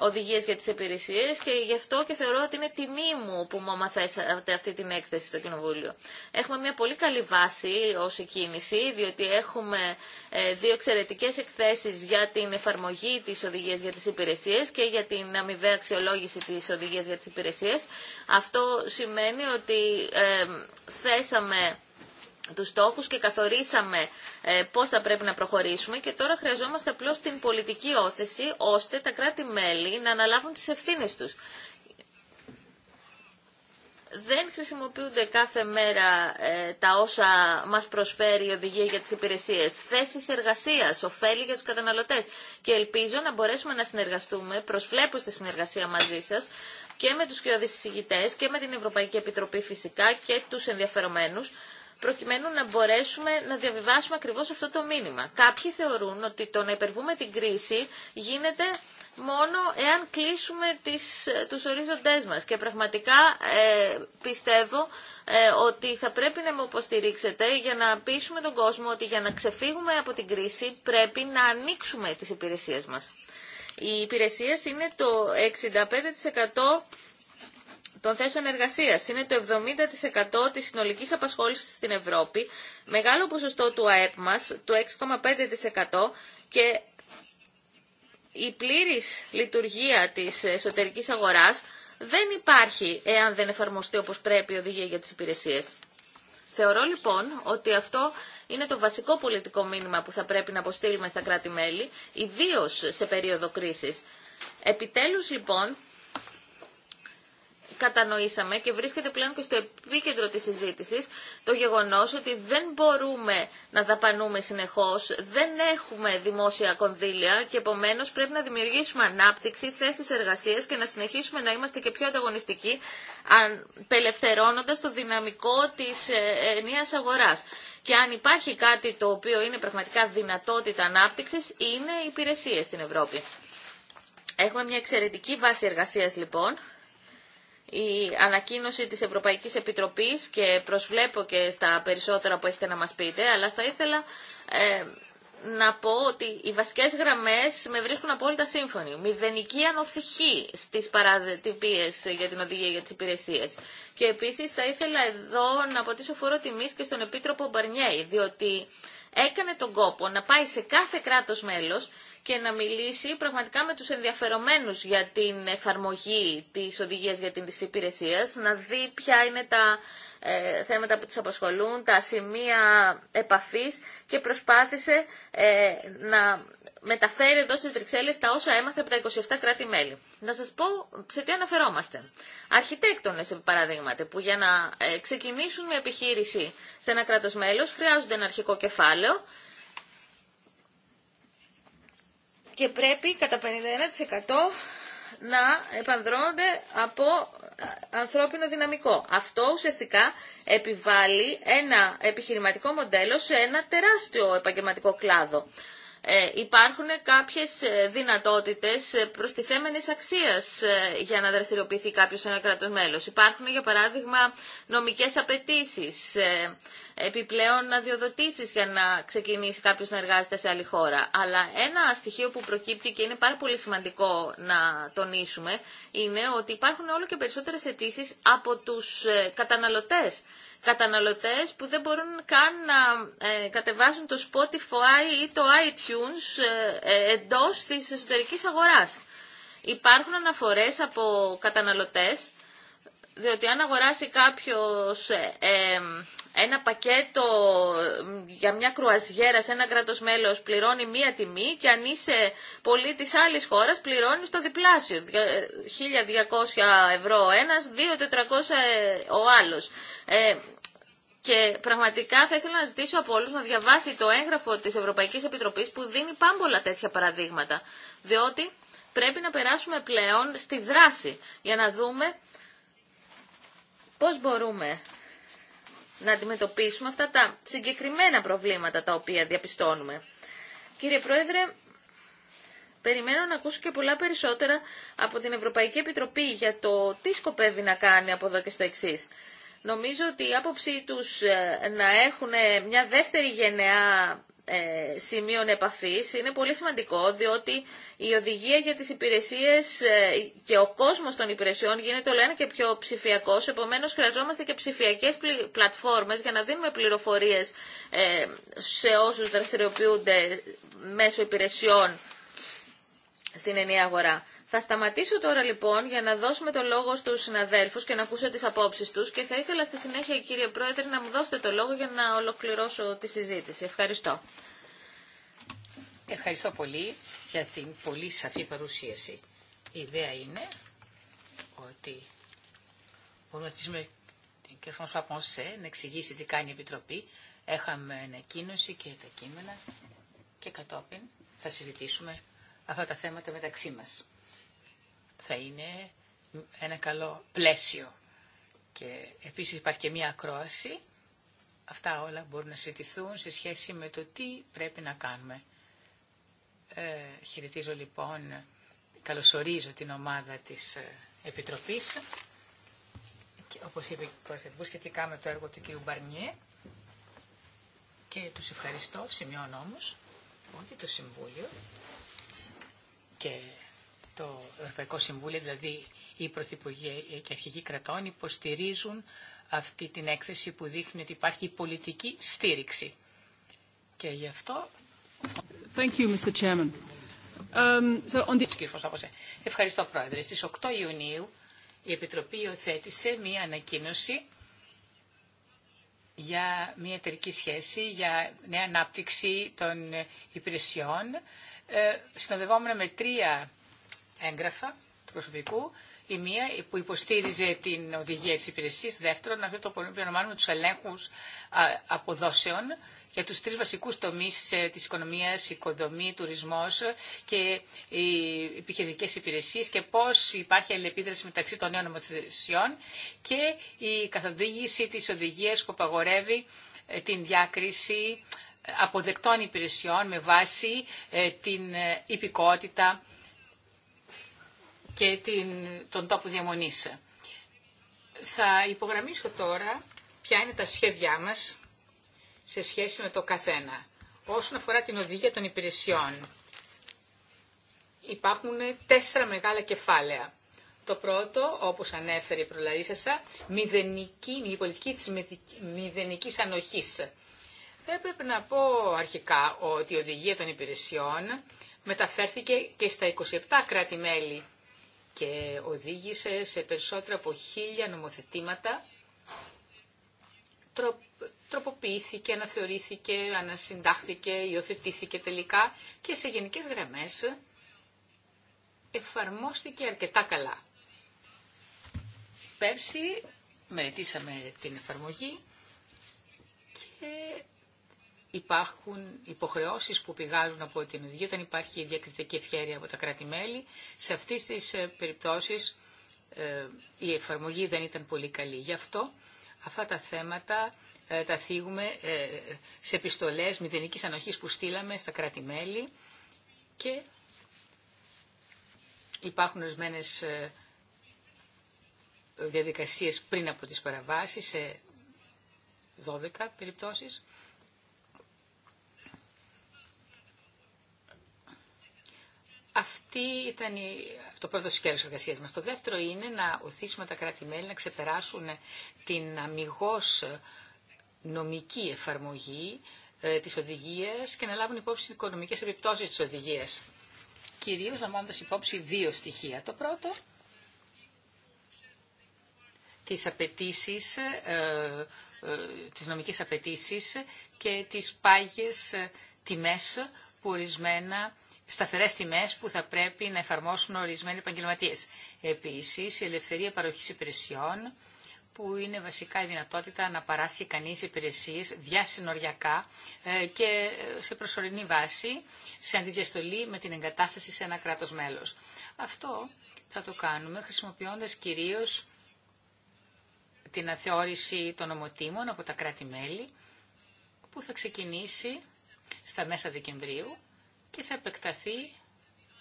οδηγίες για τις υπηρεσίε, και γι' αυτό και θεωρώ ότι είναι τιμή μου που μου αμαθέσατε αυτή την έκθεση στο Κοινοβούλιο. Έχουμε μια πολύ καλή βάση ως κίνηση, διότι έχουμε ε, δύο εξαιρετικέ εκθέσεις για την εφαρμογή τη οδηγία για τις υπηρεσίε και για την αμοιβαία αξιολόγηση τη οδηγία για τις υπηρεσίε. Αυτό σημαίνει ότι ε, θέσαμε τους στόχους και καθορίσαμε ε, πώς θα πρέπει να προχωρήσουμε και τώρα χρειαζόμαστε απλώς την πολιτική όθεση ώστε τα κράτη-μέλη να αναλάβουν τις ευθύνες τους. Δεν χρησιμοποιούνται κάθε μέρα ε, τα όσα μας προσφέρει η οδηγία για τις υπηρεσίες. Θέσεις εργασίας, ωφέλη για τους καταναλωτές. Και ελπίζω να μπορέσουμε να συνεργαστούμε, προσβλέπω στη συνεργασία μαζί σας, και με τους κοιόδης συζητητές και με την Ευρωπαϊκή Επιτροπή φυσικά και τους ενδιαφερομένους, προκειμένου να μπορέσουμε να διαβιβάσουμε ακριβώς αυτό το μήνυμα. Κάποιοι θεωρούν ότι το να υπερβούμε την κρίση γίνεται μόνο εάν κλείσουμε τις, τους ορίζοντές μας. Και πραγματικά ε, πιστεύω ε, ότι θα πρέπει να με υποστηρίξετε για να πείσουμε τον κόσμο ότι για να ξεφύγουμε από την κρίση πρέπει να ανοίξουμε τις υπηρεσίες μας. Οι υπηρεσίες είναι το 65% των θέσεων εργασία Είναι το 70% της συνολικής απασχόλησης στην Ευρώπη, μεγάλο ποσοστό του ΑΕΠ μας, το 6,5% και η πλήρης λειτουργία της εσωτερικής αγοράς δεν υπάρχει εάν δεν εφαρμοστεί όπως πρέπει η οδηγία για τις υπηρεσίες. Θεωρώ λοιπόν ότι αυτό είναι το βασικό πολιτικό μήνυμα που θα πρέπει να αποστείλουμε στα κράτη-μέλη, ιδίω σε περίοδο κρίση. Επιτέλους λοιπόν κατανοήσαμε και βρίσκεται πλέον και στο επίκεντρο της συζήτησης το γεγονός ότι δεν μπορούμε να δαπανούμε συνεχώς, δεν έχουμε δημόσια κονδύλια και επομένως πρέπει να δημιουργήσουμε ανάπτυξη, θέσεις εργασία και να συνεχίσουμε να είμαστε και πιο ανταγωνιστικοί απελευθερώνοντα το δυναμικό της ε, ε, ενίας αγοράς. Και αν υπάρχει κάτι το οποίο είναι πραγματικά δυνατότητα ανάπτυξης, είναι οι υπηρεσίες στην Ευρώπη. Έχουμε μια εξαιρετική βάση εργασίας λοιπόν η ανακοίνωση της Ευρωπαϊκής Επιτροπής και προσβλέπω και στα περισσότερα που έχετε να μας πείτε, αλλά θα ήθελα ε, να πω ότι οι βασικές γραμμές με βρίσκουν απόλυτα σύμφωνοι. Μηδενική ανοσυχή στις παρατυπίες για την οδηγία για τις υπηρεσίες. Και επίσης θα ήθελα εδώ να αποτίσω φορό τιμής και στον Επίτροπο Μπαρνιέη, διότι έκανε τον κόπο να πάει σε κάθε κράτος μέλος και να μιλήσει πραγματικά με τους ενδιαφερομένους για την εφαρμογή της οδηγίας για την της να δει ποια είναι τα ε, θέματα που τους απασχολούν, τα σημεία επαφής και προσπάθησε ε, να μεταφέρει εδώ στις Βρυξέλλες τα όσα έμαθε από τα 27 κράτη-μέλη. Να σας πω σε τι αναφερόμαστε. Αρχιτέκτονες, παραδείγματι, που για να ε, ξεκινήσουν μια επιχείρηση σε ένα κράτος μέλος χρειάζονται ένα αρχικό κεφάλαιο, και πρέπει κατά 51% να επανδρώνονται από ε, ανθρώπινο δυναμικό. Αυτό ουσιαστικά επιβάλλει ένα επιχειρηματικό μοντέλο σε ένα τεράστιο επαγγελματικό κλάδο. Ε, υπάρχουν κάποιες ε, δυνατότητες ε, προστιθέμενης αξίας για να δραστηριοποιηθεί κάποιος σε ένα κράτος μέλος. Υπάρχουν, για παράδειγμα, νομικές απαιτήσει, επιπλέον αδειοδοτήσει για να ξεκινήσει κάποιος να εργάζεται σε άλλη χώρα. Αλλά ένα στοιχείο που προκύπτει και είναι πάρα πολύ σημαντικό να τονίσουμε είναι ότι υπάρχουν όλο και περισσότερες αιτήσει από τους καταναλωτές καταναλωτές που δεν μπορούν καν να ε, κατεβάσουν το Spotify ή το iTunes ε, ε, εντός της εσωτερικής αγοράς. Υπάρχουν αναφορές από καταναλωτές διότι αν αγοράσει κάποιος ένα πακέτο για μια κρουαζιέρα σε ένα κράτος μέλος πληρώνει μία τιμή και αν είσαι πολίτης άλλης χώρας πληρώνει το διπλάσιο. 1.200 ευρώ ο ένας, 2.400 ο άλλος. Ε, και πραγματικά θα ήθελα να ζητήσω από όλους να διαβάσει το έγγραφο της Ευρωπαϊκής Επιτροπής που δίνει πάμπολα τέτοια παραδείγματα. Διότι πρέπει να περάσουμε πλέον στη δράση για να δούμε πώς μπορούμε να αντιμετωπίσουμε αυτά τα συγκεκριμένα προβλήματα τα οποία διαπιστώνουμε. Κύριε Πρόεδρε, περιμένω να ακούσω και πολλά περισσότερα από την Ευρωπαϊκή Επιτροπή για το τι σκοπεύει να κάνει από εδώ και στο εξή. Νομίζω ότι η άποψή τους ε, να έχουν μια δεύτερη γενεά ε, σημείων επαφής είναι πολύ σημαντικό διότι η οδηγία για τις υπηρεσίες ε, και ο κόσμος των υπηρεσιών γίνεται όλο ένα και πιο ψηφιακός, επομένως χρειαζόμαστε και ψηφιακές πλατφόρμες για να δίνουμε πληροφορίες ε, σε όσους δραστηριοποιούνται μέσω υπηρεσιών στην ενιαία αγορά. Θα σταματήσω τώρα λοιπόν για να δώσουμε το λόγο στους συναδέλφους και να ακούσω τις απόψεις τους και θα ήθελα στη συνέχεια κύριε Πρόεδρε να μου δώσετε το λόγο για να ολοκληρώσω τη συζήτηση. Ευχαριστώ. Ευχαριστώ πολύ για την πολύ σαφή παρουσίαση. Η ιδέα είναι ότι μπορούμε να ζητήσουμε κ. να εξηγήσει τι κάνει η Επιτροπή. Έχαμε ανακοίνωση και τα κείμενα και κατόπιν θα συζητήσουμε αυτά τα θέματα μεταξύ μας θα είναι ένα καλό πλαίσιο. Και επίσης υπάρχει και μία ακρόαση. Αυτά όλα μπορούν να συζητηθούν σε σχέση με το τι πρέπει να κάνουμε. Ε, χαιρετίζω λοιπόν, καλωσορίζω την ομάδα της ε, Επιτροπής, και, όπως είπε ο Πρωθυπουργός, σχετικά με το έργο του κ. Μπαρνιέ. Και τους ευχαριστώ, σημειώνω όμως, ότι το Συμβούλιο και το Ευρωπαϊκό Συμβούλιο, δηλαδή οι Πρωθυπουργοί και Αρχηγοί Κρατών υποστηρίζουν αυτή την έκθεση που δείχνει ότι υπάρχει πολιτική στήριξη. Και γι' αυτό... Thank you, Mr. Chairman. Um, so on the... Ευχαριστώ, Πρόεδρε. Στις 8 Ιουνίου η Επιτροπή υιοθέτησε μία ανακοίνωση για μια εταιρική σχέση, για νέα ανάπτυξη των υπηρεσιών, ε, συνοδευόμενα με τρία έγγραφα του προσωπικού. Η μία που υποστήριζε την οδηγία τη υπηρεσία Δεύτερον, αυτό το οποίο ονομάζουμε του ελέγχου αποδόσεων για τους τρεις βασικούς τομείς ε, της οικονομίας, οικοδομή, τουρισμό και οι επιχειρητικέ υπηρεσίες και πώ υπάρχει αλληλεπίδραση μεταξύ των νέων νομοθεσιών και η καθοδήγηση τη οδηγία που απαγορεύει ε, την διάκριση ε, αποδεκτών υπηρεσιών με βάση την υπηκότητα και την, τον τόπο διαμονής. Θα υπογραμμίσω τώρα ποια είναι τα σχέδιά μας σε σχέση με το καθένα. Όσον αφορά την οδηγία των υπηρεσιών, υπάρχουν τέσσερα μεγάλα κεφάλαια. Το πρώτο, όπως ανέφερε η προλαΐσασα, μηδενική, η πολιτική τη μηδενικής ανοχής. Θα έπρεπε να πω αρχικά ότι η οδηγία των υπηρεσιών μεταφέρθηκε και στα 27 κράτη-μέλη και οδήγησε σε περισσότερα από χίλια νομοθετήματα. τροποποιήθηκε, αναθεωρήθηκε, ανασυντάχθηκε, υιοθετήθηκε τελικά και σε γενικές γραμμές εφαρμόστηκε αρκετά καλά. Πέρσι μελετήσαμε την εφαρμογή και υπάρχουν υποχρεώσεις που πηγάζουν από την οδηγία, όταν υπάρχει διακριτική ευχαίρεια από τα κράτη-μέλη. Σε αυτές τις ε, περιπτώσεις ε, η εφαρμογή δεν ήταν πολύ καλή. Γι' αυτό αυτά τα θέματα ε, τα θίγουμε σε επιστολές μηδενικής ανοχής που στείλαμε στα κράτη-μέλη και υπάρχουν ορισμένε διαδικασίες πριν από τις παραβάσεις σε 12 περιπτώσεις. Αυτή ήταν η, το πρώτο σκέλος της εργασίας μας. Το δεύτερο είναι να οθήσουμε τα κράτη-μέλη να ξεπεράσουν την αμυγός νομική εφαρμογή ε, της οδηγίας και να λάβουν υπόψη τις οικονομικές επιπτώσεις της οδηγίας. Κυρίως λαμβάνοντας υπόψη δύο στοιχεία. Το πρώτο, τις απαιτήσεις, ε, ε τις νομικές απαιτήσεις και τις πάγιες τιμές που ορισμένα Σταθερέ τιμέ που θα πρέπει να εφαρμόσουν ορισμένοι επαγγελματίε. Επίσης, η ελευθερία παροχής υπηρεσιών, που είναι βασικά η δυνατότητα να παράσχει κανεί υπηρεσίες διασυνοριακά ε, και σε προσωρινή βάση, σε αντιδιαστολή με την εγκατάσταση σε ένα κράτος μέλος. Αυτό θα το κάνουμε χρησιμοποιώντα κυρίω την αθεώρηση των νομοτήμων από τα κράτη-μέλη, που θα ξεκινήσει στα μέσα Δεκεμβρίου και θα επεκταθεί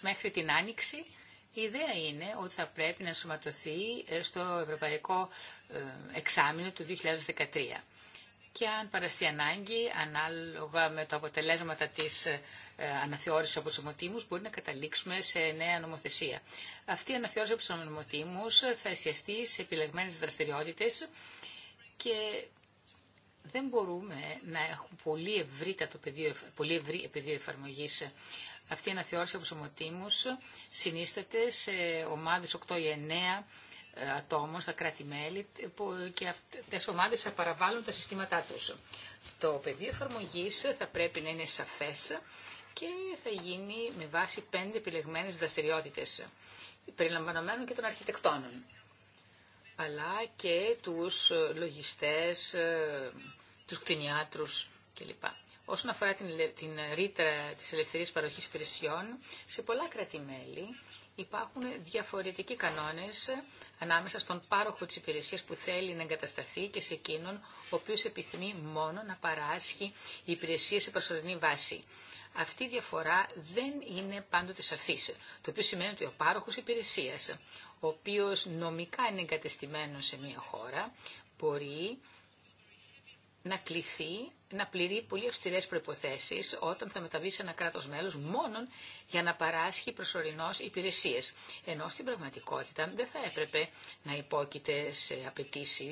μέχρι την Άνοιξη. Η ιδέα είναι ότι θα πρέπει να σωματωθεί ε, στο Ευρωπαϊκό ε, Εξάμεινο του 2013 και αν παραστεί ανάγκη, ανάλογα με τα αποτελέσματα της ε, αναθεώρησης από τους ομοτήμους, μπορεί να καταλήξουμε σε νέα νομοθεσία. Αυτή η αναθεώρηση από τους ομοτήμους θα εστιαστεί σε επιλεγμένες δραστηριότητες και δεν μπορούμε να έχουμε πολύ ευρύτατο πεδίο, πολύ ευρύ πεδίο εφαρμογής. Αυτή η αναθεώρηση από σωματήμους συνίσταται σε ομάδες 8 ή 9 ε, ατόμων στα κράτη-μέλη και αυτές οι ομάδες θα παραβάλλουν τα συστήματά τους. Το πεδίο εφαρμογής θα πρέπει να είναι σαφές και θα γίνει με βάση πέντε επιλεγμένες δραστηριότητες περιλαμβανομένων και των αρχιτεκτών αλλά και τους λογιστές, ε, τους κτηνιάτρους κλπ. Όσον αφορά την, την ρήτρα της ελευθερίας παροχής υπηρεσιών, σε πολλά κράτη-μέλη υπάρχουν διαφορετικοί κανόνες ανάμεσα στον πάροχο της υπηρεσίας που θέλει να εγκατασταθεί και σε εκείνον ο οποίος επιθυμεί μόνο να παράσχει υπηρεσία σε προσωρινή βάση. Αυτή η διαφορά δεν είναι πάντοτε σαφής, το οποίο σημαίνει ότι ο πάροχος υπηρεσίας, ο οποίος νομικά είναι εγκατεστημένο σε μια χώρα, μπορεί να κληθεί να πληρεί πολύ αυστηρέ προποθέσει όταν θα μεταβεί σε ένα κράτο μέλο μόνο για να παράσχει προσωρινώ υπηρεσίε. Ενώ στην πραγματικότητα δεν θα έπρεπε να υπόκειται σε απαιτήσει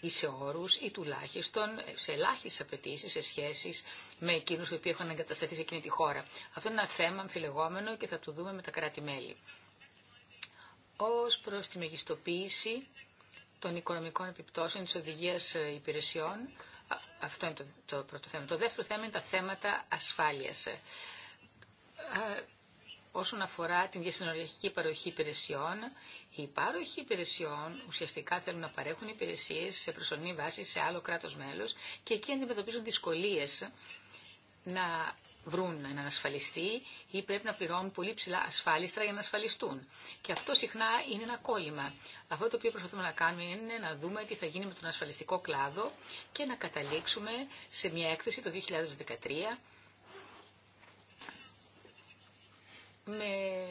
ή σε όρου ή τουλάχιστον σε ελάχιστε απαιτήσει σε σχέση με εκείνου που έχουν εγκατασταθεί σε εκείνη τη χώρα. Αυτό είναι ένα θέμα αμφιλεγόμενο και θα το δούμε με τα κράτη-μέλη ως προς τη μεγιστοποίηση των οικονομικών επιπτώσεων της οδηγίας ε, υπηρεσιών. Αυτό είναι το, το πρώτο θέμα. Το δεύτερο θέμα είναι τα θέματα ασφάλειας. Ε, όσον αφορά την διασυνοριακή παροχή υπηρεσιών, οι παροχή υπηρεσιών ουσιαστικά θέλουν να παρέχουν υπηρεσίες σε προσωρινή βάση σε άλλο κράτος μέλος και εκεί αντιμετωπίζουν δυσκολίες να βρουν έναν ασφαλιστή ή πρέπει να πληρώνουν πολύ ψηλά ασφάλιστρα για να ασφαλιστούν. Και αυτό συχνά είναι ένα κόλλημα. Αυτό το οποίο προσπαθούμε να κάνουμε είναι να δούμε τι θα γίνει με τον ασφαλιστικό κλάδο και να καταλήξουμε σε μια έκθεση το 2013 με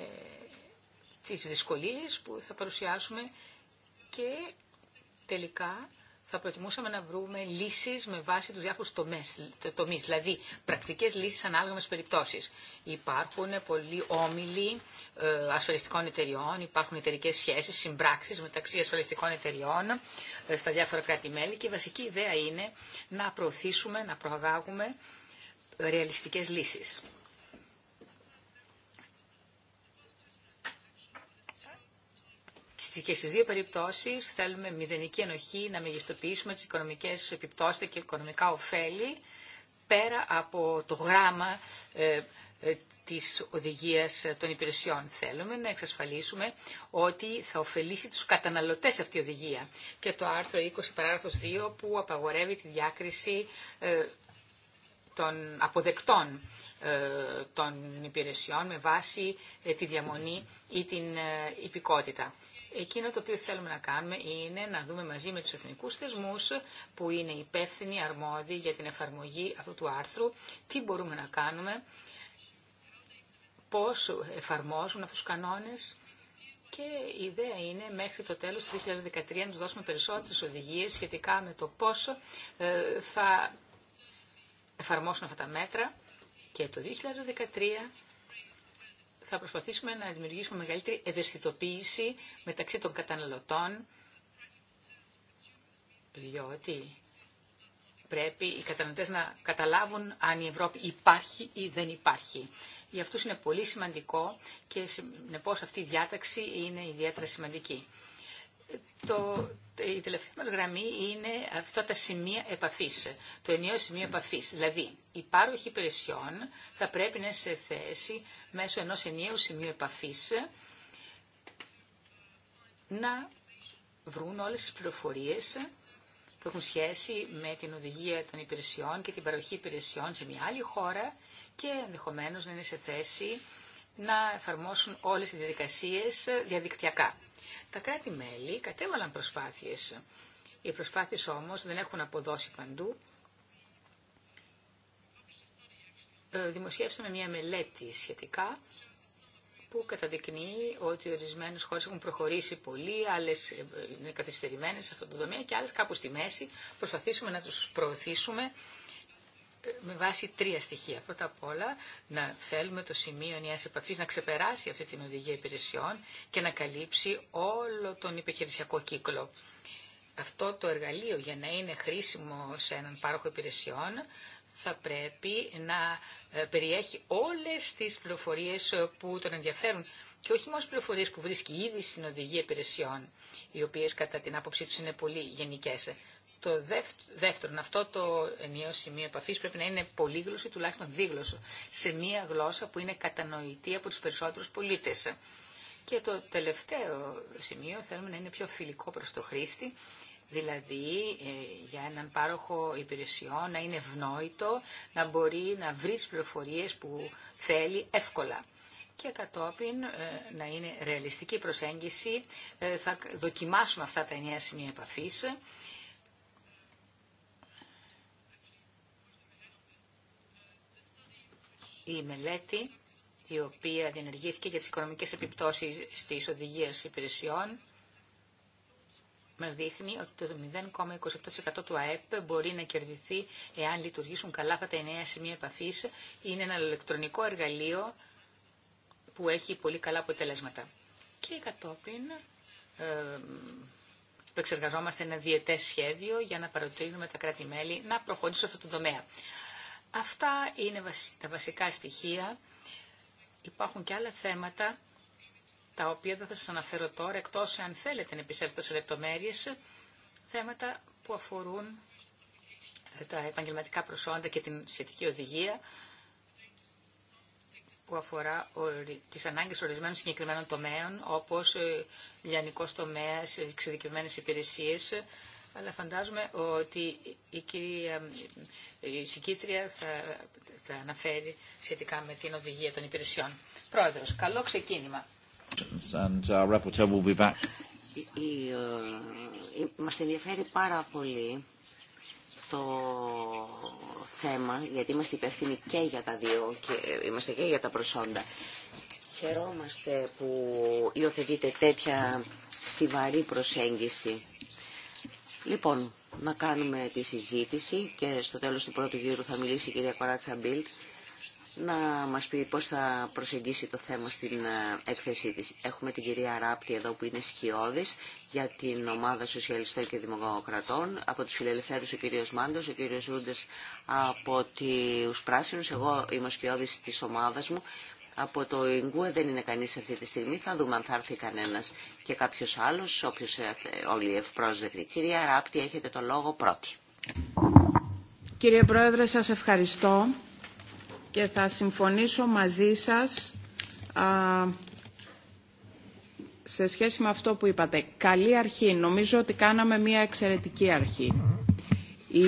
τις δυσκολίες που θα παρουσιάσουμε και τελικά θα προτιμούσαμε να βρούμε λύσεις με βάση τους διάφορους τομεί, δηλαδή πρακτικές λύσεις ανάλογα με τι περιπτώσεις. Υπάρχουν πολλοί όμιλοι ε, ασφαλιστικών εταιριών, υπάρχουν εταιρικέ σχέσεις, συμπράξει μεταξύ ασφαλιστικών εταιριών ε, στα διάφορα κράτη-μέλη και η βασική ιδέα είναι να προωθήσουμε, να προαγάγουμε ρεαλιστικέ λύσει. και στις δύο περιπτώσεις θέλουμε μηδενική ενοχή να μεγιστοποιήσουμε τις οικονομικές επιπτώσεις και οικονομικά ωφέλη πέρα από το γράμμα ε, ε της οδηγίας των υπηρεσιών. Θέλουμε να εξασφαλίσουμε ότι θα ωφελήσει τους καταναλωτές αυτή η οδηγία. Και το άρθρο 20 παράγραφος 2 που απαγορεύει τη διάκριση ε, των αποδεκτών ε, των υπηρεσιών με βάση τη διαμονή ή την υπηκότητα. Εκείνο το οποίο θέλουμε να κάνουμε είναι να δούμε μαζί με τους εθνικούς θεσμούς που είναι υπεύθυνοι, αρμόδιοι για την εφαρμογή αυτού του άρθρου, τι μπορούμε να κάνουμε, πώς εφαρμόζουν αυτούς τους κανόνες και η ιδέα είναι μέχρι το τέλος του 2013 να τους δώσουμε περισσότερες οδηγίες σχετικά με το πόσο ε, θα εφαρμόσουν αυτά τα μέτρα και το 2013 θα προσπαθήσουμε να δημιουργήσουμε μεγαλύτερη ευαισθητοποίηση μεταξύ των καταναλωτών, διότι πρέπει οι καταναλωτές να καταλάβουν αν η Ευρώπη υπάρχει ή δεν υπάρχει. Για αυτούς είναι πολύ σημαντικό και συνεπώς αυτή η δεν υπαρχει Γι' αυτους είναι ιδιαίτερα σημαντική το, η τελευταία μας γραμμή είναι αυτά τα σημεία επαφής, το ενιαίο σημείο επαφής. Δηλαδή, η πάροχη υπηρεσιών θα πρέπει να είναι σε θέση μέσω ενός ενιαίου σημείου επαφής να βρουν όλες τις πληροφορίες που έχουν σχέση με την οδηγία των υπηρεσιών και την παροχή υπηρεσιών σε μια άλλη χώρα και ενδεχομένως να είναι σε θέση να εφαρμόσουν όλες τις διαδικασίες διαδικτυακά. Τα κράτη-μέλη κατέβαλαν προσπάθειες. Οι προσπάθειες όμως δεν έχουν αποδώσει παντού. Ε, δημοσιεύσαμε μια μελέτη σχετικά που καταδεικνύει ότι ορισμένες χώρες έχουν προχωρήσει πολύ, άλλες ε, είναι καθυστερημένες σε αυτό το δομέα και άλλες κάπου στη μέση. Προσπαθήσουμε να τους προωθήσουμε με βάση τρία στοιχεία. Πρώτα απ' όλα, να θέλουμε το σημείο ενιαία επαφή να ξεπεράσει αυτή την οδηγία υπηρεσιών και να καλύψει όλο τον επιχειρησιακό κύκλο. Αυτό το εργαλείο για να είναι χρήσιμο σε έναν πάροχο υπηρεσιών θα πρέπει να ε, περιέχει όλες τις πληροφορίες ε, που τον ενδιαφέρουν και όχι μόνο πληροφορίε που βρίσκει ήδη στην οδηγία υπηρεσιών, οι οποίε κατά την άποψή του είναι πολύ γενικέ. Το δεύτερο, αυτό το ενιαίο σημείο επαφή πρέπει να είναι πολύγλωσσο τουλάχιστον δίγλωσσο, σε μία γλώσσα που είναι κατανοητή από του περισσότερου πολίτε. Και το τελευταίο σημείο θέλουμε να είναι πιο φιλικό προς το χρήστη, δηλαδή ε, για έναν πάροχο υπηρεσιών να είναι ευνόητο, να μπορεί να βρει τι πληροφορίε που θέλει εύκολα. Και κατόπιν ε, να είναι ρεαλιστική προσέγγιση, ε, θα δοκιμάσουμε αυτά τα ενιαία σημεία επαφής η μελέτη η οποία διενεργήθηκε για τις οικονομικές επιπτώσεις στις οδηγίες υπηρεσιών μας δείχνει ότι το 0,27% του ΑΕΠ μπορεί να κερδιθεί εάν λειτουργήσουν καλά αυτά τα νέα σημεία επαφής. Είναι ένα ηλεκτρονικό εργαλείο που έχει πολύ καλά αποτελέσματα. Και κατόπιν ε, ένα διετές σχέδιο για να παροτρύνουμε τα κράτη-μέλη να προχωρήσουν σε αυτό το τομέα. Αυτά είναι τα βασικά στοιχεία. Υπάρχουν και άλλα θέματα, τα οποία δεν θα σας αναφέρω τώρα, εκτός αν θέλετε να επισέλθω σε λεπτομέρειες, θέματα που αφορούν ε, τα επαγγελματικά προσόντα και την σχετική οδηγία που αφορά τις ανάγκες ορισμένων συγκεκριμένων τομέων, όπως ε, λιανικός τομέας, εξειδικευμένες υπηρεσίες, αλλά φαντάζομαι ότι η κυρία η συγκήτρια θα, θα αναφέρει σχετικά με την οδηγία των υπηρεσιών. Πρόεδρος, καλό ξεκίνημα. And uh, our will be back. Ε, μας ενδιαφέρει πάρα πολύ το θέμα, γιατί είμαστε υπεύθυνοι και για τα δύο και είμαστε και για τα προσόντα. Χαιρόμαστε που υιοθετείτε τέτοια στιβαρή προσέγγιση Λοιπόν, να κάνουμε τη συζήτηση και στο τέλος του πρώτου γύρου θα μιλήσει η κυρία Κοράτσα Μπίλτ να μας πει πώς θα προσεγγίσει το θέμα στην ε, έκθεσή της. Έχουμε την κυρία Ράπτη εδώ που είναι σκιώδης για την ομάδα Σοσιαλιστών και Δημοκρατών, από τους Φιλελευθέρους ο κύριος Μάντος, ο κύριος Ρούντες από τους Πράσινους, εγώ είμαι ο σκιώδης της ομάδας μου από το Ιγκούε δεν είναι κανείς αυτή τη στιγμή. Θα δούμε αν θα έρθει κανένας και κάποιος άλλος, όποιος ε, όλοι ευπρόσδεκτοι. Κυρία Ράπτη, έχετε το λόγο πρώτη. Κύριε Πρόεδρε, σας ευχαριστώ και θα συμφωνήσω μαζί σας σε σχέση με αυτό που είπατε. Καλή αρχή. Νομίζω ότι κάναμε μια εξαιρετική αρχή. Η,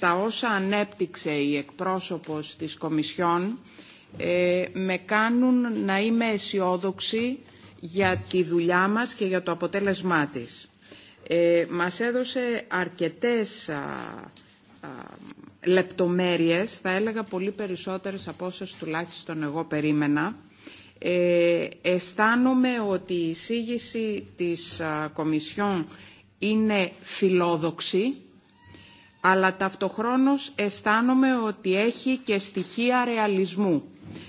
τα όσα ανέπτυξε η εκπρόσωπος της Κομισιόν ε, με κάνουν να είμαι αισιόδοξη για τη δουλειά μας και για το αποτέλεσμά της. Ε, μας έδωσε αρκετές α, λεπτομέρειες, θα έλεγα πολύ περισσότερες από όσες τουλάχιστον εγώ περίμενα. Ε, αισθάνομαι ότι η εισήγηση της Κομισιόν είναι φιλόδοξη αλλά ταυτοχρόνως αισθάνομαι ότι έχει και στοιχεία ρεαλισμού.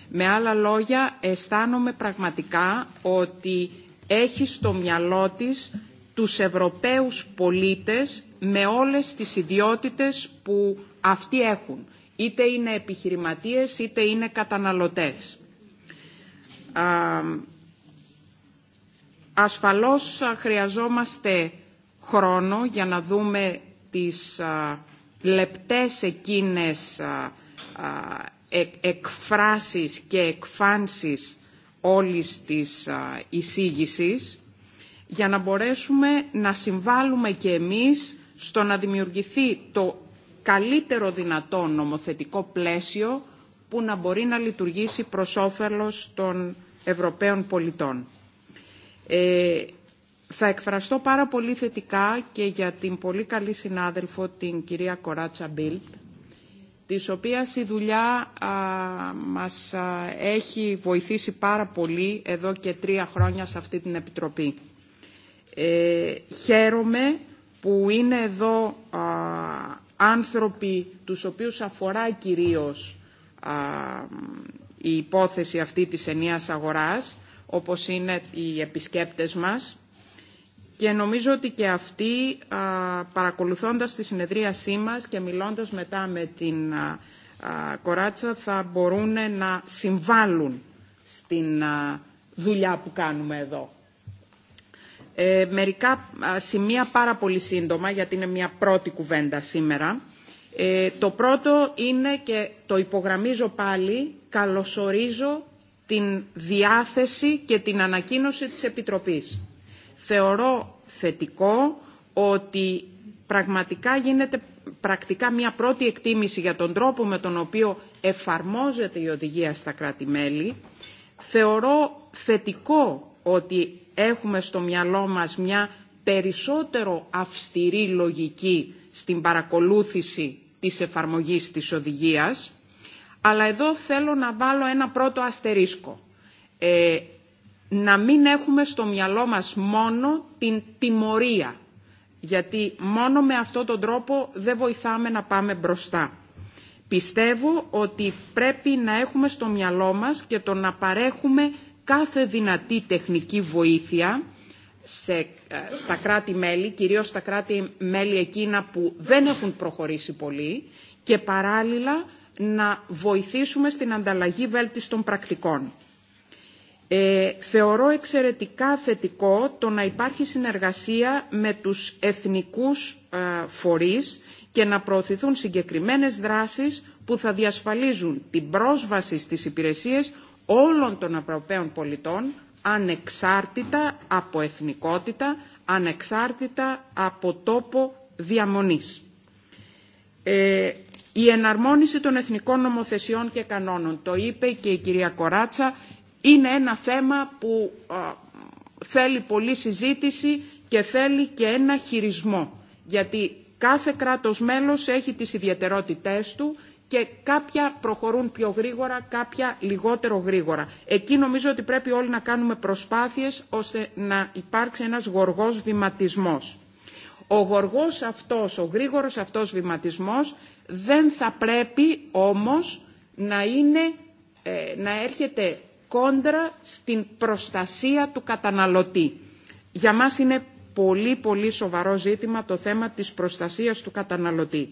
Με άλλα λόγια, αισθάνομαι πραγματικά ότι έχει στο μυαλό της τους Ευρωπαίους πολίτες με όλες τις ιδιότητες που αυτοί έχουν. Είτε είναι επιχειρηματίες, είτε είναι καταναλωτές. Α, ασφαλώς χρειαζόμαστε χρόνο για να δούμε τις λεπτές εκείνες εκφράσεις και εκφάνσεις όλης της εισήγησης για να μπορέσουμε να συμβάλλουμε και εμείς στο να δημιουργηθεί το καλύτερο δυνατό νομοθετικό πλαίσιο που να μπορεί να λειτουργήσει προς όφελος των Ευρωπαίων πολιτών. Ε, θα εκφραστώ πάρα πολύ θετικά και για την πολύ καλή συνάδελφο, την κυρία Κοράτσα Μπίλτ, της οποίας η δουλειά μας έχει βοηθήσει πάρα πολύ εδώ και τρία χρόνια σε αυτή την Επιτροπή. Ε, χαίρομαι που είναι εδώ άνθρωποι τους οποίους αφορά κυρίως η υπόθεση αυτή της ενίας αγοράς, όπως είναι οι επισκέπτες μας και νομίζω ότι και αυτοί, παρακολουθώντας τη συνεδρίασή μας και μιλώντας μετά με την Κοράτσα, θα μπορούν να συμβάλλουν στην δουλειά που κάνουμε εδώ. Ε, μερικά σημεία πάρα πολύ σύντομα, γιατί είναι μια πρώτη κουβέντα σήμερα. Ε, το πρώτο είναι και το υπογραμμίζω πάλι, καλωσορίζω την διάθεση και την ανακοίνωση της Επιτροπής θεωρώ θετικό ότι πραγματικά γίνεται πρακτικά μια πρώτη εκτίμηση για τον τρόπο με τον οποίο εφαρμόζεται η οδηγία στα κράτη-μέλη. Θεωρώ θετικό ότι έχουμε στο μυαλό μας μια περισσότερο αυστηρή λογική στην παρακολούθηση της εφαρμογής της οδηγίας, αλλά εδώ θέλω να βάλω ένα πρώτο αστερίσκο. Ε, να μην έχουμε στο μυαλό μας μόνο την τιμωρία, γιατί μόνο με αυτόν τον τρόπο δεν βοηθάμε να πάμε μπροστά. Πιστεύω ότι πρέπει να έχουμε στο μυαλό μας και το να παρέχουμε κάθε δυνατή τεχνική βοήθεια σε, ε, στα κράτη-μέλη, κυρίως στα κράτη-μέλη εκείνα που δεν έχουν προχωρήσει πολύ και παράλληλα να βοηθήσουμε στην ανταλλαγή βέλτιστων πρακτικών. Ε, θεωρώ εξαιρετικά θετικό το να υπάρχει συνεργασία με τους εθνικούς ε, φορείς και να προωθηθούν συγκεκριμένες δράσεις που θα διασφαλίζουν την πρόσβαση στις υπηρεσίες όλων των Ευρωπαίων πολιτών ανεξάρτητα από εθνικότητα, ανεξάρτητα από τόπο διαμονής. Ε, η εναρμόνιση των εθνικών νομοθεσιών και κανόνων, το είπε και η κυρία Κοράτσα, είναι ένα θέμα που θέλει πολλή συζήτηση και θέλει και ένα χειρισμό. Γιατί κάθε κράτος μέλος έχει τις ιδιαιτερότητές του και κάποια προχωρούν πιο γρήγορα, κάποια λιγότερο γρήγορα. Εκεί νομίζω ότι πρέπει όλοι να κάνουμε προσπάθειες ώστε να υπάρξει ένας γοργός βηματισμός. Ο γοργός αυτός, ο γρήγορος αυτός βηματισμός δεν θα πρέπει όμως να, είναι, ε, να έρχεται κόντρα στην προστασία του καταναλωτή. Για μας είναι πολύ πολύ σοβαρό ζήτημα το θέμα της προστασίας του καταναλωτή.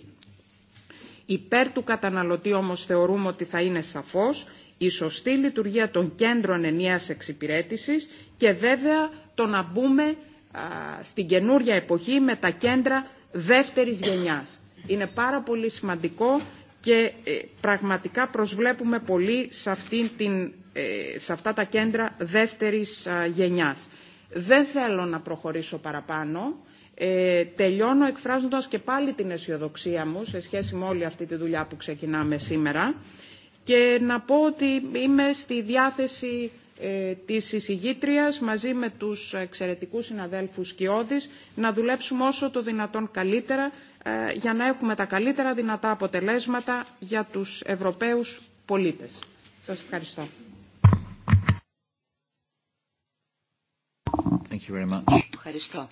Υπέρ του καταναλωτή όμως θεωρούμε ότι θα είναι σαφώς η σωστή λειτουργία των κέντρων ενιαίας εξυπηρέτησης και βέβαια το να μπούμε στην καινούρια εποχή με τα κέντρα δεύτερης γενιάς. Είναι πάρα πολύ σημαντικό και ε, πραγματικά προσβλέπουμε πολύ σε αυτήν την ε, σε αυτά τα κέντρα δεύτερης γενιάς. Δεν θέλω να προχωρήσω παραπάνω. Ε, τελειώνω εκφράζοντας και πάλι την αισιοδοξία μου σε σχέση με όλη αυτή τη δουλειά που ξεκινάμε σήμερα και να πω ότι είμαι στη διάθεση ε, της εισηγήτριας μαζί με τους εξαιρετικούς συναδέλφους Κιώδης να δουλέψουμε όσο το δυνατόν καλύτερα για να έχουμε τα καλύτερα δυνατά αποτελέσματα για τους Ευρωπαίους πολίτες. Σας ευχαριστώ. Ευχαριστώ.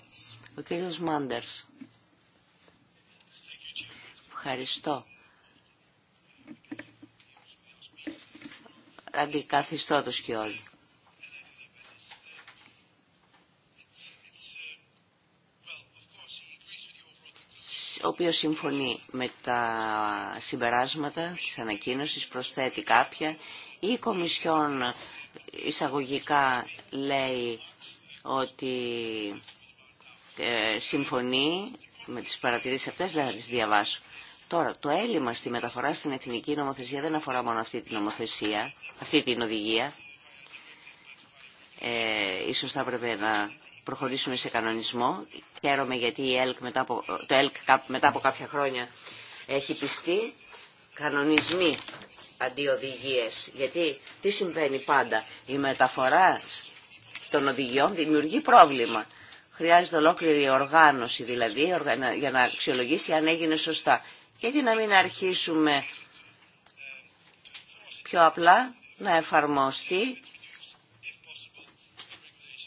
Ο κύριος Μάντερς. Ευχαριστώ. Αντικαθιστώ και όλοι. ο οποίο συμφωνεί με τα συμπεράσματα της ανακοίνωσης, προσθέτει κάποια. Η Κομισιόν εισαγωγικά λέει ότι ε, συμφωνεί με τις παρατηρήσεις αυτές, δεν θα τις διαβάσω. Τώρα, το έλλειμμα στη μεταφορά στην εθνική νομοθεσία δεν αφορά μόνο αυτή την νομοθεσία, αυτή την οδηγία. Ε, ίσως θα έπρεπε να προχωρήσουμε σε κανονισμό. Χαίρομαι γιατί μετά το ΕΛΚ μετά από κάποια χρόνια έχει πιστεί κανονισμοί αντί οδηγίες. Γιατί τι συμβαίνει πάντα. Η μεταφορά των οδηγιών δημιουργεί πρόβλημα. Χρειάζεται ολόκληρη οργάνωση δηλαδή για να αξιολογήσει αν έγινε σωστά. Γιατί να μην αρχίσουμε πιο απλά να εφαρμοστεί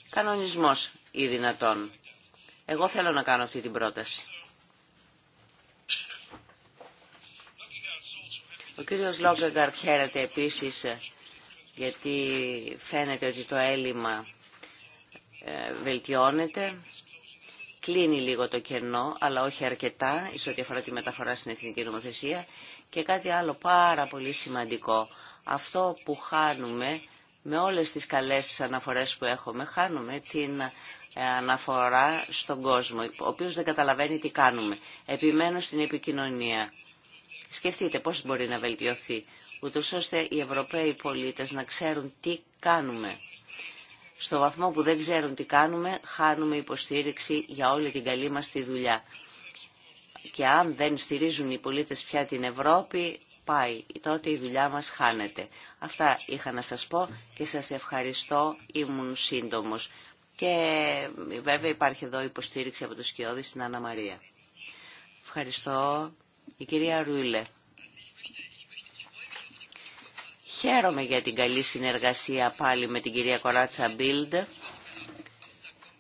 κανονισμός ή δυνατόν. Εγώ θέλω να κάνω αυτή την πρόταση. Ο κύριος Λόγκεγκαρτ χαίρεται επίσης ε, γιατί φαίνεται ότι το έλλειμμα ε, βελτιώνεται. Κλείνει λίγο το κενό, αλλά όχι αρκετά, σε ό,τι αφορά τη μεταφορά στην εθνική νομοθεσία. Και κάτι άλλο πάρα πολύ σημαντικό. Αυτό που χάνουμε, με όλες τις καλές αναφορές που έχουμε, χάνουμε την ε, αναφορά στον κόσμο, ο οποίος δεν καταλαβαίνει τι κάνουμε. Επιμένω στην επικοινωνία. Σκεφτείτε πώς μπορεί να βελτιωθεί, ούτως ώστε οι Ευρωπαίοι πολίτες να ξέρουν τι κάνουμε. Στο βαθμό που δεν ξέρουν τι κάνουμε, χάνουμε υποστήριξη για όλη την καλή μας τη δουλειά. Και αν δεν στηρίζουν οι πολίτες πια την Ευρώπη, πάει. Τότε η δουλειά μας χάνεται. Αυτά είχα να σας πω και σας ευχαριστώ. Ήμουν σύντομος. Και βέβαια υπάρχει εδώ υποστήριξη από το Σκιώδη στην Άννα Μαρία. Ευχαριστώ. Η κυρία Ρούιλε. Χαίρομαι για την καλή συνεργασία πάλι με την κυρία Κοράτσα Μπίλντ.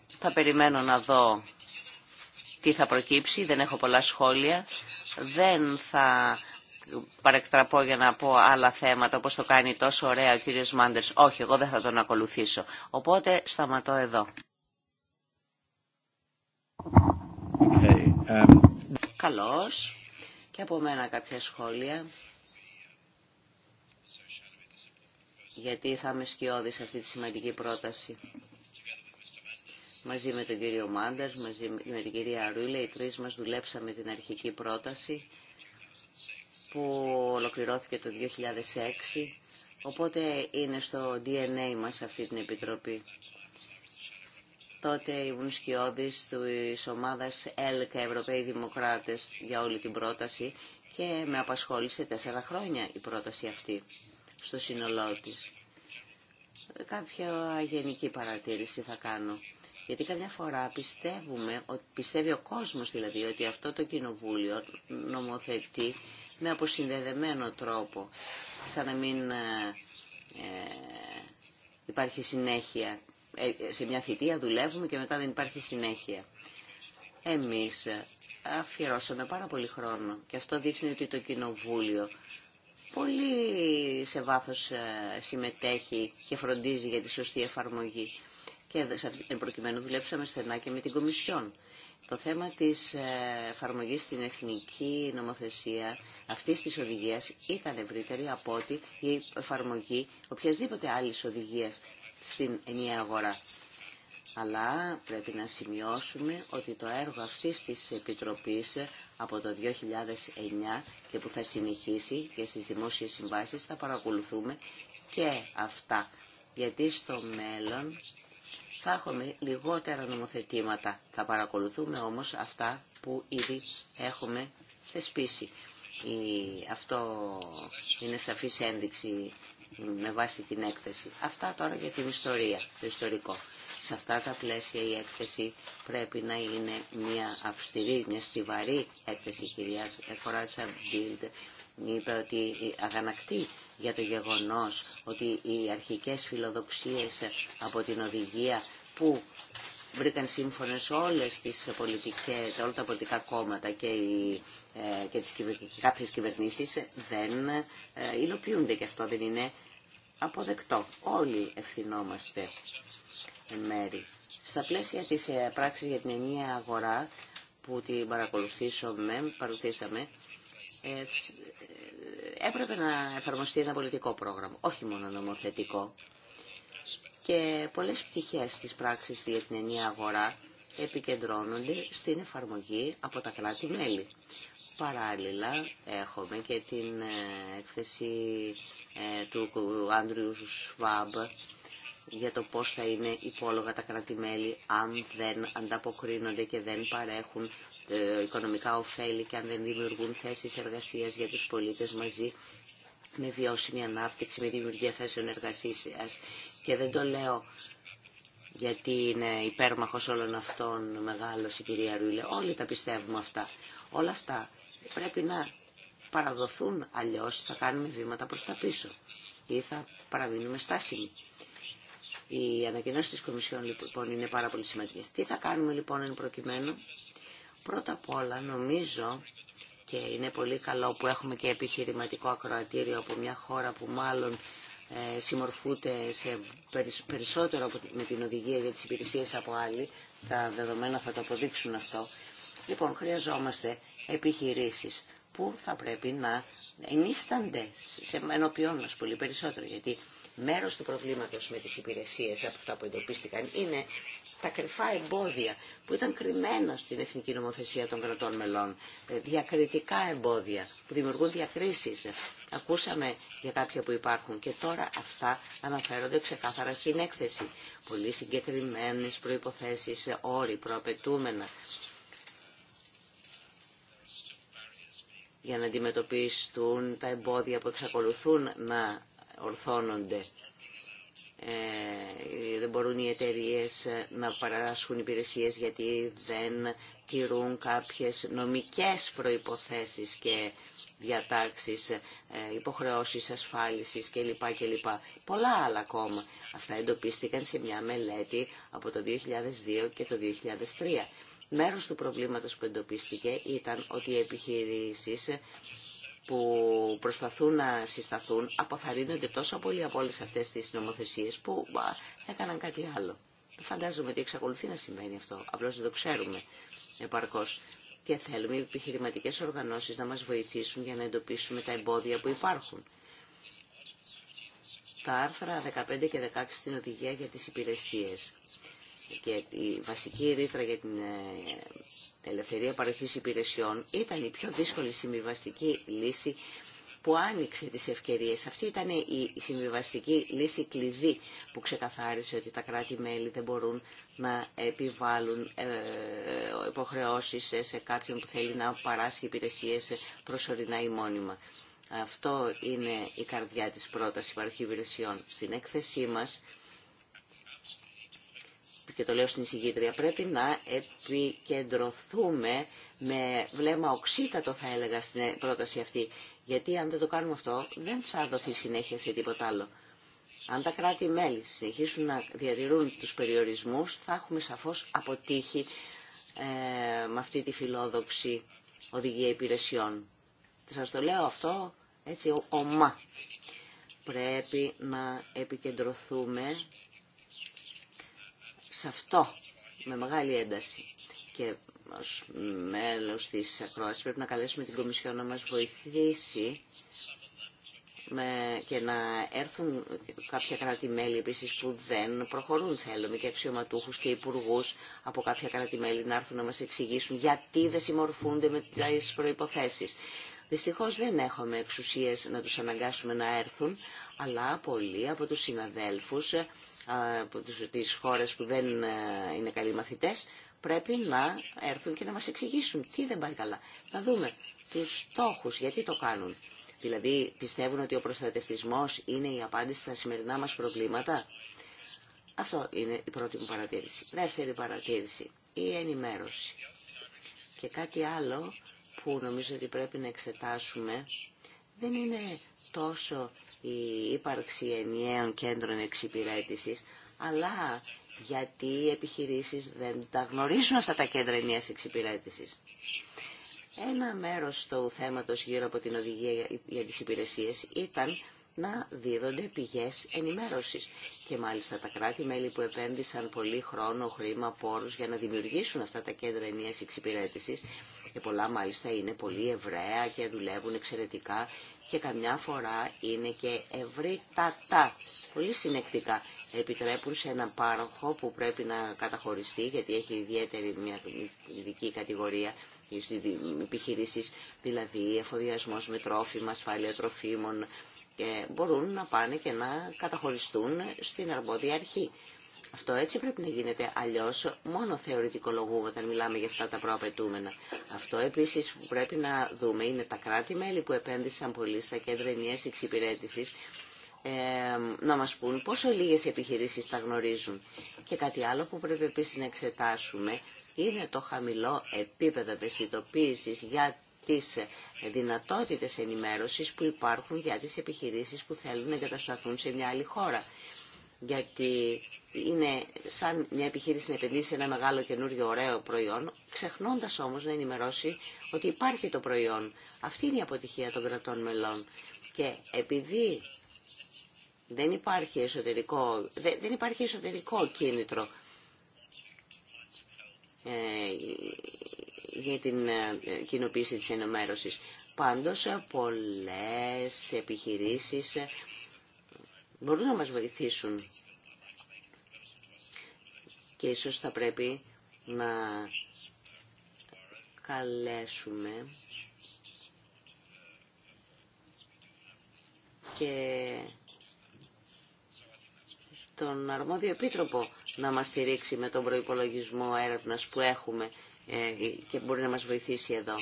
Θα περιμένω να δω τι θα προκύψει, δεν έχω πολλά σχόλια. Δεν θα παρεκτραπώ για να πω άλλα θέματα όπως το κάνει τόσο ωραία ο κύριος Μάντερς. Όχι, εγώ δεν θα τον ακολουθήσω. Οπότε σταματώ εδώ. Okay, um, Καλώς. Και από μένα κάποια σχόλια. γιατί θα είμαι σκιώδη σε αυτή τη σημαντική πρόταση. Μαζί με τον κύριο Μάντερ, μαζί με την κυρία Ρούλε, οι τρεις μας δουλέψαμε την αρχική πρόταση που ολοκληρώθηκε το 2006, οπότε είναι στο DNA μας αυτή την Επιτροπή. Τότε ήμουν σκιώδης της ομάδας ΕΛΚΑ Ευρωπαίοι Δημοκράτες για όλη την πρόταση και με απασχόλησε τέσσερα χρόνια η πρόταση αυτή στο σύνολό της. Κάποια γενική παρατήρηση θα κάνω. Γιατί καμιά φορά πιστεύουμε, πιστεύει ο κόσμος δηλαδή, ότι αυτό το κοινοβούλιο νομοθετεί με αποσυνδεδεμένο τρόπο, σαν να μην ε, ε, υπάρχει συνέχεια. Ε, σε μια θητεία δουλεύουμε και μετά δεν υπάρχει συνέχεια. Εμείς ε, αφιερώσαμε πάρα πολύ χρόνο και αυτό δείχνει ότι το κοινοβούλιο πολύ σε βάθος ε, συμμετέχει και φροντίζει για τη σωστή εφαρμογή. Και προκειμένου δουλέψαμε στενά και με την Κομισιόν. Το θέμα της ε, εφαρμογής στην εθνική νομοθεσία αυτής της οδηγίας ήταν ευρύτερη από ότι η εφαρμογή οποιασδήποτε άλλης οδηγίας στην ενιαία αγορά. Αλλά πρέπει να σημειώσουμε ότι το έργο αυτής της Επιτροπής από το 2009 και που θα συνεχίσει και στις δημόσιες συμβάσεις θα παρακολουθούμε και αυτά. Γιατί στο μέλλον θα έχουμε λιγότερα νομοθετήματα. Θα παρακολουθούμε όμως αυτά που ήδη έχουμε θεσπίσει. Αυτό είναι σαφής ένδειξη με βάση την έκθεση. Αυτά τώρα για την ιστορία, το ιστορικό σε αυτά τα πλαίσια η έκθεση πρέπει να είναι μια αυστηρή, μια στιβαρή έκθεση η κυρία Κοράτσα Μπίλντ είπε ότι αγανακτεί για το γεγονός ότι οι αρχικές φιλοδοξίες από την οδηγία που βρήκαν σύμφωνες όλες τις πολιτικές, όλα τα πολιτικά κόμματα και, οι, ε, και τις, κάποιες κυβερνήσεις δεν ε, υλοποιούνται και αυτό δεν είναι αποδεκτό. Όλοι ευθυνόμαστε στα πλαίσια της ε, πράξης για την ενιαία αγορά που την παρακολουθήσαμε, παρακολουθήσαμε ε, ε, έπρεπε να εφαρμοστεί ένα πολιτικό πρόγραμμα, όχι μόνο νομοθετικό. Και πολλές πτυχές της πράξης για την ενιαία αγορά επικεντρώνονται στην εφαρμογή από τα κράτη-μέλη. Παράλληλα, έχουμε και την έκθεση του Άντριου Σβάμπ για το πώς θα είναι υπόλογα τα κρατημέλη αν δεν ανταποκρίνονται και δεν παρέχουν ε, οικονομικά ωφέλη και αν δεν δημιουργούν θέσεις εργασίας για τους πολίτες μαζί με βιώσιμη ανάπτυξη, με δημιουργία θέσεων εργασίας. Και δεν το λέω γιατί είναι υπέρμαχος όλων αυτών μεγάλο, η κυρία Ρούλε. Όλοι τα πιστεύουμε αυτά. Όλα αυτά πρέπει να παραδοθούν, αλλιώς θα κάνουμε βήματα προς τα πίσω ή θα παραμείνουμε στάσιμοι. Οι ανακοινώσει τη Κομισιόν λοιπόν είναι πάρα πολύ σημαντικέ. Τι θα κάνουμε λοιπόν εν προκειμένου. Πρώτα απ' όλα νομίζω και είναι πολύ καλό που έχουμε και επιχειρηματικό ακροατήριο από μια χώρα που μάλλον ε, συμμορφούνται σε περισσότερο με την οδηγία για τις υπηρεσίες από άλλη. Τα δεδομένα θα το αποδείξουν αυτό. Λοιπόν, χρειαζόμαστε επιχειρήσεις που θα πρέπει να ενίστανται σε ενώπιόν μας πολύ περισσότερο, γιατί Μέρος του προβλήματος με τις υπηρεσίες από αυτά που εντοπίστηκαν είναι τα κρυφά εμπόδια που ήταν κρυμμένα στην εθνική νομοθεσία των κρατών μελών. Ε, διακριτικά εμπόδια που δημιουργούν διακρίσεις. Ε, ακούσαμε για κάποια που υπάρχουν και τώρα αυτά αναφέρονται ξεκάθαρα στην έκθεση. Πολύ συγκεκριμένες προϋποθέσεις, όροι, προαπαιτούμενα. για να αντιμετωπιστούν τα εμπόδια που εξακολουθούν να ορθώνονται. Ε, δεν μπορούν οι εταιρείε ε, να παράσχουν υπηρεσίες γιατί δεν τηρούν κάποιες νομικές προϋποθέσεις και διατάξεις, ε, υποχρεώσεις ασφάλισης κλπ. κλπ. Πολλά άλλα ακόμα. Αυτά εντοπίστηκαν σε μια μελέτη από το 2002 και το 2003. Μέρος του προβλήματος που εντοπίστηκε ήταν ότι οι επιχειρήσεις που προσπαθούν να συσταθούν αποθαρρύνονται τόσο πολύ από όλες αυτές τις νομοθεσίες που έκαναν κάτι άλλο. Φαντάζομαι ότι εξακολουθεί να σημαίνει αυτό, απλώς δεν το ξέρουμε επαρκώς. Και θέλουμε οι επιχειρηματικές οργανώσεις να μας βοηθήσουν για να εντοπίσουμε τα εμπόδια που υπάρχουν. Τα άρθρα 15 και 16 στην Οδηγία για τις Υπηρεσίες και η βασική ρήτρα για την ε, ελευθερία παροχής υπηρεσιών ήταν η πιο δύσκολη συμβιβαστική λύση που άνοιξε τις ευκαιρίες. Αυτή ήταν η συμβιβαστική λύση κλειδί που ξεκαθάρισε ότι τα κράτη-μέλη δεν μπορούν να επιβάλλουν ε, υποχρεώσεις σε κάποιον που θέλει να παράσχει υπηρεσίες προσωρινά ή μόνιμα. Αυτό είναι η καρδιά της πρότασης παροχή υπηρεσιών. Στην έκθεσή μας και το λέω στην εισηγήτρια, πρέπει να επικεντρωθούμε με βλέμμα οξύτατο θα έλεγα στην πρόταση αυτή. Γιατί αν δεν το κάνουμε αυτό δεν θα δοθεί συνέχεια σε τίποτα άλλο. Αν τα κράτη-μέλη συνεχίσουν να διατηρούν τους περιορισμούς θα έχουμε σαφώς αποτύχει ε, με αυτή τη φιλόδοξη οδηγία υπηρεσιών. Σας το λέω αυτό έτσι ομά. Πρέπει να επικεντρωθούμε σε αυτό με μεγάλη ένταση. Και ως μέλος της ακρόασης πρέπει να καλέσουμε την Κομισιόν να μας βοηθήσει με, και να έρθουν κάποια κράτη-μέλη επίσης που δεν προχωρούν θέλουμε και αξιωματούχους και υπουργού από κάποια κράτη-μέλη να έρθουν να μας εξηγήσουν γιατί δεν συμμορφούνται με τις προϋποθέσεις. Δυστυχώς δεν έχουμε εξουσίες να τους αναγκάσουμε να έρθουν, αλλά πολλοί από τους συναδέλφους από τις χώρες που δεν ε, είναι καλοί μαθητές, πρέπει να έρθουν και να μας εξηγήσουν τι δεν πάει καλά. Να δούμε τους στόχους, γιατί το κάνουν. Δηλαδή πιστεύουν ότι ο προστατευτισμός είναι η απάντηση στα σημερινά μας προβλήματα. Αυτό είναι η πρώτη μου παρατήρηση. Δεύτερη παρατήρηση, η ενημέρωση. Και κάτι άλλο που νομίζω ότι πρέπει να εξετάσουμε δεν είναι τόσο η ύπαρξη ενιαίων κέντρων εξυπηρέτησης, αλλά γιατί οι επιχειρήσεις δεν τα γνωρίζουν αυτά τα κέντρα ενιαίας εξυπηρέτησης. Ένα μέρος του θέματος γύρω από την οδηγία για τις υπηρεσίες ήταν να δίδονται πηγές ενημέρωσης. Και μάλιστα τα κράτη-μέλη που επένδυσαν πολύ χρόνο, χρήμα, πόρους για να δημιουργήσουν αυτά τα κέντρα ενιαίας εξυπηρέτησης και πολλά μάλιστα είναι πολύ ευραία και δουλεύουν εξαιρετικά και καμιά φορά είναι και ευρύτατα, πολύ συνεκτικά. Επιτρέπουν σε έναν πάροχο που πρέπει να καταχωριστεί γιατί έχει ιδιαίτερη μια ειδική κατηγορία επιχειρήσει, δηλαδή εφοδιασμός με τρόφιμα, ασφάλεια τροφίμων, και μπορούν να πάνε και να καταχωριστούν στην αρμόδια αρχή. Αυτό έτσι πρέπει να γίνεται. Αλλιώ μόνο θεωρητικολογού όταν μιλάμε για αυτά τα προαπαιτούμενα. Αυτό επίση που πρέπει να δούμε είναι τα κράτη-μέλη που επένδυσαν πολύ στα κέντρα ενιαία εξυπηρέτηση ε, να μας πούν πόσο λίγες επιχειρήσεις τα γνωρίζουν. Και κάτι άλλο που πρέπει επίση να εξετάσουμε είναι το χαμηλό επίπεδο ευαισθητοποίηση για τις δυνατότητες ενημέρωσης που υπάρχουν για τις επιχειρήσεις που θέλουν να εγκατασταθούν σε μια άλλη χώρα. Γιατί είναι σαν μια επιχείρηση να επενδύσει ένα μεγάλο καινούριο ωραίο προϊόν, ξεχνώντας όμως να ενημερώσει ότι υπάρχει το προϊόν. Αυτή είναι η αποτυχία των κρατών μελών. Και επειδή δεν υπάρχει εσωτερικό, δεν υπάρχει εσωτερικό κίνητρο ε, για την ε, κοινοποίηση της ενημέρωσης. Πάντως, ε, πολλές επιχειρήσεις μπορούν να μας βοηθήσουν και ίσως θα πρέπει να καλέσουμε και τον αρμόδιο επίτροπο να μας στηρίξει με τον προϋπολογισμό έρευνας που έχουμε ε, και μπορεί να μας βοηθήσει εδώ.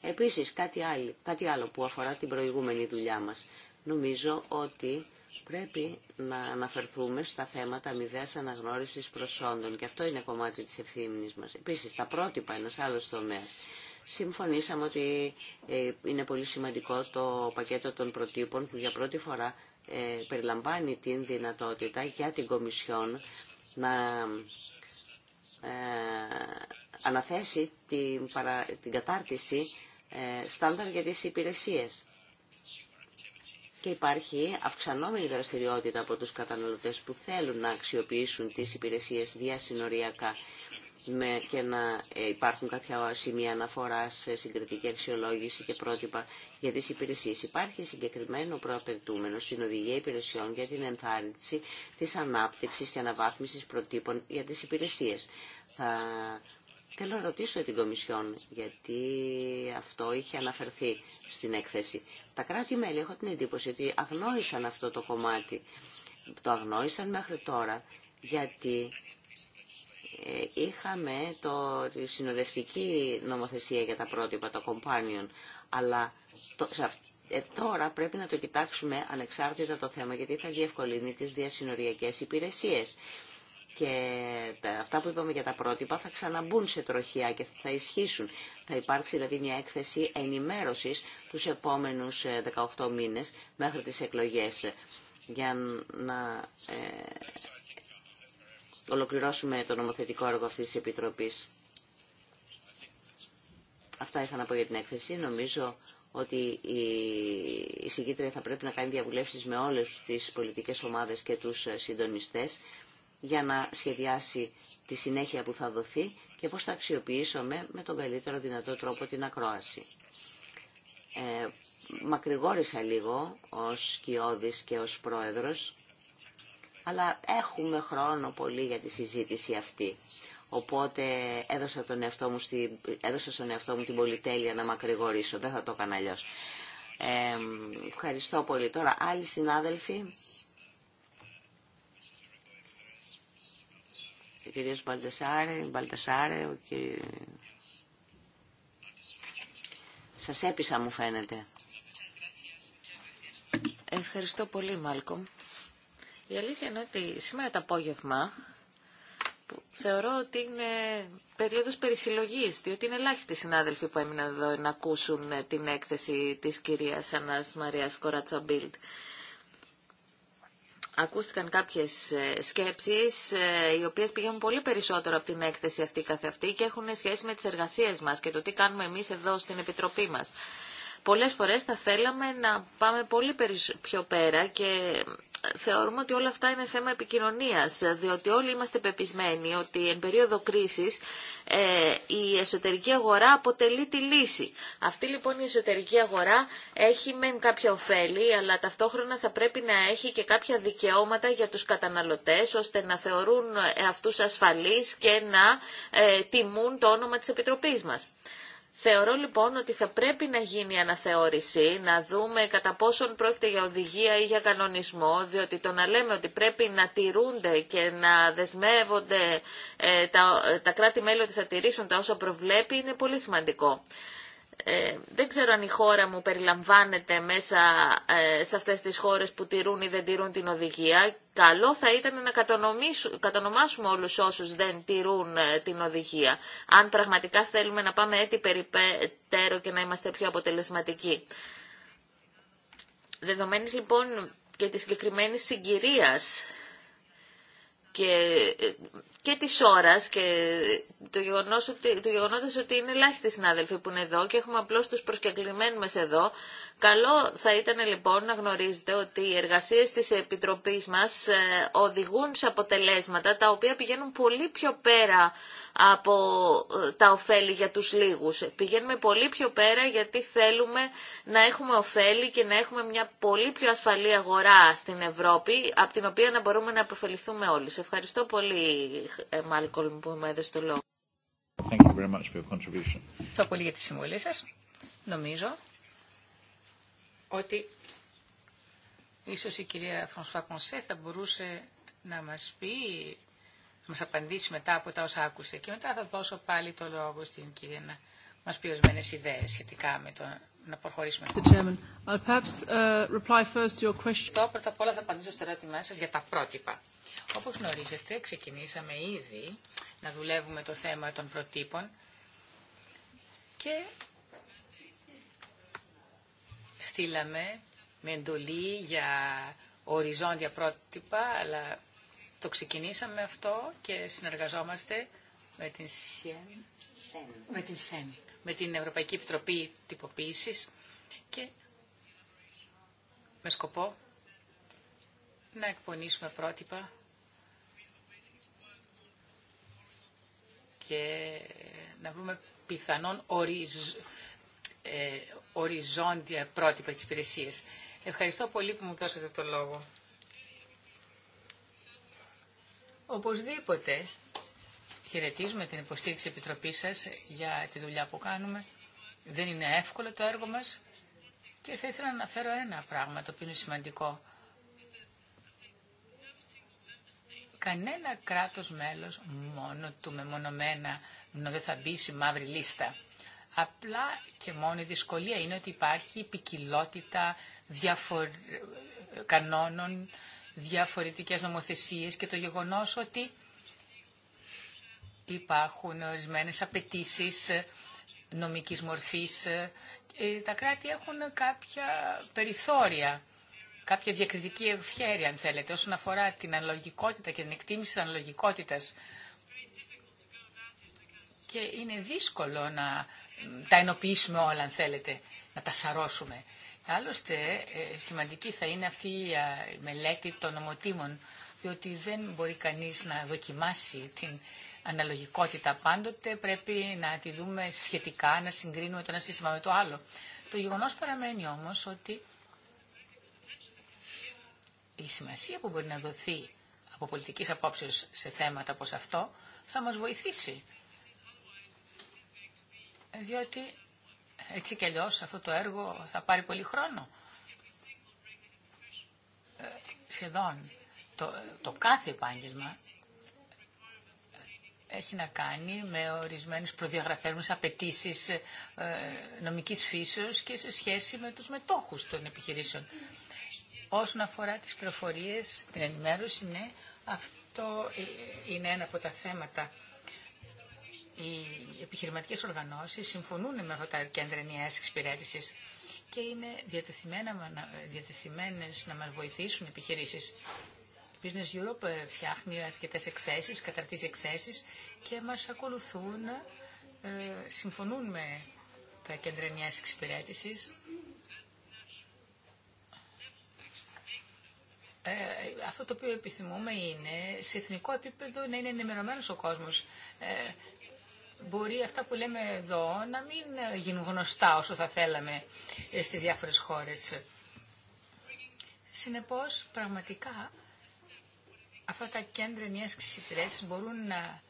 Επίσης κάτι άλλο, κάτι άλλο που αφορά την προηγούμενη δουλειά μας. Νομίζω ότι Πρέπει να αναφερθούμε στα θέματα αμοιβαία αναγνώριση προσόντων και αυτό είναι κομμάτι τη ευθύνη μα. Επίση, τα πρότυπα, ένα άλλο τομέα. Συμφωνήσαμε ότι ε, είναι πολύ σημαντικό το πακέτο των προτύπων που για πρώτη φορά ε, περιλαμβάνει την δυνατότητα για την Κομισιόν να ε, αναθέσει την κατάρτιση στάνταρ για τις υπηρεσίες και υπάρχει αυξανόμενη δραστηριότητα από τους καταναλωτές που θέλουν να αξιοποιήσουν τις υπηρεσίες διασυνοριακά με, και να ε, υπάρχουν κάποια σημεία αναφορά σε συγκριτική αξιολόγηση και πρότυπα για τις υπηρεσίες. Υπάρχει συγκεκριμένο προαπαιτούμενο στην Οδηγία Υπηρεσιών για την ενθάρρυνση της ανάπτυξης και αναβάθμισης προτύπων για τις υπηρεσίες. Θα Θέλω να ρωτήσω την Κομισιόν, γιατί αυτό είχε αναφερθεί στην έκθεση. Τα κράτη-μέλη έχω την εντύπωση ότι αγνόησαν αυτό το κομμάτι. Το αγνόησαν μέχρι τώρα, γιατί ε, είχαμε το, τη συνοδευτική νομοθεσία για τα πρότυπα, το companion, αλλά ε, τώρα πρέπει να το κοιτάξουμε ανεξάρτητα το θέμα, γιατί θα διευκολύνει τις διασυνοριακές υπηρεσίες και αυτά που είπαμε για τα πρότυπα θα ξαναμπούν σε τροχιά και θα ισχύσουν. Θα υπάρξει δηλαδή μια έκθεση ενημέρωσης τους επόμενους 18 ε, μήνες μέχρι τις εκλογές ε, για να ε, ολοκληρώσουμε το νομοθετικό έργο αυτής της Επιτροπής. Αυτά είχα να πω για την έκθεση. Νομίζω ότι η συγκίτρια θα πρέπει να κάνει διαβουλεύσεις με όλες τις πολιτικές ομάδες και τους ε, συντονιστές για να σχεδιάσει τη συνέχεια που θα δοθεί και πώς θα αξιοποιήσουμε με τον καλύτερο δυνατό τρόπο την ακρόαση. Ε, μακρηγόρησα λίγο ως κοιόδης και ως πρόεδρος, αλλά έχουμε χρόνο πολύ για τη συζήτηση αυτή. Οπότε έδωσα, τον εαυτό μου στη, έδωσα στον εαυτό μου την πολυτέλεια να μακρηγορήσω. Δεν θα το έκανα αλλιώς. Ε, ευχαριστώ πολύ. Τώρα άλλοι συνάδελφοι. ο κύριος Μπαλτασάρε, Μπαλτασάρε, ο κύριος... Σας έπεισα μου φαίνεται. Ευχαριστώ πολύ Μάλκομ. Η αλήθεια είναι ότι σήμερα το απόγευμα θεωρώ ότι είναι περίοδος περισυλλογής, διότι είναι ελάχιστοι συνάδελφοι που έμειναν εδώ να ακούσουν την έκθεση της κυρίας Ανάς Μαρίας Κορατσαμπίλτ ακούστηκαν κάποιες ε, σκέψεις ε, οι οποίες πηγαίνουν πολύ περισσότερο από την έκθεση αυτή αυτή και έχουν σχέση με τις εργασίες μας και το τι κάνουμε εμείς εδώ στην Επιτροπή μας. Πολλές φορές θα θέλαμε να πάμε πολύ πιο πέρα και θεωρούμε ότι όλα αυτά είναι θέμα επικοινωνίας, διότι όλοι είμαστε πεπισμένοι ότι εν περίοδο κρίσης ε, η εσωτερική αγορά αποτελεί τη λύση. Αυτή λοιπόν η εσωτερική αγορά έχει μεν κάποια ωφέλη, αλλά ταυτόχρονα θα πρέπει να έχει και κάποια δικαιώματα για τους καταναλωτές, ώστε να θεωρούν αυτούς ασφαλείς και να ε, τιμούν το όνομα της Επιτροπής μας. Θεωρώ λοιπόν ότι θα πρέπει να γίνει αναθεώρηση, να δούμε κατά πόσον πρόκειται για οδηγία ή για κανονισμό, διότι το να λέμε ότι πρέπει να τηρούνται και να δεσμεύονται ε, τα, τα κράτη-μέλη ότι θα τηρήσουν τα όσα προβλέπει είναι πολύ σημαντικό. Ε, δεν ξέρω αν η χώρα μου περιλαμβάνεται μέσα ε, σε αυτές τις χώρες που τηρούν ή δεν τηρούν την οδηγία. Καλό θα ήταν να κατονομάσουμε όλους όσους δεν τηρούν ε, την οδηγία, αν πραγματικά θέλουμε να πάμε έτσι περιπέτερο και να είμαστε πιο αποτελεσματικοί. Δεδομένης λοιπόν και της συγκεκριμένης συγκυρίας και και τη ώρα και το γεγονός ότι, το γεγονός ότι είναι ελάχιστοι συνάδελφοι που είναι εδώ και έχουμε απλώ του τους προσκεκλημένους εδώ, Καλό θα ήταν λοιπόν να γνωρίζετε ότι οι εργασίες της Επιτροπής μας ε, οδηγούν σε αποτελέσματα τα οποία πηγαίνουν πολύ πιο πέρα από ε, τα ωφέλη για τους λίγους. Πηγαίνουμε πολύ πιο πέρα γιατί θέλουμε να έχουμε ωφέλη και να έχουμε μια πολύ πιο ασφαλή αγορά στην Ευρώπη, από την οποία να μπορούμε να αποφεληθούμε όλοι. Σε ευχαριστώ πολύ, ε, Μάλκολμ, που μου έδωσε το λόγο. Ευχαριστώ πολύ για τη συμβολή σας. Νομίζω ότι ίσως η κυρία Φρονσουά Κονσέ θα μπορούσε να μας πει, να μας απαντήσει μετά από τα όσα άκουσε και μετά θα δώσω πάλι το λόγο στην κυρία να μας πει ορισμένε ιδέες σχετικά με το να προχωρήσουμε. uh, πρώτα απ' όλα θα απαντήσω στο ερώτημά σας για τα πρότυπα. Όπως γνωρίζετε, ξεκινήσαμε ήδη να δουλεύουμε το θέμα των προτύπων και στείλαμε με εντολή για οριζόντια πρότυπα, αλλά το ξεκινήσαμε αυτό και συνεργαζόμαστε με την ΣΕΝ, με την, με την Ευρωπαϊκή Επιτροπή Τυποποίησης και με σκοπό να εκπονήσουμε πρότυπα και να βρούμε πιθανόν οριζόντια ε, οριζόντια πρότυπα της υπηρεσία. Ευχαριστώ πολύ που μου δώσατε το λόγο. Οπωσδήποτε χαιρετίζουμε την υποστήριξη Επιτροπής σας για τη δουλειά που κάνουμε. Δεν είναι εύκολο το έργο μας και θα ήθελα να αναφέρω ένα πράγμα το οποίο είναι σημαντικό. Κανένα κράτος μέλος μόνο του μεμονωμένα δεν θα μπει στη μαύρη λίστα. Απλά και μόνο η δυσκολία είναι ότι υπάρχει ποικιλότητα διαφορ... κανόνων, διαφορετικές νομοθεσίες και το γεγονός ότι υπάρχουν ορισμένε απαιτήσει νομικής μορφής. Ε, τα κράτη έχουν κάποια περιθώρια, κάποια διακριτική ευχαίρεια, αν θέλετε, όσον αφορά την αναλογικότητα και την εκτίμηση της αναλογικότητας. Και είναι δύσκολο να τα ενοποιήσουμε όλα αν θέλετε, να τα σαρώσουμε. Άλλωστε ε, σημαντική θα είναι αυτή η μελέτη των νομοτήμων, διότι δεν μπορεί κανείς να δοκιμάσει την αναλογικότητα πάντοτε, πρέπει να τη δούμε σχετικά, να συγκρίνουμε το ένα σύστημα με το άλλο. Το γεγονός παραμένει όμως ότι η σημασία που μπορεί να δοθεί από πολιτικής απόψεως σε θέματα όπως αυτό θα μας βοηθήσει διότι έτσι κι αλλιώ αυτό το έργο θα πάρει πολύ χρόνο. Ε, σχεδόν το, το κάθε επάγγελμα έχει να κάνει με ορισμένους προδιαγραφέρμους απαιτήσει ε, νομικής φύσεως και σε σχέση με τους μετόχους των επιχειρήσεων. Όσον αφορά τις πληροφορίες, την ενημέρωση, ναι, αυτό ε, είναι ένα από τα θέματα οι επιχειρηματικές οργανώσεις συμφωνούν με αυτά τα κέντρα ενιαίας εξυπηρέτησης και είναι διατεθειμένες να μας βοηθήσουν επιχειρήσεις. Η Business Europe ε, φτιάχνει αρκετές εκθέσεις, καταρτίζει εκθέσεις και μας ακολουθούν, ε, συμφωνούν με τα κέντρα ενιαίας εξυπηρέτησης. Ε, αυτό το οποίο επιθυμούμε είναι σε εθνικό επίπεδο να είναι ενημερωμένο ο κόσμος μπορεί αυτά που λέμε εδώ να μην γίνουν γνωστά όσο θα θέλαμε ε, στις διάφορες χώρες. Συνεπώς, πραγματικά, αυτά τα κέντρα μιας εξυπηρέτησης μπορούν να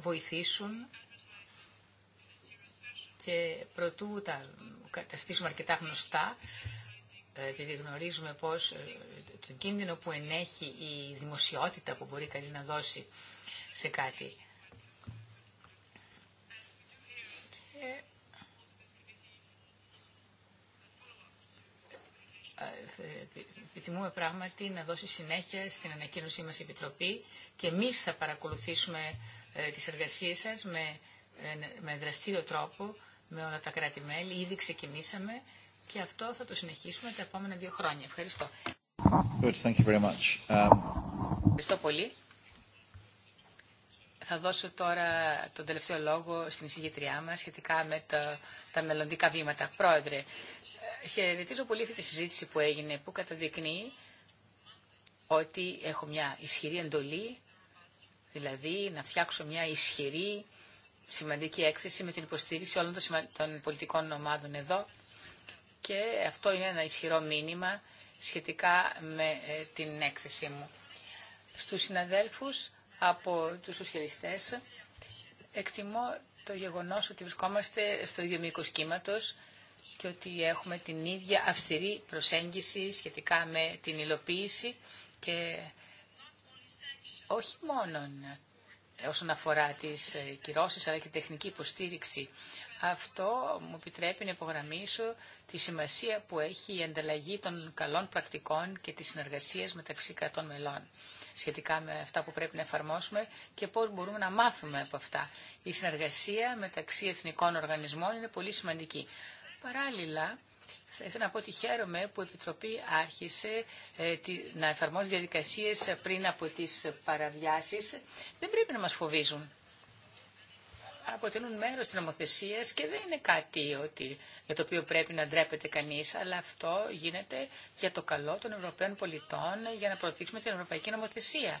βοηθήσουν και προτού τα καταστήσουμε αρκετά γνωστά, ε, επειδή γνωρίζουμε πώς ε, τον κίνδυνο που ενέχει η δημοσιότητα που μπορεί κανείς να δώσει σε κάτι. επιθυμούμε πράγματι να δώσει συνέχεια στην ανακοίνωσή μας η Επιτροπή και εμεί θα παρακολουθήσουμε ε, τις εργασίες σας με, ε, με δραστήριο τρόπο με όλα τα κράτη-μέλη. Ήδη ξεκινήσαμε και αυτό θα το συνεχίσουμε τα επόμενα δύο χρόνια. Ευχαριστώ. Good, thank you very much. Um, Ευχαριστώ πολύ. Θα δώσω τώρα τον τελευταίο λόγο στην εισηγητριά μας σχετικά με τα μελλοντικά βήματα. Πρόεδρε, χαιρετίζω πολύ αυτή τη συζήτηση που έγινε, που καταδεικνύει ότι έχω μια ισχυρή εντολή, δηλαδή να φτιάξω μια ισχυρή σημαντική έκθεση με την υποστήριξη όλων των πολιτικών ομάδων εδώ και αυτό είναι ένα ισχυρό μήνυμα σχετικά με ε, την έκθεσή μου. Στους συναδέλφους από τους σοσιαλιστές εκτιμώ το γεγονός ότι βρισκόμαστε στο ίδιο μήκος κύματος και ότι έχουμε την ίδια αυστηρή προσέγγιση σχετικά με την υλοποίηση και όχι μόνον όσον αφορά τις ε, κυρώσεις αλλά και τεχνική υποστήριξη. Αυτό μου επιτρέπει να υπογραμμίσω τη σημασία που έχει η ανταλλαγή των καλών πρακτικών και της συνεργασίας μεταξύ κρατών μελών σχετικά με αυτά που πρέπει να εφαρμόσουμε και πώς μπορούμε να μάθουμε από αυτά. Η συνεργασία μεταξύ εθνικών οργανισμών είναι πολύ σημαντική. Παράλληλα, θα ήθελα να πω ότι χαίρομαι που η Επιτροπή άρχισε ε, να εφαρμόζει διαδικασίες πριν από τις παραβιάσεις. Δεν πρέπει να μας φοβίζουν. Αποτελούν μέρος της νομοθεσίας και δεν είναι κάτι ότι, για το οποίο πρέπει να ντρέπεται κανείς, αλλά αυτό γίνεται για το καλό των Ευρωπαίων πολιτών για να προωθήσουμε την Ευρωπαϊκή Νομοθεσία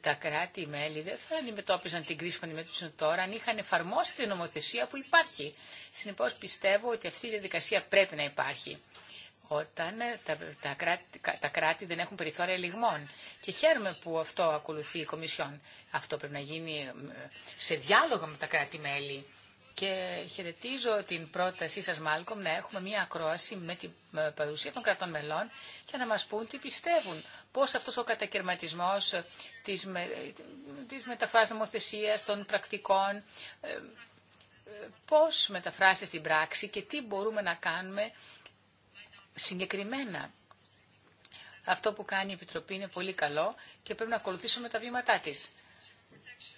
τα κράτη-μέλη δεν θα αντιμετώπιζαν την κρίση που αντιμετώπιζαν τώρα αν είχαν εφαρμόσει την νομοθεσία που υπάρχει. Συνεπώς πιστεύω ότι αυτή η διαδικασία πρέπει να υπάρχει όταν ε, τα, τα, κράτη, τα κράτη δεν έχουν περιθώρια λιγμών. Και χαίρομαι που αυτό ακολουθεί η Κομισιόν. Αυτό πρέπει να γίνει ε, σε διάλογο με τα κράτη-μέλη και χαιρετίζω την πρότασή σας Μάλκομ να έχουμε μία ακρόαση με την ε, παρουσία των κρατών μελών και να μας πούν τι πιστεύουν, πώς αυτός ο κατακαιρματισμός ε, της, με, ε, της μεταφράσης των πρακτικών, πώς μεταφράσει στην πράξη και τι μπορούμε να κάνουμε συγκεκριμένα. Αυτό που κάνει η Επιτροπή είναι πολύ καλό και πρέπει να ακολουθήσουμε τα βήματά της.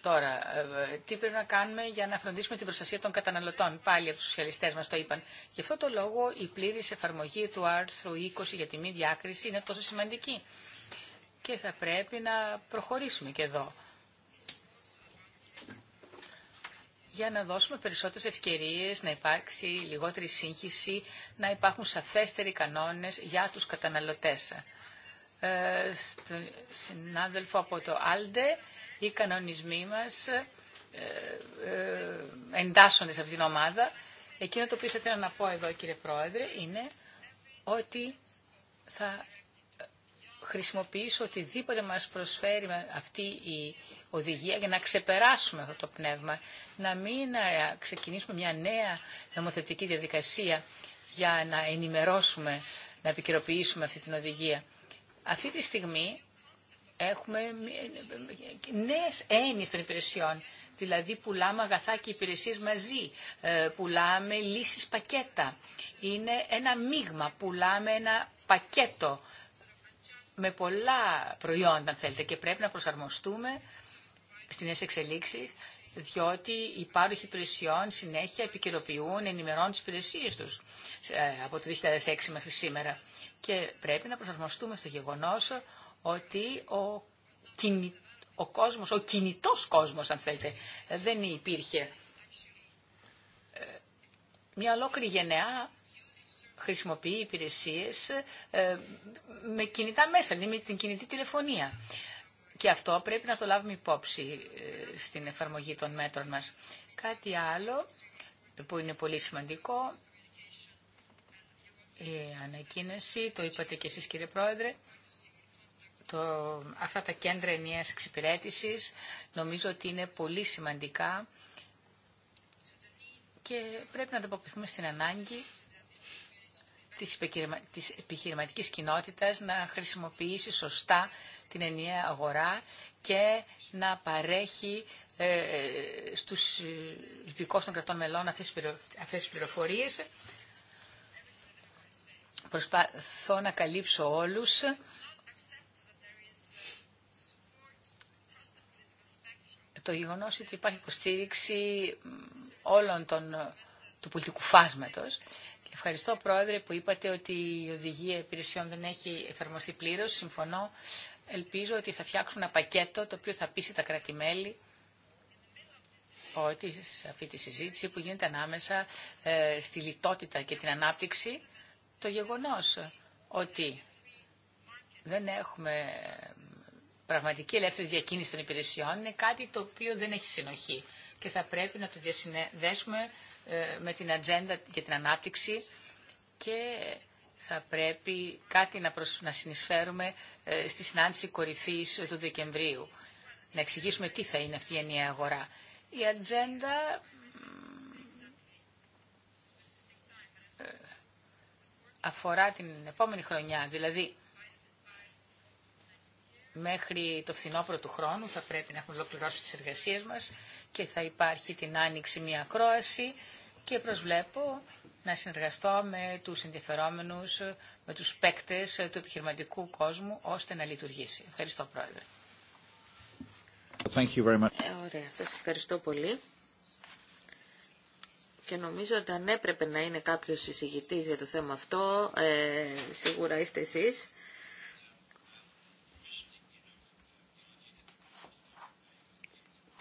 Τώρα, ε, τι πρέπει να κάνουμε για να φροντίσουμε την προστασία των καταναλωτών. Πάλι από του σοσιαλιστέ μα το είπαν. Γι' αυτό το λόγο η πλήρη εφαρμογή του άρθρου 20 για τη μη διάκριση είναι τόσο σημαντική. Και θα πρέπει να προχωρήσουμε και εδώ. για να δώσουμε περισσότερες ευκαιρίες, να υπάρξει λιγότερη σύγχυση, να υπάρχουν σαφέστεροι κανόνες για τους καταναλωτές. Ε, συνάδελφο από το Άλντε οι κανονισμοί μας ε, ε, εντάσσονται σε αυτήν την ομάδα. Εκείνο το οποίο θα ήθελα να πω εδώ κύριε Πρόεδρε είναι ότι θα χρησιμοποιήσω οτιδήποτε μας προσφέρει αυτή η οδηγία για να ξεπεράσουμε αυτό το πνεύμα, να μην ε, ξεκινήσουμε μια νέα νομοθετική διαδικασία για να ενημερώσουμε, να επικαιροποιήσουμε αυτή την οδηγία. Αυτή τη στιγμή έχουμε νέες έννοιες των υπηρεσιών. Δηλαδή πουλάμε αγαθά και υπηρεσίες μαζί, ε, πουλάμε λύσεις πακέτα. Είναι ένα μείγμα, πουλάμε ένα πακέτο με πολλά προϊόντα, αν θέλετε, και πρέπει να προσαρμοστούμε στις νέες εξελίξεις, διότι οι πάροχοι υπηρεσιών συνέχεια επικαιροποιούν, ενημερώνουν τις υπηρεσίες τους ε, από το 2006 μέχρι σήμερα. Και πρέπει να προσαρμοστούμε στο γεγονός ότι ο, κινη, ο κόσμος, ο κινητός κόσμος αν θέλετε, δεν υπήρχε. Ε, μια ολόκληρη γενεά χρησιμοποιεί υπηρεσίες ε, με κινητά μέσα, δηλαδή με την κινητή τηλεφωνία. Και αυτό πρέπει να το λάβουμε υπόψη ε, στην εφαρμογή των μέτρων μας. Κάτι άλλο που είναι πολύ σημαντικό, η ανακοίνωση, το είπατε και εσείς κύριε Πρόεδρε, το, αυτά τα κέντρα ενιαίας εξυπηρέτησης νομίζω ότι είναι πολύ σημαντικά και πρέπει να ανταποκριθούμε στην ανάγκη της επιχειρηματικής κοινότητας να χρησιμοποιήσει σωστά την ενιαία αγορά και να παρέχει ε, ε στους υπηκόους των κρατών μελών αυτές τις πληροφορίες. Προσπαθώ να καλύψω όλους το γεγονός ότι υπάρχει υποστήριξη όλων των, του πολιτικού φάσματος. ευχαριστώ, Πρόεδρε, που είπατε ότι η οδηγία υπηρεσιών δεν έχει εφαρμοστεί πλήρως. Συμφωνώ. Ελπίζω ότι θα φτιάξουν ένα πακέτο το οποίο θα πείσει τα κρατημέλη ότι σε αυτή τη συζήτηση που γίνεται ανάμεσα ε, στη λιτότητα και την ανάπτυξη, το γεγονός ότι δεν έχουμε πραγματική ελεύθερη διακίνηση των υπηρεσιών είναι κάτι το οποίο δεν έχει συνοχή και θα πρέπει να το διασυνδέσουμε ε, με την ατζέντα για την ανάπτυξη και θα πρέπει κάτι να, προσ... να συνεισφέρουμε ε, στη συνάντηση κορυφής του Δεκεμβρίου. Να εξηγήσουμε τι θα είναι αυτή η ενιαία αγορά. Η ατζέντα ε, αφορά την επόμενη χρονιά, δηλαδή μέχρι το φθινόπωρο του χρόνου θα πρέπει να έχουμε ολοκληρώσει τις εργασίες μας και θα υπάρχει την άνοιξη μια ακρόαση και προσβλέπω να συνεργαστώ με τους ενδιαφερόμενους, με τους παίκτες του επιχειρηματικού κόσμου, ώστε να λειτουργήσει. Ευχαριστώ, Πρόεδρε. Thank you very much. Ε, ωραία, σας ευχαριστώ πολύ. Και νομίζω ότι αν έπρεπε να είναι κάποιος συζητητής για το θέμα αυτό, ε, σίγουρα είστε εσείς.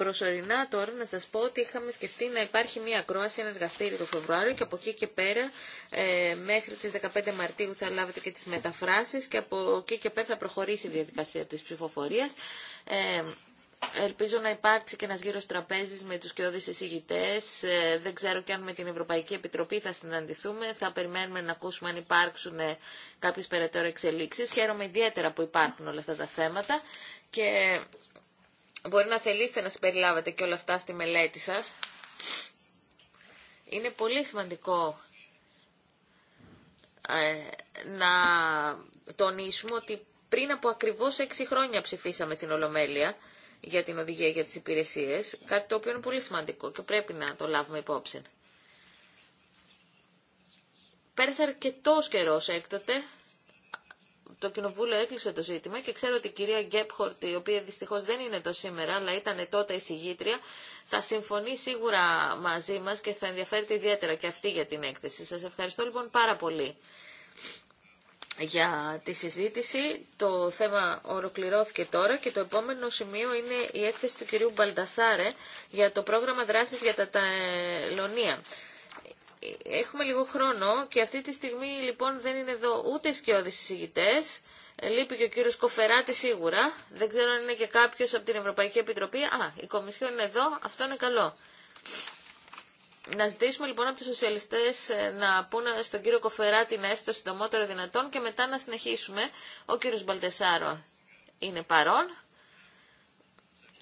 Προσωρινά τώρα να σας πω ότι είχαμε σκεφτεί να υπάρχει μια ακρόαση, ένα εργαστήριο το Φεβρουάριο και από εκεί και πέρα ε, μέχρι τις 15 Μαρτίου θα λάβετε και τις μεταφράσεις και από εκεί και πέρα θα προχωρήσει η διαδικασία της ψηφοφορίας. Ε, ελπίζω να υπάρξει και ένας γύρος τραπέζης με τους κοιόδης εισηγητές. Ε, δεν ξέρω και αν με την Ευρωπαϊκή Επιτροπή θα συναντηθούμε. Θα περιμένουμε να ακούσουμε αν υπάρξουν κάποιες περαιτέρω εξελίξεις. Χαίρομαι ιδιαίτερα που υπάρχουν όλα αυτά τα θέματα. Και Μπορεί να θελήσετε να συμπεριλάβετε και όλα αυτά στη μελέτη σας. Είναι πολύ σημαντικό ε, να τονίσουμε ότι πριν από ακριβώς έξι χρόνια ψηφίσαμε στην Ολομέλεια για την οδηγία για τις υπηρεσίες, κάτι το οποίο είναι πολύ σημαντικό και πρέπει να το λάβουμε υπόψη. Πέρασε αρκετό καιρό έκτοτε το Κοινοβούλιο έκλεισε το ζήτημα και ξέρω ότι η κυρία Γκέπχορτ, η οποία δυστυχώς δεν είναι εδώ σήμερα, αλλά ήταν τότε η συγγήτρια, θα συμφωνεί σίγουρα μαζί μας και θα ενδιαφέρεται ιδιαίτερα και αυτή για την έκθεση. Σας ευχαριστώ λοιπόν πάρα πολύ για τη συζήτηση. Το θέμα ολοκληρώθηκε τώρα και το επόμενο σημείο είναι η έκθεση του κυρίου Μπαλτασάρε για το πρόγραμμα δράσης για τα ταελωνία έχουμε λίγο χρόνο και αυτή τη στιγμή λοιπόν δεν είναι εδώ ούτε σκιώδεις συζητητές. Ε, λείπει και ο κύριος Κοφεράτη σίγουρα. Δεν ξέρω αν είναι και κάποιος από την Ευρωπαϊκή Επιτροπή. Α, η Κομισιόν είναι εδώ. Αυτό είναι καλό. Να ζητήσουμε λοιπόν από τους σοσιαλιστές ε, να πούνε στον κύριο Κοφεράτη να έρθει το συντομότερο δυνατόν και μετά να συνεχίσουμε. Ο κύριος Μπαλτεσάρο είναι παρόν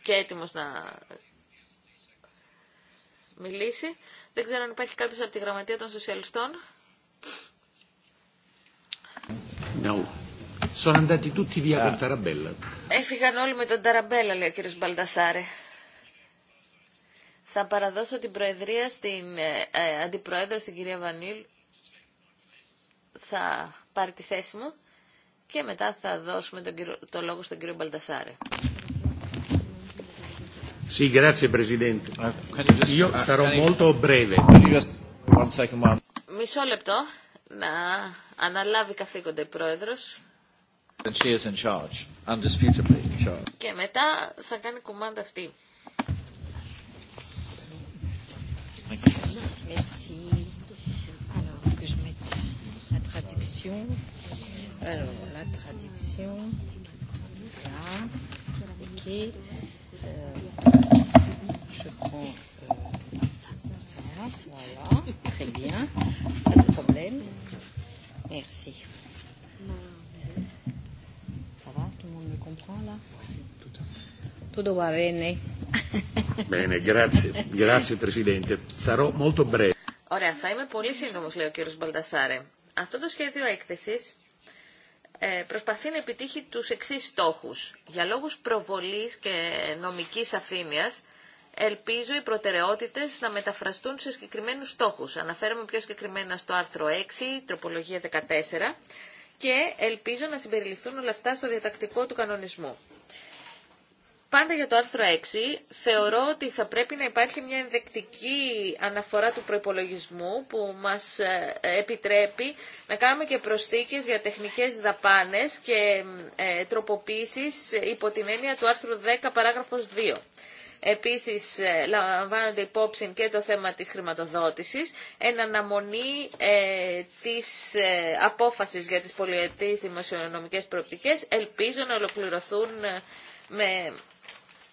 και έτοιμος να μιλήσει. Δεν ξέρω αν υπάρχει κάποιος από τη γραμματεία των σοσιαλιστών. No. Sono andati tutti via con ah. Tarabella. Έφυγαν όλοι με τον Ταραμπέλα, λέει ο κύριος Μπαλτασάρε. Θα παραδώσω την προεδρία στην ε, ε, αντιπρόεδρο, στην κυρία Βανίλ. Θα πάρει τη θέση μου και μετά θα δώσουμε τον το λόγο στον κύριο Μπαλτασάρε. Sì, grazie Presidente. Io sarò molto breve. Μισό λεπτό να αναλάβει καθήκοντα Πρόεδρος. And she is in charge. Undisputably in charge. Και μετά θα κάνει κουμάντα αυτή. Merci. Alors je mette la traduction. Alors la traduction. Ok. Voilà. Ωραία, θα είμαι πολύ σύντομο, λέει ο κύριος Μπαλτασάρε. Αυτό το σχέδιο έκθεση ε, προσπαθεί να επιτύχει τους εξής στόχους. Για λόγους προβολής και νομικής αφήνειας, ελπίζω οι προτεραιότητες να μεταφραστούν σε συγκεκριμένους στόχους. Αναφέρομαι πιο συγκεκριμένα στο άρθρο 6, τροπολογία 14, και ελπίζω να συμπεριληφθούν όλα αυτά στο διατακτικό του κανονισμού. Πάντα για το άρθρο 6 θεωρώ ότι θα πρέπει να υπάρχει μια ενδεκτική αναφορά του προπολογισμού που μας ε, επιτρέπει να κάνουμε και προσθήκες για τεχνικές δαπάνες και ε, τροποποίησεις υπό την έννοια του άρθρου 10 παράγραφος 2. Επίσης ε, λαμβάνονται υπόψη και το θέμα της χρηματοδότησης, εν αναμονή ε, της ε, απόφασης για τις πολυετής δημοσιονομικές προοπτικές, ελπίζω να ολοκληρωθούν με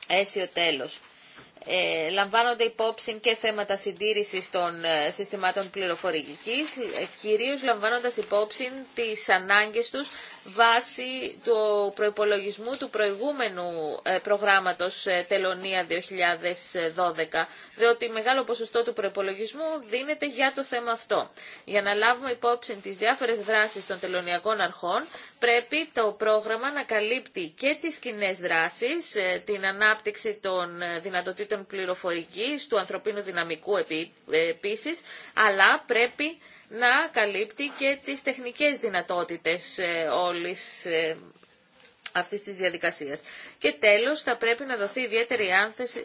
αίσιο τέλος. Ε, λαμβάνονται υπόψη και θέματα συντήρησης των ε, συστημάτων πληροφορικής, ε, κυρίως λαμβάνοντας υπόψη τις ανάγκες τους βάσει του προϋπολογισμού του προηγούμενου ε, προγράμματος ε, Τελωνία 2012, διότι μεγάλο ποσοστό του προϋπολογισμού δίνεται για το θέμα αυτό. Για να λάβουμε υπόψη τις διάφορες δράσεις των τελωνιακών αρχών, πρέπει το πρόγραμμα να καλύπτει και τις κοινέ δράσεις, ε, την ανάπτυξη των δυνατοτήτων πληροφορικής, του ανθρωπίνου δυναμικού επίσης, αλλά πρέπει να καλύπτει και τις τεχνικές δυνατότητες ε, όλης ε, αυτής της διαδικασίας. Και τέλος, θα πρέπει να δοθεί ιδιαίτερη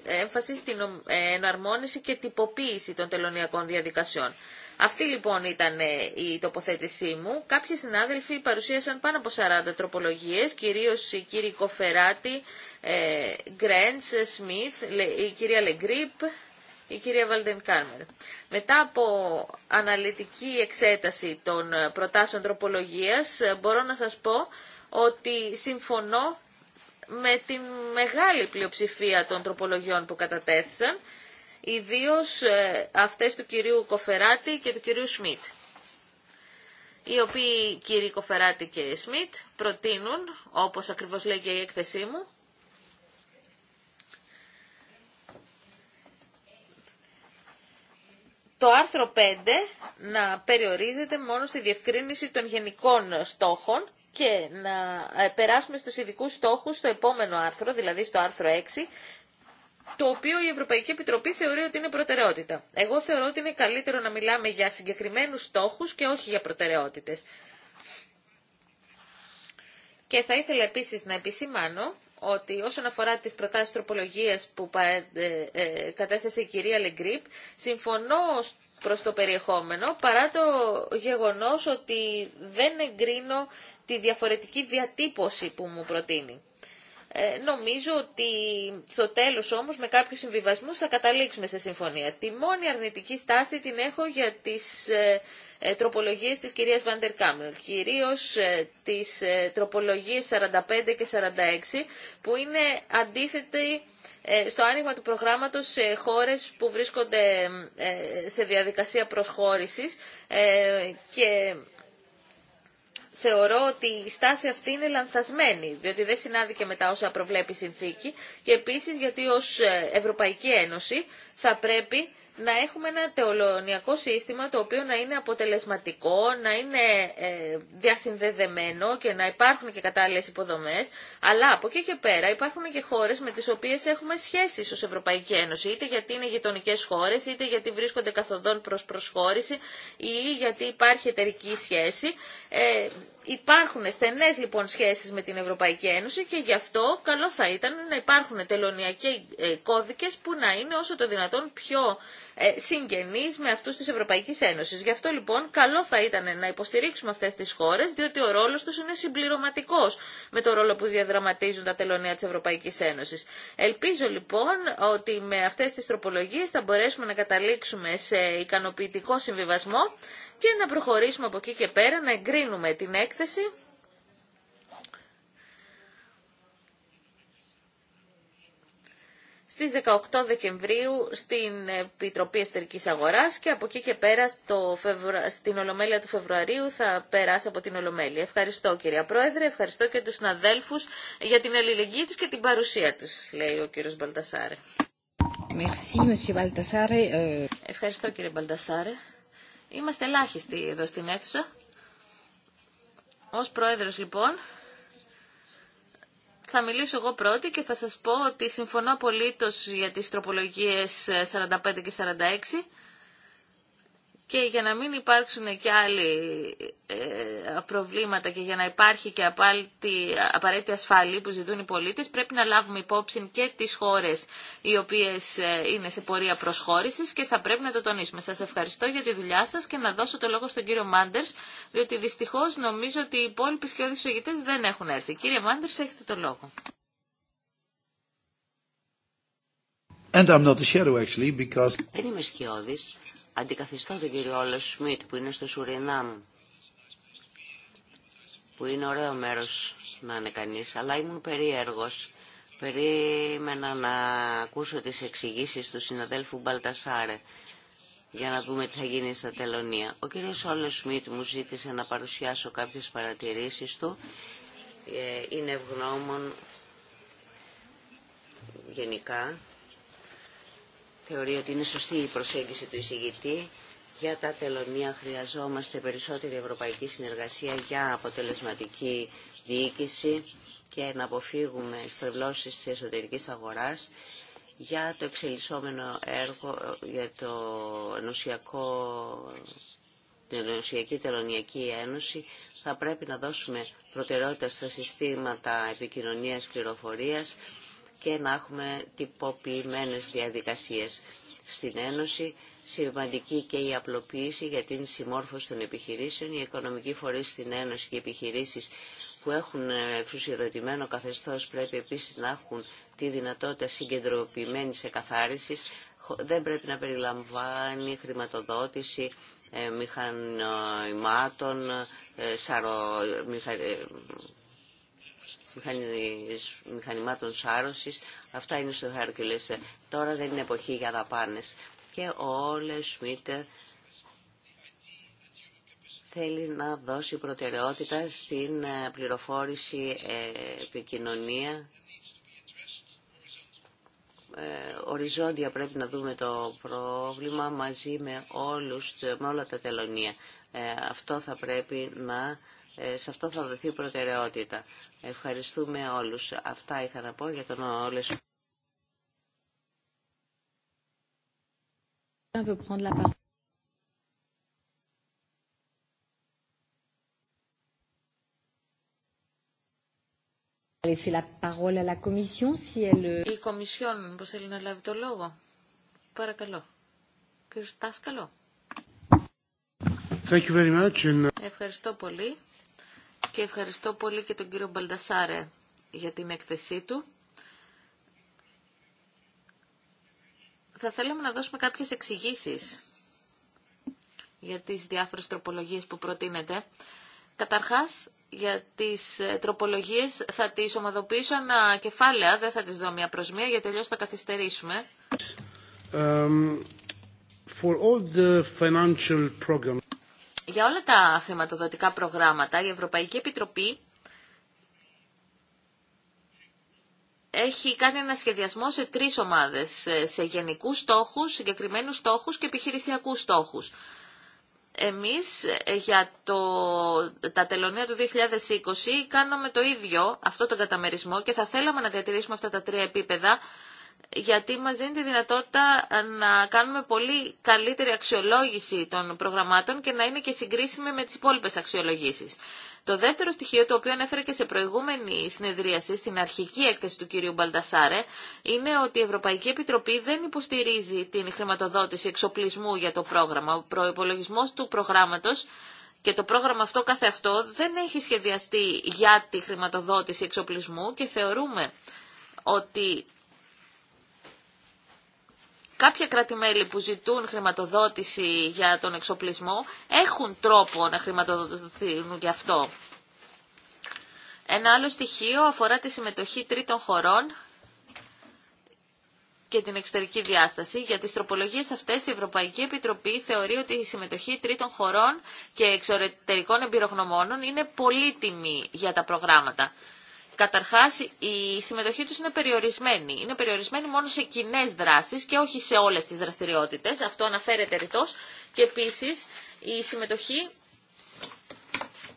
έμφαση στην ε, εναρμόνιση και τυποποίηση των τελωνιακών διαδικασιών. Αυτή λοιπόν ήταν η τοποθέτησή μου. Κάποιοι συνάδελφοι παρουσίασαν πάνω από 40 τροπολογίες, κυρίως η κύριοι Κοφεράτη, Γκρέντς, η κυρία Λεγκρίπ, η κυρία Βαλντεν Κάρμερ. Μετά από αναλυτική εξέταση των προτάσεων τροπολογίας μπορώ να σας πω ότι συμφωνώ με τη μεγάλη πλειοψηφία των τροπολογιών που κατατέθησαν, ιδίως ε, αυτές του κυρίου Κοφεράτη και του κυρίου Σμιτ οι οποίοι κύριοι Κοφεράτη και Σμιτ προτείνουν, όπως ακριβώς λέει η έκθεσή μου, το άρθρο 5 να περιορίζεται μόνο στη διευκρίνηση των γενικών στόχων και να ε, περάσουμε στους ειδικούς στόχους στο επόμενο άρθρο, δηλαδή στο άρθρο 6, το οποίο η Ευρωπαϊκή Επιτροπή θεωρεί ότι είναι προτεραιότητα. Εγώ θεωρώ ότι είναι καλύτερο να μιλάμε για συγκεκριμένους στόχους και όχι για προτεραιότητες. Και θα ήθελα επίσης να επισημάνω ότι όσον αφορά τις προτάσεις τροπολογίας που ε, ε, κατέθεσε η κυρία Λεγκρίπ, συμφωνώ προς το περιεχόμενο, παρά το γεγονός ότι δεν εγκρίνω τη διαφορετική διατύπωση που μου προτείνει. Ε, νομίζω ότι στο τέλος όμως με κάποιους συμβιβασμούς θα καταλήξουμε σε συμφωνία. Τη μόνη αρνητική στάση την έχω για τις ε, ε, τροπολογίες της κυρίας Βάντερ Κάμελ, κυρίως τις τροπολογίες 45 και 46 που είναι αντίθετη στο άνοιγμα του προγράμματος σε χώρες που βρίσκονται σε διαδικασία προσχώρησης και θεωρώ ότι η στάση αυτή είναι λανθασμένη, διότι δεν συνάδει και με τα όσα προβλέπει η συνθήκη και επίσης γιατί ως ε, Ευρωπαϊκή Ένωση θα πρέπει να έχουμε ένα τεολωνιακό σύστημα το οποίο να είναι αποτελεσματικό, να είναι ε, διασυνδεδεμένο και να υπάρχουν και κατάλληλες υποδομές, αλλά από εκεί και πέρα υπάρχουν και χώρες με τις οποίες έχουμε σχέσεις ως Ευρωπαϊκή Ένωση, είτε γιατί είναι γειτονικέ χώρες, είτε γιατί βρίσκονται καθοδόν προς προσχώρηση ή γιατί υπάρχει εταιρική σχέση. Ε, Υπάρχουν στενές λοιπόν σχέσεις με την Ευρωπαϊκή Ένωση και γι' αυτό καλό θα ήταν να υπάρχουν τελωνιακοί ε, κώδικες που να είναι όσο το δυνατόν πιο ε, συγγενείς με αυτούς της Ευρωπαϊκής Ένωσης. Γι' αυτό λοιπόν καλό θα ήταν να υποστηρίξουμε αυτές τις χώρες διότι ο ρόλος τους είναι συμπληρωματικός με το ρόλο που διαδραματίζουν τα τελωνία της Ευρωπαϊκής Ένωσης. Ελπίζω λοιπόν ότι με αυτές τις τροπολογίες θα μπορέσουμε να καταλήξουμε σε ικανοποιητικό συμβιβασμό και να προχωρήσουμε από εκεί και πέρα, να εγκρίνουμε την έκθεση στις 18 Δεκεμβρίου στην Επιτροπή Εστερικής Αγοράς και από εκεί και πέρα στο στην Ολομέλεια του Φεβρουαρίου θα περάσει από την Ολομέλεια. Ευχαριστώ κυρία Πρόεδρε, ευχαριστώ και τους συναδέλφους για την αλληλεγγύη τους και την παρουσία τους, λέει ο κύριος Μπαλτασάρε. Ε, ευχαριστώ κύριε Μπαλτασάρε. Είμαστε ελάχιστοι εδώ στην αίθουσα. Ως πρόεδρος λοιπόν θα μιλήσω εγώ πρώτη και θα σας πω ότι συμφωνώ απολύτως για τις τροπολογίες 45 ε, και 46 και για να μην υπάρξουν και άλλοι ε, προβλήματα και για να υπάρχει και απαραίτητη ασφάλεια που ζητούν οι πολίτες πρέπει να λάβουμε υπόψη και τις χώρες οι οποίες ε, είναι σε πορεία προσχώρησης και θα πρέπει να το τονίσουμε. Σας ευχαριστώ για τη δουλειά σας και να δώσω το λόγο στον κύριο Μάντερς διότι δυστυχώς νομίζω ότι οι υπόλοιποι σκιώδεις δεν έχουν έρθει. Κύριε Μάντερς έχετε το λόγο. And shadow actually because... Δεν είμαι σκιώδης Αντικαθιστώ τον κύριο Όλο Σμιτ που είναι στο Σουρινάμ, που είναι ωραίο μέρος να είναι κανείς, αλλά ήμουν περίεργος. Περίμενα να ακούσω τις εξηγήσεις του συναδέλφου Μπαλτασάρε για να δούμε τι θα γίνει στα τελωνία. Ο κύριος Όλε Σμιτ μου ζήτησε να παρουσιάσω κάποιες παρατηρήσεις του. Ε, είναι ευγνώμων γενικά Θεωρεί ότι είναι σωστή η προσέγγιση του εισηγητή. Για τα τελωνία χρειαζόμαστε περισσότερη ευρωπαϊκή συνεργασία για αποτελεσματική διοίκηση και να αποφύγουμε στρεβλώσεις της εσωτερική αγοράς για το εξελισσόμενο έργο, για το ενωσιακό, την Ενωσιακή Τελωνιακή Ένωση, θα πρέπει να δώσουμε προτεραιότητα στα συστήματα επικοινωνίας πληροφορίας, και να έχουμε τυποποιημένες διαδικασίες στην Ένωση. Σημαντική και η απλοποίηση για την συμμόρφωση των επιχειρήσεων. Οι οικονομικοί φορείς στην Ένωση και οι επιχειρήσεις που έχουν ε, εξουσιοδοτημένο καθεστώς πρέπει επίσης να έχουν τη δυνατότητα συγκεντρωποιημένης εκαθάρισης. Δεν πρέπει να περιλαμβάνει χρηματοδότηση ε, μηχανημάτων, ε, μηχανημάτων σάρωσης. Αυτά είναι στο Χέρκυλες. Τώρα δεν είναι εποχή για δαπάνες. Και ο Όλε θέλει να δώσει προτεραιότητα στην ε, πληροφόρηση, ε, επικοινωνία. Ε, οριζόντια πρέπει να δούμε το πρόβλημα μαζί με, όλους, με όλα τα τελωνία. Αυτό θα πρέπει να ε, σε αυτό θα δοθεί προτεραιότητα. Ευχαριστούμε όλους. Αυτά είχα να πω για τον όλες. Η Κομισιόν, πώ θέλει να λάβει το λόγο. Παρακαλώ. Κύριε Τάσκαλο. Thank you very much. Uh, Ευχαριστώ πολύ και ευχαριστώ πολύ και τον κύριο Μπαλτασάρε για την έκθεσή του. Θα θέλαμε να δώσουμε κάποιες εξηγήσεις για τις διάφορες τροπολογίες που προτείνετε. Καταρχάς, για τις ε, τροπολογίες θα τις ομαδοποιήσω ένα κεφάλαια, δεν θα τις δω μία προς μία, γιατί τελειώς θα καθυστερήσουμε. Um, for all the financial για όλα τα χρηματοδοτικά προγράμματα η Ευρωπαϊκή Επιτροπή έχει κάνει ένα σχεδιασμό σε τρεις ομάδες, σε γενικούς στόχους, συγκεκριμένους στόχους και επιχειρησιακούς στόχους. Εμείς ε, για το, τα τελωνία του 2020 κάνουμε το ίδιο αυτό τον καταμερισμό και θα θέλαμε να διατηρήσουμε αυτά τα τρία επίπεδα γιατί μας δίνει τη δυνατότητα να κάνουμε πολύ καλύτερη αξιολόγηση των προγραμμάτων και να είναι και συγκρίσιμη με τις υπόλοιπες αξιολογήσεις. Το δεύτερο στοιχείο, το οποίο ανέφερε και σε προηγούμενη συνεδρίαση, στην αρχική έκθεση του κυρίου Μπαλτασάρε, είναι ότι η Ευρωπαϊκή Επιτροπή δεν υποστηρίζει την χρηματοδότηση εξοπλισμού για το πρόγραμμα. Ο προπολογισμό του προγράμματο και το πρόγραμμα αυτό κάθε αυτό δεν έχει σχεδιαστεί για τη χρηματοδότηση εξοπλισμού και θεωρούμε ότι κάποια κράτη-μέλη που ζητούν χρηματοδότηση για τον εξοπλισμό έχουν τρόπο να χρηματοδοτηθούν γι' αυτό. Ένα άλλο στοιχείο αφορά τη συμμετοχή τρίτων χωρών και την εξωτερική διάσταση. Για τις τροπολογίες αυτές η Ευρωπαϊκή Επιτροπή θεωρεί ότι η συμμετοχή τρίτων χωρών και εξωτερικών εμπειρογνωμόνων είναι πολύτιμη για τα προγράμματα. Καταρχά, η συμμετοχή τους είναι περιορισμένη. Είναι περιορισμένη μόνο σε κοινέ δράσεις και όχι σε όλες τις δραστηριότητες. Αυτό αναφέρεται ρητός. Και επίσης, η συμμετοχή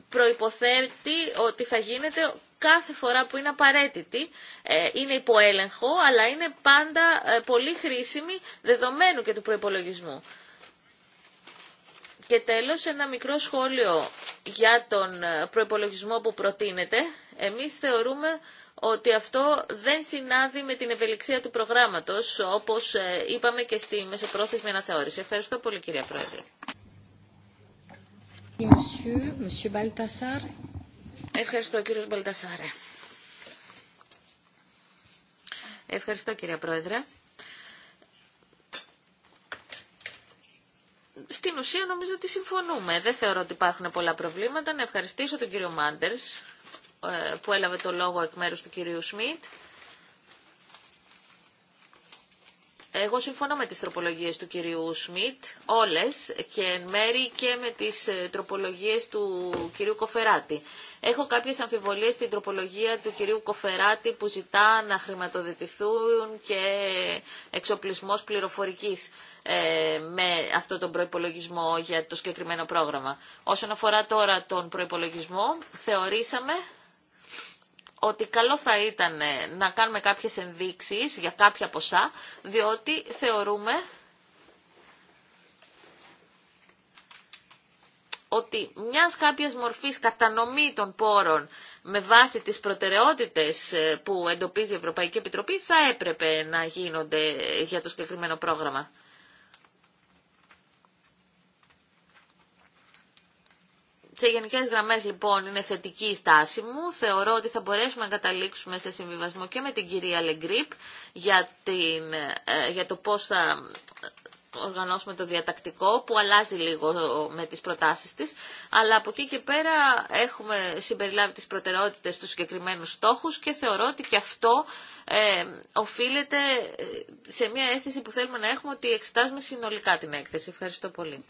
προϋποθέτει ότι θα γίνεται κάθε φορά που είναι απαραίτητη, ε, είναι υποέλεγχο, αλλά είναι πάντα ε, πολύ χρήσιμη δεδομένου και του προϋπολογισμού. Και τέλος ένα μικρό σχόλιο για τον ε, προϋπολογισμό που προτείνεται. Εμείς θεωρούμε ότι αυτό δεν συνάδει με την ευελιξία του προγράμματος, όπως ε, είπαμε και στη μεσοπρόθεσμη αναθεώρηση. Ευχαριστώ πολύ κυρία Πρόεδρε. Ευχαριστώ κύριος Μπαλτασάρε. Ευχαριστώ κυρία Πρόεδρε. στην ουσία νομίζω ότι συμφωνούμε. Δεν θεωρώ ότι υπάρχουν πολλά προβλήματα. Να ευχαριστήσω τον κύριο Μάντερς ε, που έλαβε το λόγο εκ μέρους του κυρίου Σμιτ. Εγώ συμφωνώ με τις τροπολογίες του κυρίου Σμιτ, όλες και εν μέρη και με τις ε, τροπολογίες του κυρίου Κοφεράτη. Έχω κάποιες αμφιβολίες στην τροπολογία του κυρίου Κοφεράτη που ζητά να χρηματοδοτηθούν και εξοπλισμός πληροφορικής. Ε, με αυτό τον προϋπολογισμό για το συγκεκριμένο πρόγραμμα. Όσον αφορά τώρα τον προϋπολογισμό, θεωρήσαμε ότι καλό θα ήταν να κάνουμε κάποιες ενδείξεις για κάποια ποσά, διότι θεωρούμε ότι μιας κάποιας μορφής κατανομή των πόρων με βάση τις προτεραιότητες ε, που εντοπίζει η Ευρωπαϊκή Επιτροπή θα έπρεπε να γίνονται για το συγκεκριμένο πρόγραμμα. σε γενικέ γραμμές λοιπόν είναι θετική η στάση μου. Θεωρώ ότι θα μπορέσουμε να καταλήξουμε σε συμβιβασμό και με την κυρία Λεγκρίπ για, ε, για το πώ θα οργανώσουμε το διατακτικό που αλλάζει λίγο με τις προτάσεις της, αλλά από εκεί και πέρα έχουμε συμπεριλάβει τις προτεραιότητες στους συγκεκριμένου στόχους και θεωρώ ότι και αυτό ε, οφείλεται ε, σε μια αίσθηση που θέλουμε να έχουμε ότι εξετάζουμε συνολικά την έκθεση. Ευχαριστώ πολύ.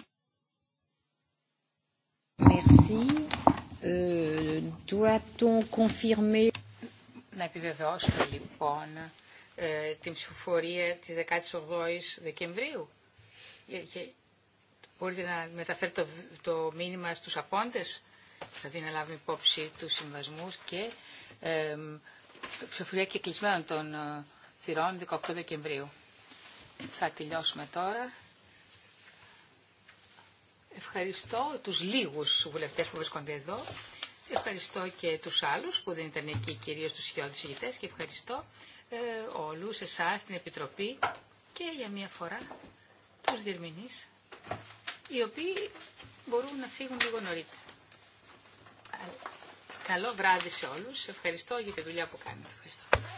Ε, να επιβεβαιώσουμε λοιπόν ε, την ψηφοφορία της 18ης Δεκεμβρίου. Ε, μπορείτε να μεταφέρετε το, το μήνυμα στους απόντες, δηλαδή να λάβουμε υπόψη του συμβασμούς και ε, ψηφοφορία και κλεισμένων των θυρών 18 Δεκεμβρίου. Θα τελειώσουμε τώρα. Ευχαριστώ τους λίγους βουλευτές που βρίσκονται εδώ. Ευχαριστώ και τους άλλους που δεν ήταν εκεί, κυρίως τους χιώδης ηγητές και ευχαριστώ ε, όλους εσάς, την Επιτροπή και για μία φορά τους διερμηνείς, οι οποίοι μπορούν να φύγουν λίγο νωρίτερα. Καλό βράδυ σε όλους. Ευχαριστώ για τη δουλειά που κάνετε.